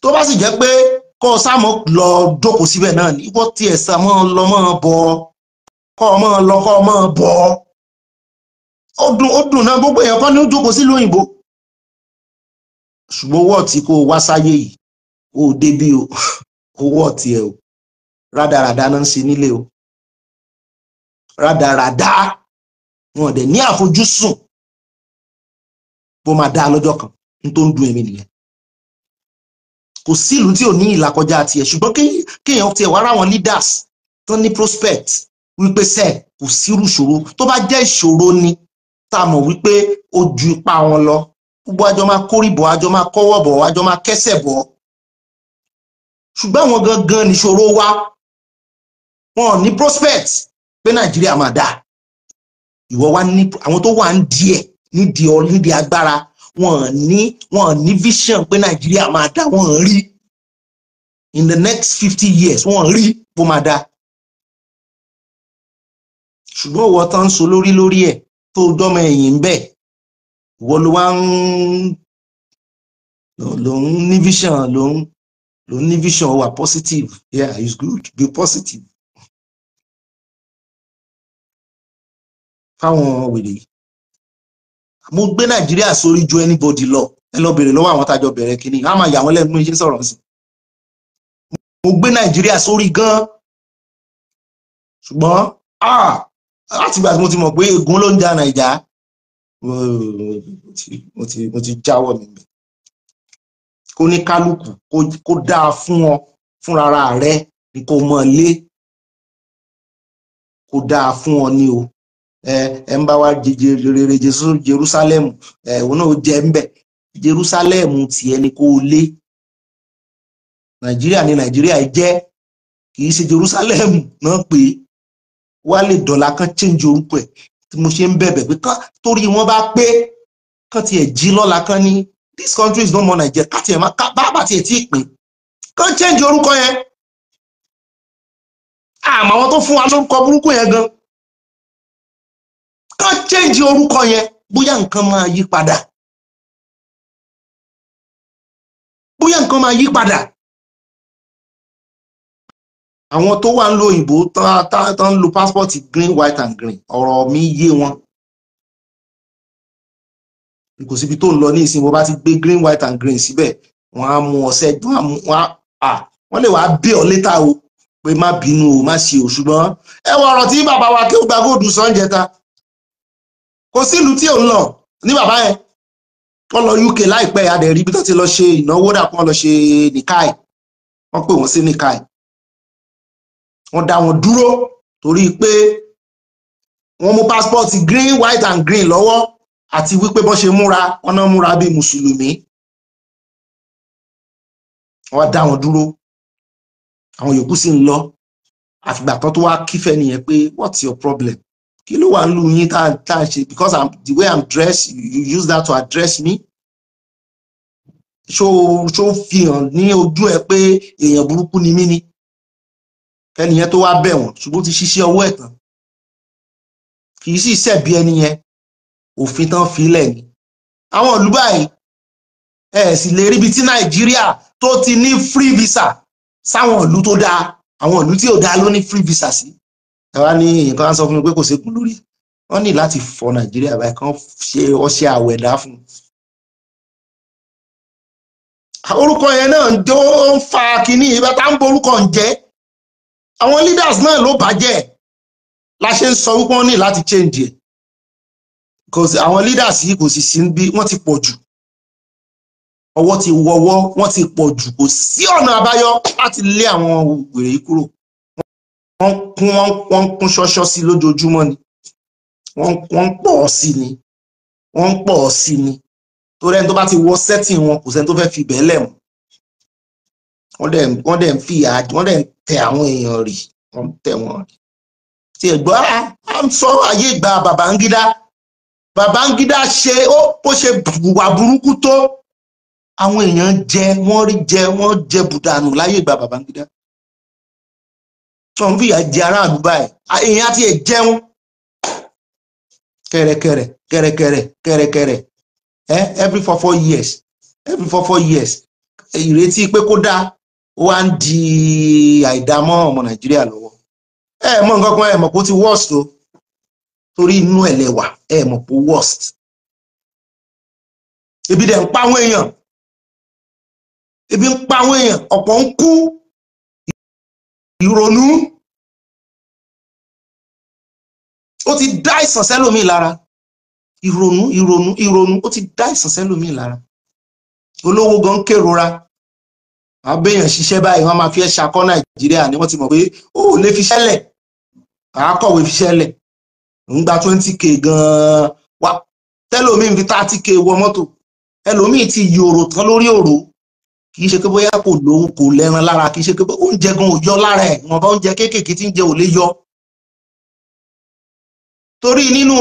tó bá sì jẹ́ pé kọ́ ọ sáà mọ́ lọ jókòó síbẹ̀ náà ní wọ́n tiẹ̀ sá mọ́ ọ lọ mọ́ ọ bọ̀ kọ́ ọ mọ́ ọ lọ kọ́ ọ mọ́ ọ bọ̀ ó dùn ó dùn náà gbogbo èèyàn kan ní ó jókòó sílùú òyìnbó ṣùgbọ́n owó ọ̀tí kó wá sáyé yìí ó débí o owó ọ̀tí ẹ̀ o rádaràdá náà ń ṣe nílé o rádaràdá wọn dẹ̀ ní àfojúsùn bó máa dá lọ́jọ́ kan ní tó ń dun èmi nìyẹn kò sí ìlú tí ò ní ìlàkọjá tiẹ̀ ṣùgbọ́n kéèyàn tiẹ̀ wá ráwọn leaders tó ní prospect wípé sẹ́ kò sírú ìṣòro tó bá jẹ́ ìṣòro ni tá a mọ̀ wípé ó ju ipa wọn lọ gbogbo àjọ máa kórìbọ̀ àjọ máa kọ́wọ́ bọ̀ àjọ máa kẹ́sẹ̀ bọ̀ ṣùgbọ́n àwọn gangan nìṣòro wa wọn ní prospect pé nàìjíríà máa dáa ìwọ wa ní àwọn tó wà ń díẹ̀ nídìí ọ nídìí agbára wọn ní wọn ní vision pé nàìjíríà máa dáa wọn rí in the next fifty years wọn rí bó máa dáa ṣùgbọ́n ìwọ tán ń so lórí lórí ẹ̀ tó dọ́mọ ẹ̀yìn ń bẹ̀ ìwọ ló wá ń ló ń ní vision ló ń The only vision wà positive yeah it's good be positive How fáwọn wèrè mo gbé nàìjíríà sórí ju anybody lọ ẹ lọ bèrè lọ́wọ́ àwọn tájọ bẹ̀rẹ̀ kínní á máa yà wọ́n lẹ́nu iṣẹ́ sọ̀rọ̀ sí mo gbé nàìjíríà sórí gan ṣùgbọ́n ah, láti ìgbà tí mo ti mọ̀ pé ègún ló ń da nàìjà mo ti jáwọ́ mi bẹ kó ní kálukú kó dáa fún ọ fúnra rẹ ni kó mọ lé kó dáa fún ọ ní o ẹ ń bá wa rere Jerusalem òun náà jẹ ń bẹ Jerusalem tiẹ̀ ni kó lé Nàìjíríà ni Nàìjíríà jẹ kì í ṣe Jerusalem náà pé wá lè dọ̀là kan change orúkọ ẹ̀ tí mo ṣe ń bẹ̀bẹ̀ pé kán torí wọn bá pé kán tiẹ̀ jí lọ́la kán ní this country is no more Nigeria káti ẹ̀ máa ká bàbá tiẹ̀ tí ì pín change orúkọ yẹn àmọ́ àwọn tó fún wa lórúkọ burúkú yẹn gan kàn change orúkọ yẹn bóyá nǹkan máa yí padà bóyá nǹkan máa yí padà àwọn tó wà ń lo òyìnbó tán ń lo passport green white and green ọ̀rọ̀ mi yé wọn kò síbi tó ń lọ ní ìsìn bó bá ti gbé green white and green síbẹ̀ wọ́n á mú ọ̀sẹ̀ wọ́n á mú wọ́n lè wàá bẹ̀ ọ́ létà o pé má bínú o má ṣe o ṣùgbọ́n ẹ wọ ọ̀rọ̀ tí bàbá wa kí ó gba góòdù sọ́njẹta kò sílùú tí ò ń lọ ní bàbá yẹn wọ́n lọ UK láìpẹ́ adẹ̀rí bí tó ti lọ ṣe ìnáwó dà kó lọ ṣe nìkáì wọ́n pè wọ́n sí nìkáì wọ́n dá wọn dúró torí pé wọ́n mú passport green white and green lọ́wọ́ àti wípé bọ́n ṣe múra wọn náà múra bíi mùsùlùmí wọ́n dá wọn dúró àwọn yòókù sì ń lọ àfìgbà tán tó wá kífẹ́ nìyẹn pé what's your problem kí ló wà ń lu yín tá à ṣe because I'm, the way I'm dressed you use that to address me ṣó ṣó fi hàn ní ojú ẹ pé èèyàn burúkú ni mí ni ẹnìyẹn tó wá bẹ̀ wọ́n ṣùgbọ́n ti ṣiṣẹ́ ọwọ́ ẹ̀ tán kì í sì ṣẹ̀bi ẹni yẹn òfin tán filẹ̀ ni àwọn ìlú báyìí ẹ sì lè ríbi tí nàìjíríà tó ti ní free visa sáwọn ìlú tó dáa àwọn ìlú tí ò dáa ló ní free visa sí ẹ wá ní èèyàn kan sọ fún mi pé kò sí kú lórí wọ́n ní láti fọ nàìjíríà báyìí kan ṣe ọṣẹ àwẹ̀dá fún un orúkọ yẹn náà jó ń fa kínní ìbá ń borúkọ ń jẹ àwọn leaders náà ló bàjẹ́ la ṣe ń sọ wípé wọ́n ní láti change ẹ̀ Because àwọn leaders yìí kò sì sí bí wọ́n ti pọ̀ jù ọwọ́ ti wọ́wọ́ wọ́n ti pọ̀ jù kò sí ọ̀nà àbáyọ láti lé àwọn wèrè yìí kúrò wọ́n kún wọ́n ń kún ṣọ́ṣọ́ sí lójoojúmọ́ ni wọ́n ń pọ̀ sí ni wọ́n ń pọ̀ sí ni torí ẹni tó bá ti wọ sẹ́tìn wọn kò sẹ́ni tó fẹ́ fi bẹ́ẹ̀ lẹ̀ mọ́ wọ́n dẹ̀ ń fìyà wọ́n dẹ̀ ń tẹ àwọn èèyàn rì wọ́n ń tẹ rì tí ẹ̀gbọ́n à ah, ń sọ ayé ìgbà Babangida Babangida ṣe ó bó ṣe wà burúkú tó àwọn èèyàn jẹ wọ́n rí jẹ wọ́n jẹ bùdànù láyé ìgbà Babangida tọ́n fìyà jẹ aráàlú báyìí èèyàn àti ẹ̀ jẹun kẹrẹkẹrẹ kẹrẹkẹrẹ kẹrẹkẹrẹ ẹ every four four years every four four years ìrètí pé kó dáa ó wá ń di àìdámọ́ ọmọ Nàìjíríà lọ́wọ́ ẹ mọ nǹkan kan ẹ mọ̀ kó ti worst o torí inú ẹ̀ lẹ́wàá ẹ mọ̀ pé worst ebi dẹ̀ ń pa àwọn èèyàn ebi ń pa àwọn èèyàn ọ̀pọ̀ ń kú ìrònú ó ti dá ìsàn sẹ́lòmíì lára ìrònú ìrònú ìrònú ó ti dá ìsàn sẹ́lòmíì lára olówó gan kérora àbẹ̀yàn ṣiṣẹ́ báyìí wọ́n máa fi ẹ́ ṣakọ́ nàìjíríà ni wọ́n ti mọ̀ pé ó lè fi ṣẹlẹ̀ àákọ̀wé fi ṣẹlẹ̀ ń gba twenty k gan-an wá tẹ́lómi fi thirty k wọ mọ́tò ẹlòmíì ti yòrò tán lórí òrò kì í ṣe pé bóyá kò lówó kò lẹ́ran lára kì í ṣe pé oúnjẹ gan ò yọ lára ẹ̀ ìwọ̀nba oúnjẹ kéékèèké tí ń jẹ ò lè yọ torí nínú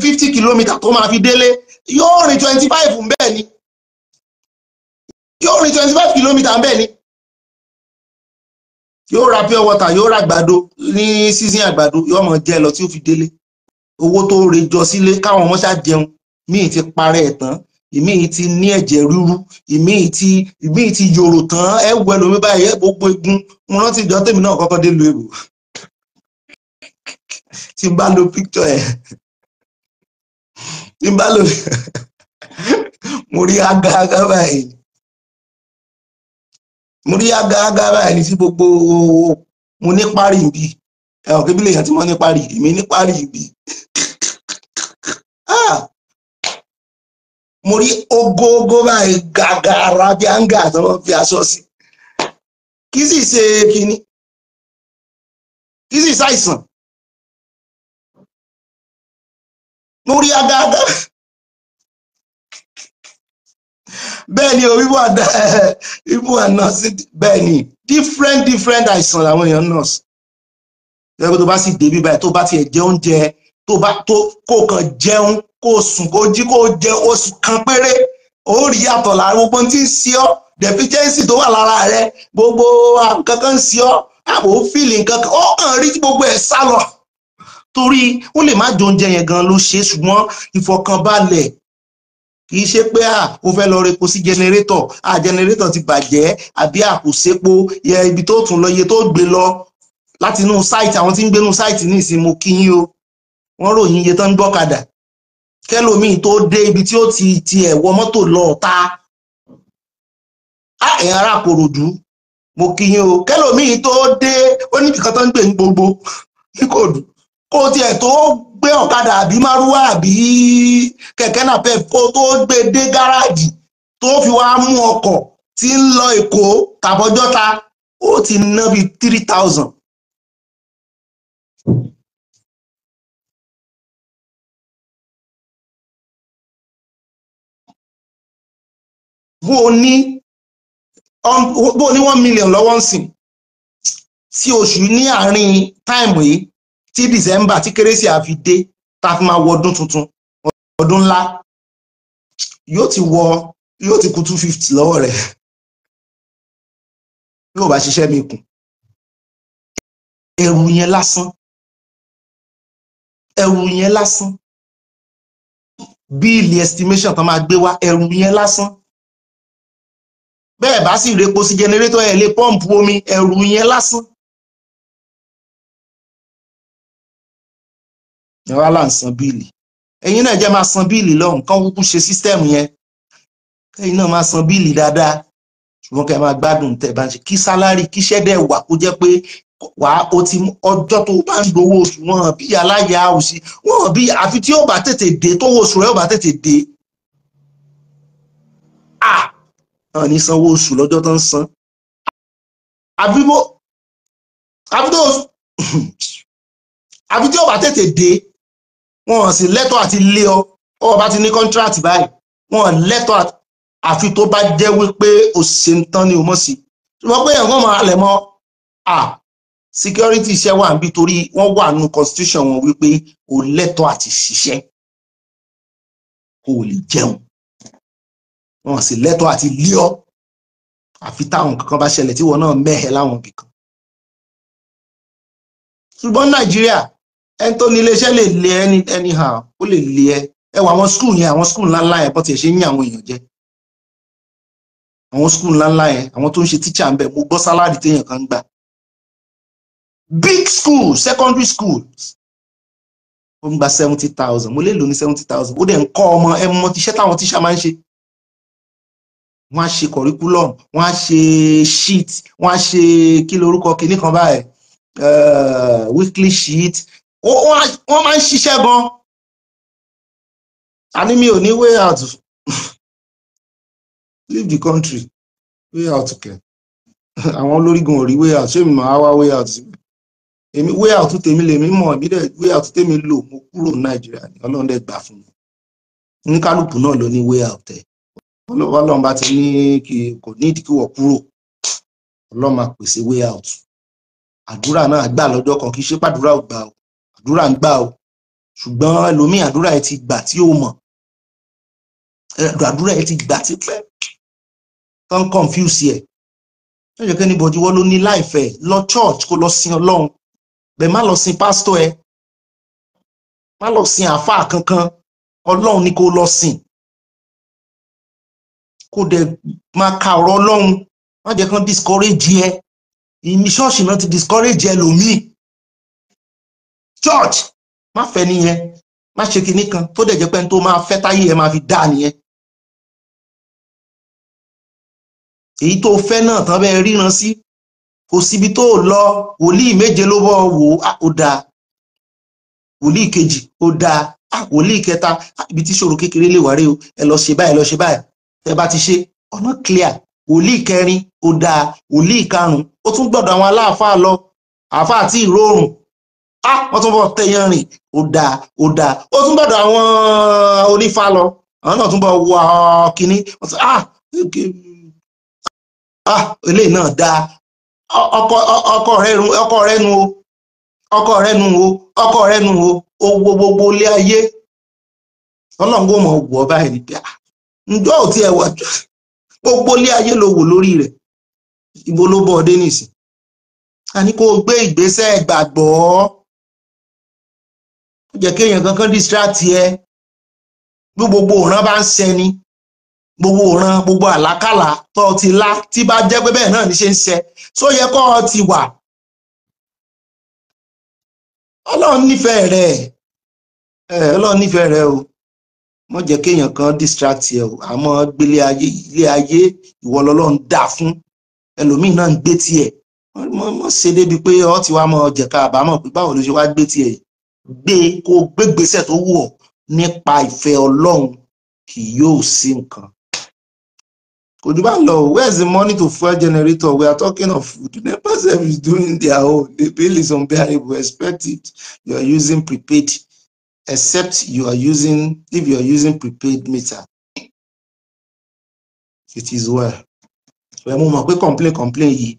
fifty kìlómítà tó máa fi délé yóò rìn twenty five ń bẹ́ẹ̀ ni yóò rìn twenty five kìlómítà ń ni yóò ra pure water yóò ra àgbàdo ní season àgbàdo yóò mọ jẹ lọ tí ó fi délé owó tó re jọ sílé káwọn ọmọ ṣáà jẹun míì ti parẹ́ ẹ̀ tán ìmíì ti ní ẹ̀jẹ̀ ríru ìmíì ti ìmíì ti yòrò tán ẹ wọ ẹlòmí báyìí ẹ gbogbo egun mo rántí ìjọ tèmi náà kọ́kọ́ dé lu èrò tí bá lo píktọ ẹ tí bá lo mo rí aga aga báyìí múrí rí àgàgà báyìí ní gbogbo mo ní parí ibi ẹ̀hàn kébílẹ̀ èèyàn tí mo ní parí èmi ní parí ibi ah! mo rí ogógó báyìí gàgàrà bí áńgà tó wọ́n fi aṣọ sí kì sì ṣe kínní kì í sì ṣàìsàn múrí rí àgàgà bẹ́ẹ̀ ni oríwọ̀ ìbùwà nọ́ọ̀sì bẹ́ẹ̀ ni different different àìsàn làwọn èèyàn nọ́ọ̀sì lẹ́gbẹ́ tó bá sì débi báyìí tó bá tiẹ̀ jẹ oúnjẹ tó bá tó kó kàn jẹun kó sùn kó jí kó jẹ oṣù kan péré ó rí yàtọ̀ lára gbogbo tí ń ṣe ọ́ deficiency tó wà lára rẹ gbogbo kankan ń ṣe ọ́ àbò fíìlì kankan ó kàn rí gbogbo ẹ̀ sá lọ torí ó lè má jẹ oúnjẹ yẹn gan ló ṣe ṣùgbọ́n ìfọ̀kànbalẹ̀ kì í ṣe pé à ó fẹ́ lọ repo sí jẹnẹrétọ̀ à jẹnẹrétọ̀ ti bàjẹ́ àbí àkùsẹ́po ibi tó tún lọ iye tó gbé lọ láti inú sáìtì àwọn tí ń gbénú sáìtì ní ìsìn mo kí yín o wọ́n ròyìn iye tó ń gbọ́kadà kẹlòmíì tó dé ibi tí ó ti ti ẹ̀wọ́ mọ́tò lọ ta á ẹ̀yàn ará Kòròdú mo kí o kẹlòmíì tó dé ó níbi kan ń gbé gbogbo ní kò dùn kó tiẹ̀ tó gbé ọ̀kadà àbí márúwá àbí kẹ̀kẹ́ náà tó gbé dé tó fi wá mú ọkọ̀ tí ń lọ Èkó tàbọ́jọ́ta ó ti ná bí three thousand. ní um, bó ní one million tí oṣù ní àárín táìmù tí december tí kérésì àfi dé tá a fi máa wọ ọdún tuntun ọdún ńlá yóò ti wọ yóò ti kú two fifty lọ́wọ́ rẹ̀ yóò bá ṣiṣẹ́ mi kù ẹrù yẹn lásán ẹrù yẹn lásán bíìlì estimation tó máa gbé wá ẹrù yẹn lásán bẹ́ẹ̀ bá sì repo sí jẹnẹrétọ̀ ẹ̀ lè pọ́ǹpù omi ẹrù yẹn lásán ìrora là ń san bíìlì ẹ̀yin náà jẹ́ máa san bíìlì lọ́hùn kán kúkú ṣe sísítẹ́ẹ̀mù yẹn kẹ́yìn náà máa san bíìlì dáadáa ṣùgbọ́n kẹ́ máa gbádùn tẹ̀ bá ń ṣe kí sálárì kí ṣẹ́dẹ̀ wà kó jẹ́ pé wà á o ti ọjọ́ tó bá ń gbowó oṣù wọn bí aláya òsì wọn bí àfi tí ó bá tètè dé tó owó oṣù rẹ̀ ó bá tètè dé à náà ní sanwó oṣù lọ́jọ́ tó ń san àbí bó àbí tó àbí tí ó bá tètè dé wọn sì lẹ́tọ̀ọ́ àti lé ọ ọ bá ti ní kọ́ńtíráàtì báyìí wọn lẹ́tọ̀ọ́ àfi tó bá jẹ́ wípé o ṣe ń tán ni o mọ̀ sí ṣùgbọ́n pé ẹ̀gbọ́n máa lẹ̀ mọ́ à security iṣẹ́ wà níbi torí wọ́n wà nínú constitution wọn wípé o lẹ́tọ̀ọ́ àti ṣiṣẹ́ o ò lè jẹun wọn sì lẹ́tọ̀ọ́ àti lé ọ àfi táwọn kankan bá ṣẹlẹ̀ tí wọn náà mẹ́hẹ̀ láwọn ibì kan ṣùgbọ́n nàìjíríà ẹni tó ní iléeṣẹ́ lè lé ẹni anyhow ó lè lé ẹ ẹ wọ àwọn skul yẹn àwọn skul ńláńlá yẹn bó ti ṣe ń yàn àwọn èèyàn jẹ àwọn skul ńláńlá yẹn àwọn tó ń ṣe tíṣà ń bẹ mo gbọ́ sálárì téèyàn kan gbà big school secondary schools ó ń gba seventy thousand mo lè lò ní seventy thousand ó dẹ̀ ń kọ́ ọmọ ẹ mọ iṣẹ́ táwọn tíṣà máa ń ṣe wọ́n á ṣe curriculum wọ́n á ṣe sheet wọ́n á ṣe kí lorúkọ kinní báyìí eh, weekly sheet wọ́n máa ń ṣiṣẹ́ gan àní mi ò ní way out leave the country way out kẹ àwọn olórígun ò rí way out ṣé èmi máa wá way out síbẹ̀ èmi way out tèmi lèmi mọ̀ èmi dẹ̀ way out tèmi lò mo kúrò ní nàìjíríà ni ọlọ́run dẹ̀ gbà fún mi oníkálùkù náà ló ní way out ẹ̀ ọlọ́run bá ti ní kò ní ìdí kí wọ́n kúrò ọlọ́run máa pèsè way out àdúrà náà gbà lọ́jọ́ kan kì í ṣe pàdúrà ò gbà o àdúrà ń gbà o ṣùgbọ́n ẹlòmíì àdúrà ẹ ti gbà tí ó mọ̀ àdúrà ẹ ti gbà tí pẹ́ tán confuse ẹ̀ lọ́jọ́ kẹ́ni bọ̀dí wọ́n ló ní láìfẹ́ lọ church kó lọ sin ọlọ́run bẹ́ẹ̀ má lọ sin pásítọ̀ ẹ má lọ sin àáfàá kankan ọlọ́run ni kó lọ sìn kó dẹ̀ máa ka ọ̀rọ̀ ọlọ́run má jẹ́ kán discourage ẹ ìmí ṣọ́ọ̀ṣì náà ti discourage ẹ lòmíì church má fẹ́ nìyẹn má ṣe kinní kan tó dẹ̀ jẹ́ pé tó máa fẹ́ táyé ẹ máa fi dá nìyẹn. èyí tó fẹ́ náà tán bẹ́ẹ̀ ríran sí kò síbi tó lọ wòlíì méje ló bọ́ wò ó dáa wòlíì kejì ó dáa wòlíì kẹta ibi tí ṣòro kékeré lè wárí o ẹ lọ ṣe báyìí ẹ lọ ṣe báyìí ẹ bá ti ṣe ọ̀nà clear wòlíì kẹrin ó dáa wòlíì karùn-ún ó tún gbọ́dọ̀ àwọn aláàfáà lọ àáfáà tí ìró òrùn Ah, wọ́n tún bọ̀ tẹ̀yàn rìn ó dáa ó ó tún gbọ́dọ̀ àwọn onífá lọ àwọn náà tún bọ̀ wọ kínní wọ́n tún ah ah náà dáa ọkọ rẹ nu ọkọ rẹ nu o ọkọ rẹ nu o ọkọ rẹ nu o o wo gbogbo ilé ayé ọlọ́run mọ̀ báyìí ah, ǹjọ́ ò jẹ́ kéèyàn kankan distract ẹ bí gbogbo òran bá ń sẹni gbogbo òran gbogbo àlákàlà tó o ti lá tí bá jẹ́ pé bẹ́ẹ̀ náà ní ṣe ń sẹ só yẹ kó o ti wà ọlọ́run nífẹ̀ẹ́ rẹ̀ ẹ̀ ọlọ́run nífẹ̀ẹ́ rẹ̀ o mọ́ jẹ́ kéèyàn kan distract ẹ o àmọ́ gbélé ayé ilé ayé ìwọ lọ́lọ́run dà fún ẹlòmíì náà ń gbé tiẹ̀ mọ́ ṣe débi pé o ti wá mọ́ jẹ̀ka àbámọ̀ pé báwo ló ṣe wá gbé tiẹ̀ yìí gbé kó gbégbèsè tó wù ọ́ nípa ìfẹ́ Ọlọ́run kì yóò sí nǹkan kò bá lọ where is the money to fuel generator we are talking of food nepa sef is doing their own the bill is unbearable expect it you are using prepaid except you are using if you are using prepaid meter it is well ẹ mo mọ̀ pé complain complain yìí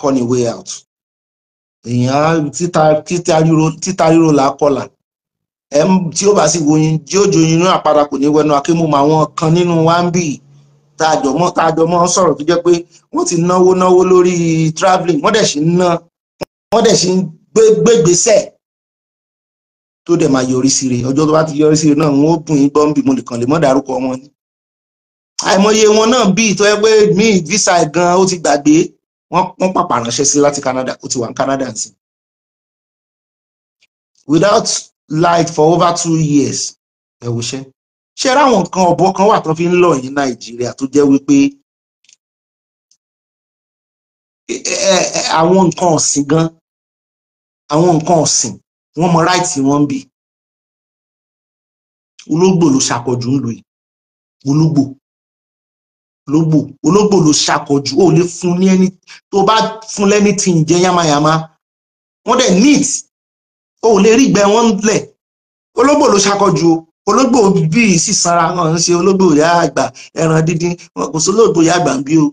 kọ́ ni way out èèyàn títa ríro làákọlà tí ó bá sì woyin tí ó joyin inú àpárá kò ní wẹnu akémùmọ àwọn kan nínú wa ń bì tàjọmọ tàjọmọ sọ̀rọ̀ tó jẹ́ pé wọ́n ti náwó náwó lórí travelling wọ́n dẹ̀ sì ń ná wọ́n dẹ̀ sì ń gbégbèsè tó dẹ̀ máa yọrí sí rẹ̀ ọjọ́ tó bá ti yọrí sí rẹ̀ náà wọ́n ó bùn yín gbọ́n bí mo nìkan lè mọ́ dárúkọ wọn ni àìmọye wọn náà bí ìtọ́ ẹgbẹ́ míì visa gan ó ti gbàgbé wọ́n wọ́n pàpà ránṣẹ́ sí láti Canada ó ti wà ní Canada sí without light for over two years ẹ wò ṣe ṣe ráwọn nǹkan ọ̀bọ kan wà tó fi ń lọ yín Nàìjíríà tó jẹ́ wípé àwọn nǹkan ọ̀sìn gan àwọn nǹkan ọ̀sìn wọ́n mọ ráìtì wọn ń bì ológbò ló ṣàpọ̀jù ń lò yìí ológbò lógbò ológbò ló ṣàkọjù ó lè fún ní ẹni tó bá fún lẹ́ni tí ń jẹ yamayama wọ́n dẹ̀ neat ó lè rí gbẹ wọ́n lẹ̀ ológbò ló ṣàkọjù o ológbò bíi sísanra wọn ń ṣe ológbò ìyá àgbà ẹran dídín wọn kò sí ológbò ìyá àgbà ń bí o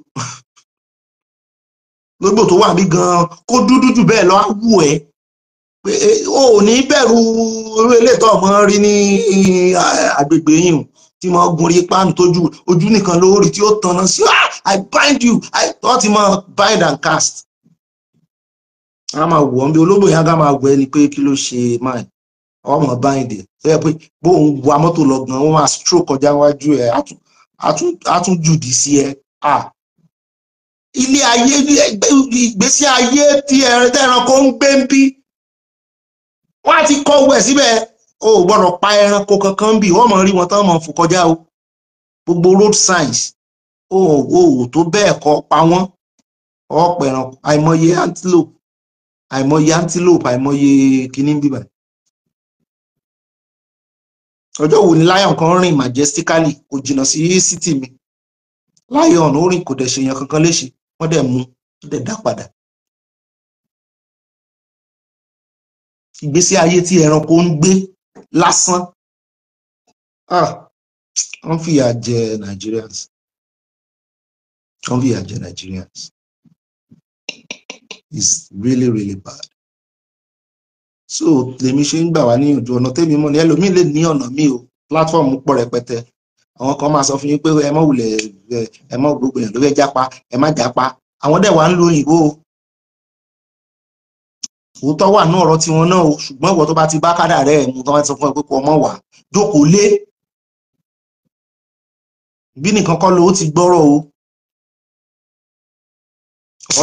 ológbò tó wà bí gan-an kó dúdú jù bẹ́ẹ̀ lọ á wù ẹ́ o ò ní bẹ̀rù irú elétò ọmọ rí ní agbègbè yìí o tí mo gun rí páànù tójú ojú nìkan lórí tí ó tanná sí ah, i bind you i tọ́ ti mọ bind and cast a máa wọ̀ ọ́n bí ológbò yẹn á máa wọ̀ ẹni pé kí ló ṣe máa ọmọ bind ẹ̀ tó yẹ pé bóun wa mọ́tò lọ gan wọ́n máa stroke kọjá wájú ẹ̀ àtúnjùdì sí ẹ̀ à ilé ayé ìgbésí ayé tí ẹranko ń gbé ń bí wọ́n á ti kọ́ wẹ̀ síbẹ̀ o ò gbọ́dọ̀ pa ẹranko kankan bí wọ́n mọ̀ rí wọn tán mọ̀ fò kọjá o gbogbo road signs o ò tó bẹ́ẹ̀ kọ́ pa wọ́n ọ̀pọ̀ ẹranko àìmọye antelope àìmọye antelope àìmọye kìíní bíbà ọjọ́ wo ni lion kan rìn majestically kò jìnnà sí city mi lion ó rìn kò dẹ̀ ṣèyàn kankan léṣe wọ́n dẹ̀ mú wọ́n dẹ̀ dá padà ìgbésí ayé tí ẹranko ń gbé lásán ah wọ́n fìyà jẹ Nigerians wọ́n fìyà jẹ Nigerians is really really bad so lèmi ṣe ń gbà wá níyànjú ọ̀nà tèmi mọ́ ni ẹlòmíì lè ní ọ̀nà mi o platform pọ̀ rẹpẹtẹ àwọn kan máa sọ fún yín pé ẹ mọ̀ wulẹ̀ ẹ mọ̀ gbogbo èèyàn ló fẹ́ jápa ẹ má jápa àwọn dẹ̀ ń lo òyìnbó òótọ́ wà ní ọ̀rọ̀ tiwọn náà o ṣùgbọ́n ìwọ tó bá ti bá kádà rẹ̀ mú tó bá ti sọ fún ẹ pé kó ọmọ wà jókòó lé bí nìkan kọ́ ló ti gbọ́rọ̀ o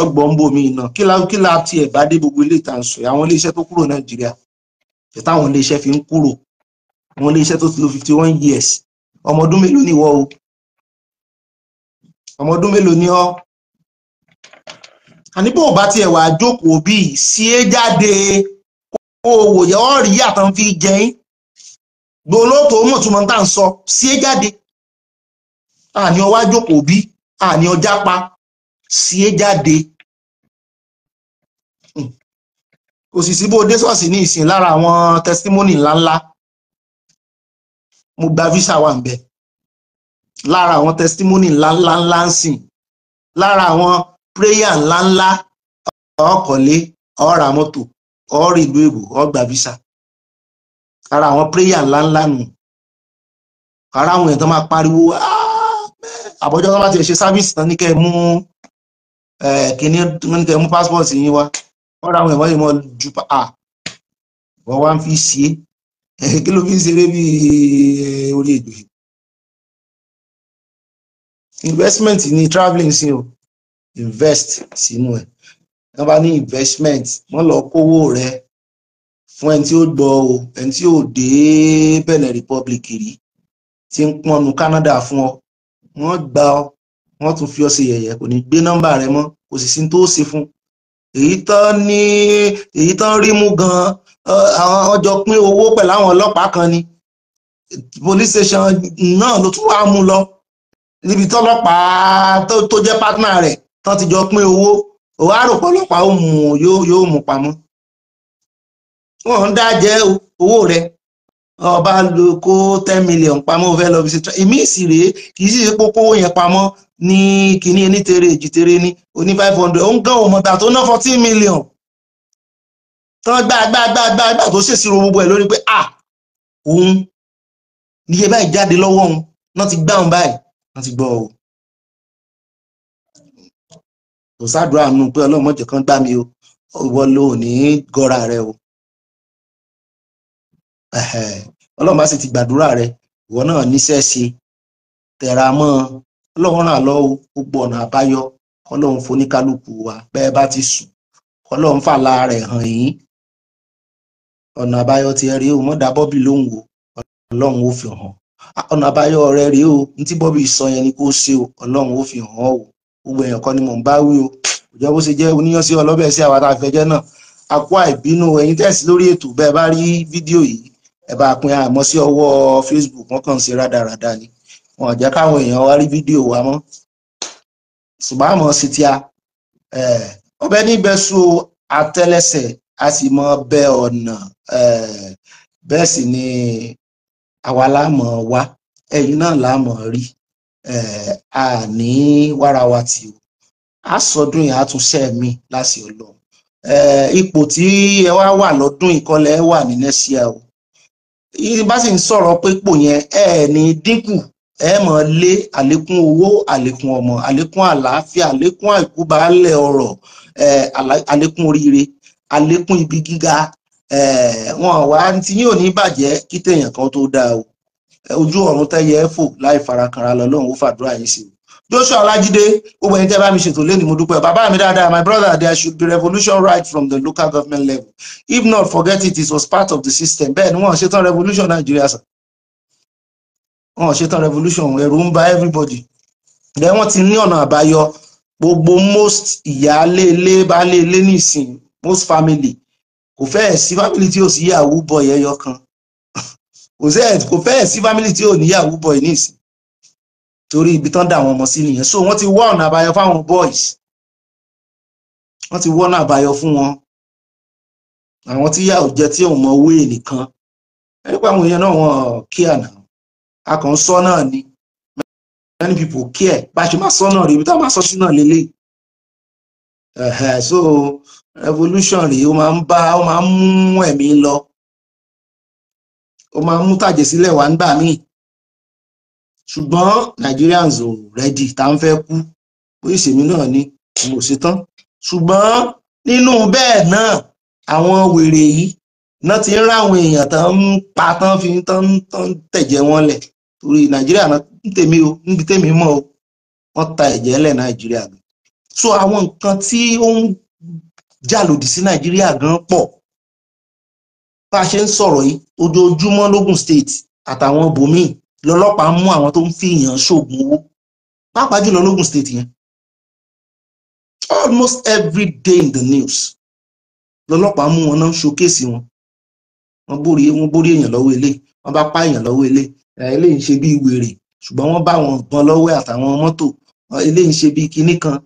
ọgbọ̀n ń bomi iná kí la kí la tiẹ̀ bá dé gbogbo ilé ìtànsọ àwọn iléeṣẹ́ tó kúrò nàìjíríà táwọn iléeṣẹ́ fi ń kúrò àwọn iléeṣẹ́ tó ti lò fifty one years ọmọ ọdún mélòó ni ìwọ o ọmọ ọdún mélòó ni ọ àní bó o bá tiẹ̀ wá jókòó bíi sí é jáde kó o wò yẹ ọ́ rí àtàn fi jẹyìn gbólóòtó mọ̀túnmọ̀ tá à ń sọ sí é jáde àní ọwá jókòó bí àní ọjà pa sí é jáde hmm. kò sì sí bó dé ṣọ́ọ̀ṣì ní ìsìn lára àwọn testimony ńláńlá mo gba visa wà ń lára àwọn testimony ńláńláńlá ń sìn lára àwọn prayer ńláńlá ọkọ̀lé ọ̀ra mọ́tò ọ̀rọ̀ ìlú èbò ọgbà visa ara àwọn prayer ńláńlá nù ara àwọn èèyàn tó máa pariwo àbọ̀jọ́ tó bá ti ṣe service tán ní kẹ́ ẹ mú kíní ní kẹ́ mú passport yín wá ọ̀ra àwọn èèyàn mọ́ ju à wọ́n wá ń fi ṣe kí ló fi ń ṣeré bí orí èdè investment ni travelling sí o invest sínú ẹ̀ tí wọ́n bá ní investment wọ́n lọ kówó rẹ fún ẹni tí ó gbọ́ o ẹni tí ò dé Benin Republic rí tí ń pọnnu Canada fún ọ wọ́n gbà ọ wọ́n tún fi ọ ṣe yẹ̀yẹ́ kò ní gbé nọ́mbà rẹ mọ́ kò sì sí tó ṣe fún èyí tán ní èyí tán rí mú gan àwọn ọjọ́ pín owó pẹ̀lú àwọn ọlọ́pàá kan ni police station náà ló tún wá mú lọ níbi tọ́lọ́pàá tó jẹ́ partner rẹ̀ tán ti jọ pín owó òwò àròpọ̀lọpàá ó mú yóò mú pamọ́ wọn ń dájẹ́ owó rẹ ọba ló kó ten million pamọ́ fẹ́ lọ fi ṣe ìmí ìsìrè kì í sì ṣe pópó yẹn pamọ́ ní kínní nítere èjìtere ní oní five hundred ó ń gán òun mọ̀gbà tó ná fourteen million tán gbàgbàgbàgbà tó ṣèṣirò gbogbo ẹ̀ lórí pé ah òun níye báyìí jáde lọ́wọ́ òun náà ti gbá òun báyìí náà ti gbọ́ òun. kò sádùúrà nù pé ọlọ́mọ jẹ̀ kan gbá o ìwọ ló ní gọ́ra rẹ o ọlọ́mọ sì ti gbàdúrà rẹ ìwọ náà níṣẹ́ ṣe tẹ̀ra mọ́ ọlọ́run ràn lọ́wọ́ gbogbo ọ̀nà àbáyọ kọlọ́run foníkálukú wa bẹ́ẹ̀ bá ti sùn fàlà rẹ̀ hàn yín o mọ́dà bọ́bì lóhùn o ọlọ́run ó fi hàn ọ̀nà o ní tí bọ́bì sọ yẹn ni ṣe o gbogbo èèyàn kan ni mò ń bá wí o òjò bó ṣe jẹ́ oníyànsí ọlọ́bẹ̀ sí àwa tá a fẹjọ́ náà a kó àìbínú ẹ̀yin lórí ètò bẹ́ẹ̀ bá rí fídíò yìí ẹ bá pín àmọ́ sí ọwọ́ Facebook wọ́n kàn ń ṣe rádaràda ni wọn ò jẹ́ káwọn èèyàn wá rí fídíò wa mọ́ ṣùgbọ́n àmọ́ sí ti a ọbẹ̀ níbẹ̀ so a sì mọ bẹ ọ̀nà bẹ́ẹ̀ sì ni àwa láàmọ̀ wá ẹ̀yin náà láàmọ̀ rí àní eh, wárawá tí o a sọdún yìí a tún ṣe mí láti Ọlọ́run eh, ipò tí ẹ wá wà lọ́dún ìkọlẹ̀ ẹ wà ní nẹ́síà o bá sì ń sọ̀rọ̀ pé ipò yẹn ẹ ní dínkù ẹ mọ̀ lé àlékún owó àlékún ọmọ àlékún àlàáfíà àlékún àìkúbálẹ̀ ọrọ̀ eh, àlékún oríire àlékún ibi gíga wọn wá tí yóò ní bàjẹ́ kí téèyàn kan tó dáa o ojú ọ̀run tẹ́yẹ fò láì farakanra lọ lóhùn ó fàdúrà yìí sí joshua ọlájídé gbogbo ẹni bá mi ṣètò lẹ́nu mo dúpẹ́ bàbá mi dáadáa my brother there should be revolution right from the local government level if not forget it it was part of the system bẹ́ẹ̀ ni wọ́n ṣetán revolution nigeria sir wọ́n ṣetán revolution ẹ̀rù ń ba everybody then wọ́n ti ní ọ̀nà àbáyọ gbogbo most ìyáálé ilé baálé ilé nísìn most family kò fẹ́ẹ̀ sí family tí ò sí yahoo boy ẹyọ kan kò sẹ́ẹ̀ kò fẹ́ẹ̀ sí fámìlì tí ò níyàwó boy nísìn torí ibi tán dà wọn ọmọ sí nìyẹn so wọ́n ti wá ọ̀nà àbáyọ fáwọn boys wọ́n ti wọ́nà àbáyọ fún wọn àwọn tí yà ò jẹ tí òun mọ owó nìkan nípa àwọn èèyàn náà wọn kí àná a sọ náà ni many people care bá a ṣe máa sọ náà rèé ibi tá a máa sọ sí náà lélẹ̀ so revolution rèé ó máa ń bá ó máa ń mú ẹ̀mí lọ ó máa ń mú tàjẹ̀ sílẹ̀ wá nígbà míì ṣùgbọ́n Nigerians ò rẹ́dì tá ń fẹ́ kú bóyá ìsèmi náà ni mo ṣe tán ṣùgbọ́n nínú bẹ́ẹ̀ náà àwọn wèrè yìí náà ti ń ráwọn èèyàn tán ń pa tán fi tán ń tẹ̀jẹ̀ wọn lẹ̀ torí Nàìjíríà náà ń tèmi o níbi tèmi mọ́ o wọ́n ta ẹ̀jẹ̀ lẹ̀ Nàìjíríà gan so àwọn nǹkan tí ó ń jà lòdì sí Nàìjíríà gan pọ̀ bá a ṣe ń sọ̀rọ̀ yìí ojoojúmọ́ lógùn state àtàwọn bòmíì lọ́lọ́pàá ń mú àwọn tó ń fi èèyàn ṣoògùn owó pàápàá jùlọ lógùn state yẹn almost every day in the news lọ́lọ́pàá mú wọn náà ṣokéèsì wọn wọ́n bórí wọ́n bórí èèyàn lọ́wọ́ ilé wọ́n bá pa èèyàn lọ́wọ́ ilé ilé ń ṣe bí wèrè ṣùgbọ́n wọ́n bá wọn nǹkan lọ́wọ́ àtàwọn mọ́tò ilé ń ṣe bí kinní kan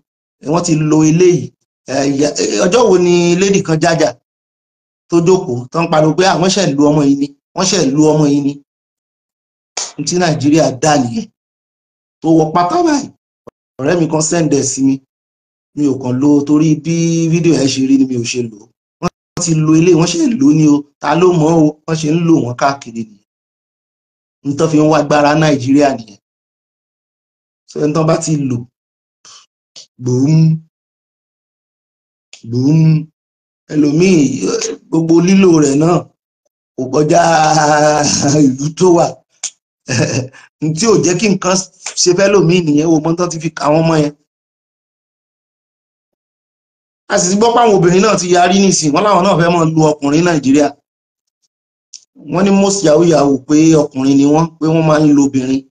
wọ́n ti lo ilé yìí ọjọ́ wo ni lady kan jájà tó jókòó tó ń pariwo pé àwọn ṣẹ̀ lu ọmọ yìí ni wọ́n ṣẹ̀ lu ọmọ yìí ni tí nàìjíríà dà nìyẹn tó wọ pátá báyìí ọ̀rẹ́ mi kan sẹ́ǹdẹ̀ sí mi mi ò kàn lo torí bí fídíò ẹ̀ ṣe rí ni mi ò ṣe lò ó wọ́n ti lo ilé wọ́n ṣe lò ó ní o ta ló mọ̀ o wọ́n ṣe ń lò wọ́n káàkiri nìyẹn ní fi ń wá agbára nàìjíríà nìyẹn sẹ́ni tán bá ti lò gbòm gbòm ẹlòmíì gbogbo lílò rẹ̀ náà kò kọjá ìlú tó wà tí ò jẹ́ kí nǹkan ṣe fẹ́ lómi nìyẹn wo mọ́tọ́ ti fi kà wọ́n mọ́ yẹn a sì ti gbọ́ páwọn obìnrin náà ti yarí nísìn wọ́n láwọn náà fẹ́ mọ́ lu ọkùnrin nàìjíríà wọ́n ní most yahoo yahoo pé ọkùnrin ni wọ́n pé wọ́n máa ń lo obìnrin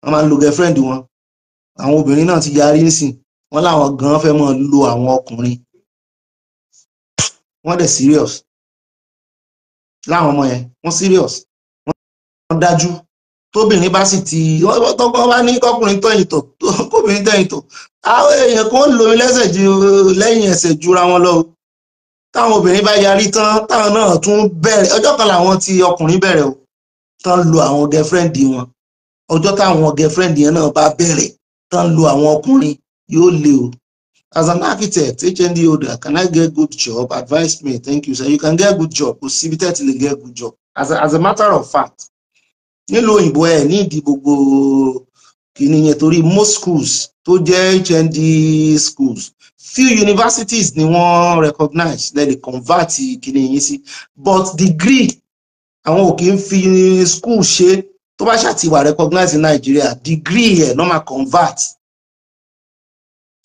wọ́n máa ń lo girlfriend wọn àwọn obìnrin náà ti yarí nísìn wọ́n láwọn gan fẹ́ mọ́ lo àwọn ọkùnrin wọ́n dẹ̀ serious láwọn ọmọ yẹn wọ́n serious wọ́n dájú tóbìnrin bá sì ti tọ́kọ bá ní kọkùnrin tọ́yìn tò kóbìnrin tọ́yìn tò àwọn èèyàn kan lomi lẹ́sẹ̀ ju lẹ́yìn ẹsẹ̀ jura wọn lọ táwọn obìnrin bá yarí tán táwọn náà tún bẹ̀rẹ̀ ọjọ́ kan làwọn ti ọkùnrin bẹ̀rẹ̀ o tán lo àwọn gẹfrẹǹdì wọn ọjọ́ táwọn gẹfrẹǹdì yẹn náà bá bẹ̀rẹ̀ tán lo àwọn ọkùnrin yóò le o as an architect hnd holder can i get good job advise me thank you sir you can get good job kò síbi tẹ́tí get good job as a, as a matter of fact nílùú òyìnbó ẹ̀ ní ìdí gbogbo kìíní yẹn torí most schools tó jẹ́ hnd schools few universities ni wọ́n recognize lè lè convert kìíní yín sí but degree àwọn ò kì í fi school ṣe tó bá ṣàtiwà recognize in Nigeria degree yẹn ló convert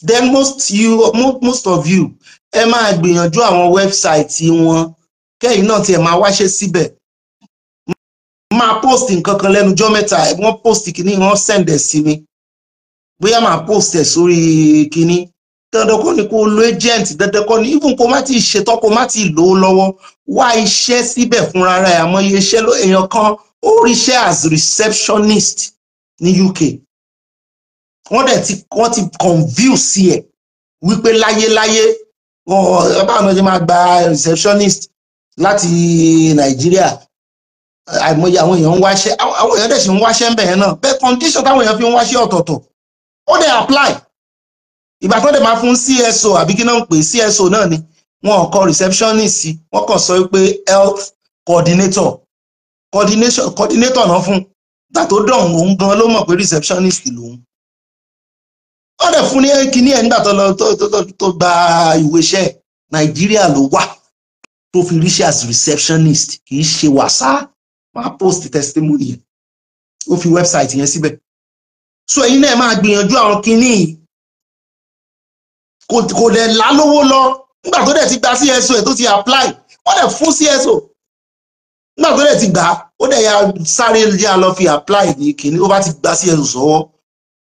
then most you most most of you ẹ máa gbìyànjú àwọn wẹ́bsáìtì wọn kẹ́yìn náà tiẹ̀ máa wáṣẹ́ síbẹ̀ máa post nǹkan kan lẹ́nujọ́ mẹ́ta wọ́n post kìíní wọ́n send ẹ̀ sí mi bóyá máa post ẹ̀ sórí kìíní dandan kọ́ ni kó lo agent dandan kọ́ ni even kó má ti ṣetán kó má ti lò ó lọ́wọ́ wá iṣẹ́ síbẹ̀ fúnra rẹ̀ àmọ́ iye iṣẹ́ èèyàn kan ó ríṣẹ́ as receptionist ní UK wọ́n dẹ̀ ti wọ́n ti convince ẹ̀ wípé láyéláyé báwọn ṣe máa gba receptionist láti nàìjíríà àìmọye àwọn èèyàn ń wáṣẹ́ àwọn èèyàn dẹ̀ sì ń wáṣẹ́ ń bẹ̀yẹn náà bẹ́ẹ̀ condition táwọn èèyàn fi ń wáṣẹ́ ọ̀tọ̀ọ̀tọ̀ ó dẹ̀ apply ìgbà tó dẹ̀ máa fún CSO àbí kí náà ń pè CSO náà ni wọn kọ receptionist wọn kàn sọ pé health coordinator coordination coordinator náà fún gbà tó dọ̀hún òun gan ló mọ̀ pé receptionist lòun wọ́n dẹ̀ fún ní kíní ẹ̀ nígbà tó lọ tó gba ìwé iṣẹ́ nàìjíríà ló wà tó fi ríṣẹ́ as receptionist kì í ṣe wàsá máa post testimony yẹn ó fi website yẹn síbẹ̀ so ẹ̀yin náà máa gbìyànjú àwọn kíní kò dẹ̀ lálówó lọ nígbà tó dẹ̀ ti gba CSO ẹ̀ tó ti apply wọ́n dẹ̀ fún CSO nígbà tó dẹ̀ ti gbà ó dẹ̀ ya sáré yá lọ fi apply ní kíní ó bá ti gba CSO sọ́wọ́. So,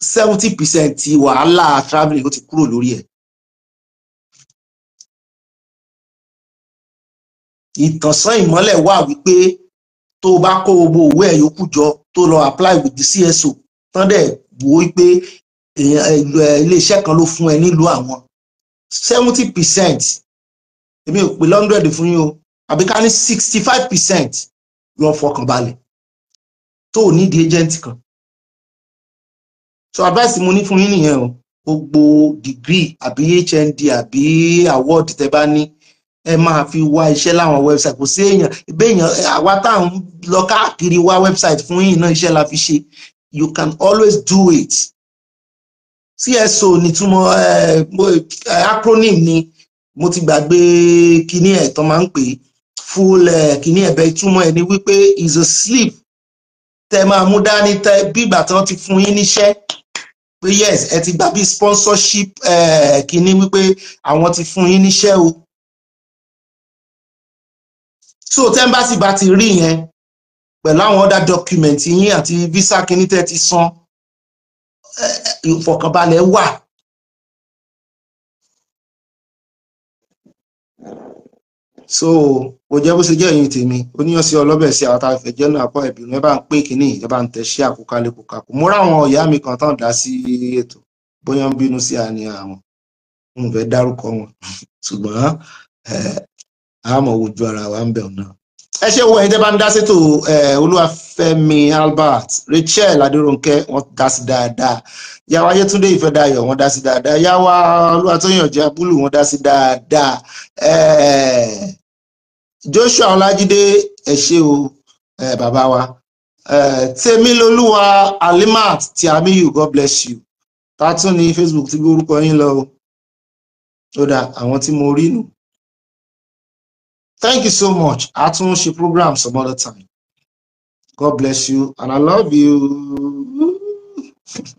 seventy percent ti wàhálà traveling ó ti kúrò lórí ẹ̀. ìtànsán ìmọ́lẹ̀ wà wípé tó o bá kó gbogbo òwe ẹ̀ yòókù jọ tó lọ apply with the CSO tán dẹ̀ wò ó pé iléeṣẹ́ kan ló fún ẹ nílùú àwọn seventy percent èmi ò pè hundred fún yín o àbí ká ní sixty five percent lọ fọkàn balẹ̀ tó o ní di agent kan so advice mo ní fún yín nìyẹn o gbogbo degree àbí hnd àbí award tẹ bá ní ẹ máa fi wá iṣẹ́ láwọn website kò sí èèyàn ìbéèyàn àwa tá à ń lọ káàkiri wá website fún yín náà iṣẹ́ la fi ṣe you can always do it cso nìtumọ̀ acronym ni mo ti gbàgbé kíní ẹ̀ tán máa ń pè é full kíní ẹ̀bẹ̀ tumo ẹ̀ ni wípé is a sleep tẹ máa mú dání tẹ bí ìgbà tí wọ́n ti fún yín níṣẹ́ pé yes ẹ ti gba bí sponsorship kínní wípé àwọn ti fún yín níṣẹ́ o so tẹ́ḿbàsì bá ti rí yẹn pẹ̀lú àwọn other document yín àti visa kínní tẹ́ ti san ìfọ̀kànbalẹ̀ wà so kò jẹ́ bó ṣe jẹ́ ẹ̀yin tèmi oníyànsí ọlọ́bẹ̀ sí àwọn tá a fẹ́ jẹ́ náà pọ̀ ìbínú ẹ bá ń pè kínní ẹ bá ń tẹ ṣé àkókalẹ̀ kò kàkó mo ráwọn ọ̀yá mi kan tán dá sí ètò bóyá ń bínú sí àníyàn àwọn n fẹ́ dárúkọ wọn ṣùgbọ́n àmọ̀ ojú ara wa ń bẹ̀ náà ẹ ṣe wo ẹ̀yin tẹ́ bá ń dá sétò olúwàfẹ́mi albert rachel adérónkẹ́ wọ́n dá sí dáadáa yàwá ayétúndé ìfẹ́dayọ̀ wọ́n dá sí dáadáyọ̀ yàwá olúwatóyànjẹ abúlù wọ́n dá sí dáadáa ẹ̀ẹ́ joshua ọlájídé ẹ ṣé o eh, bàbá wa eh, tèmilolúwa alimat ti amiyu god bless you tátún ní facebook ti gbé orúkọ yín lọ o ó dà àwọn tí mo rí nù thank you so much a tún ṣe program some other time god bless you and i love you.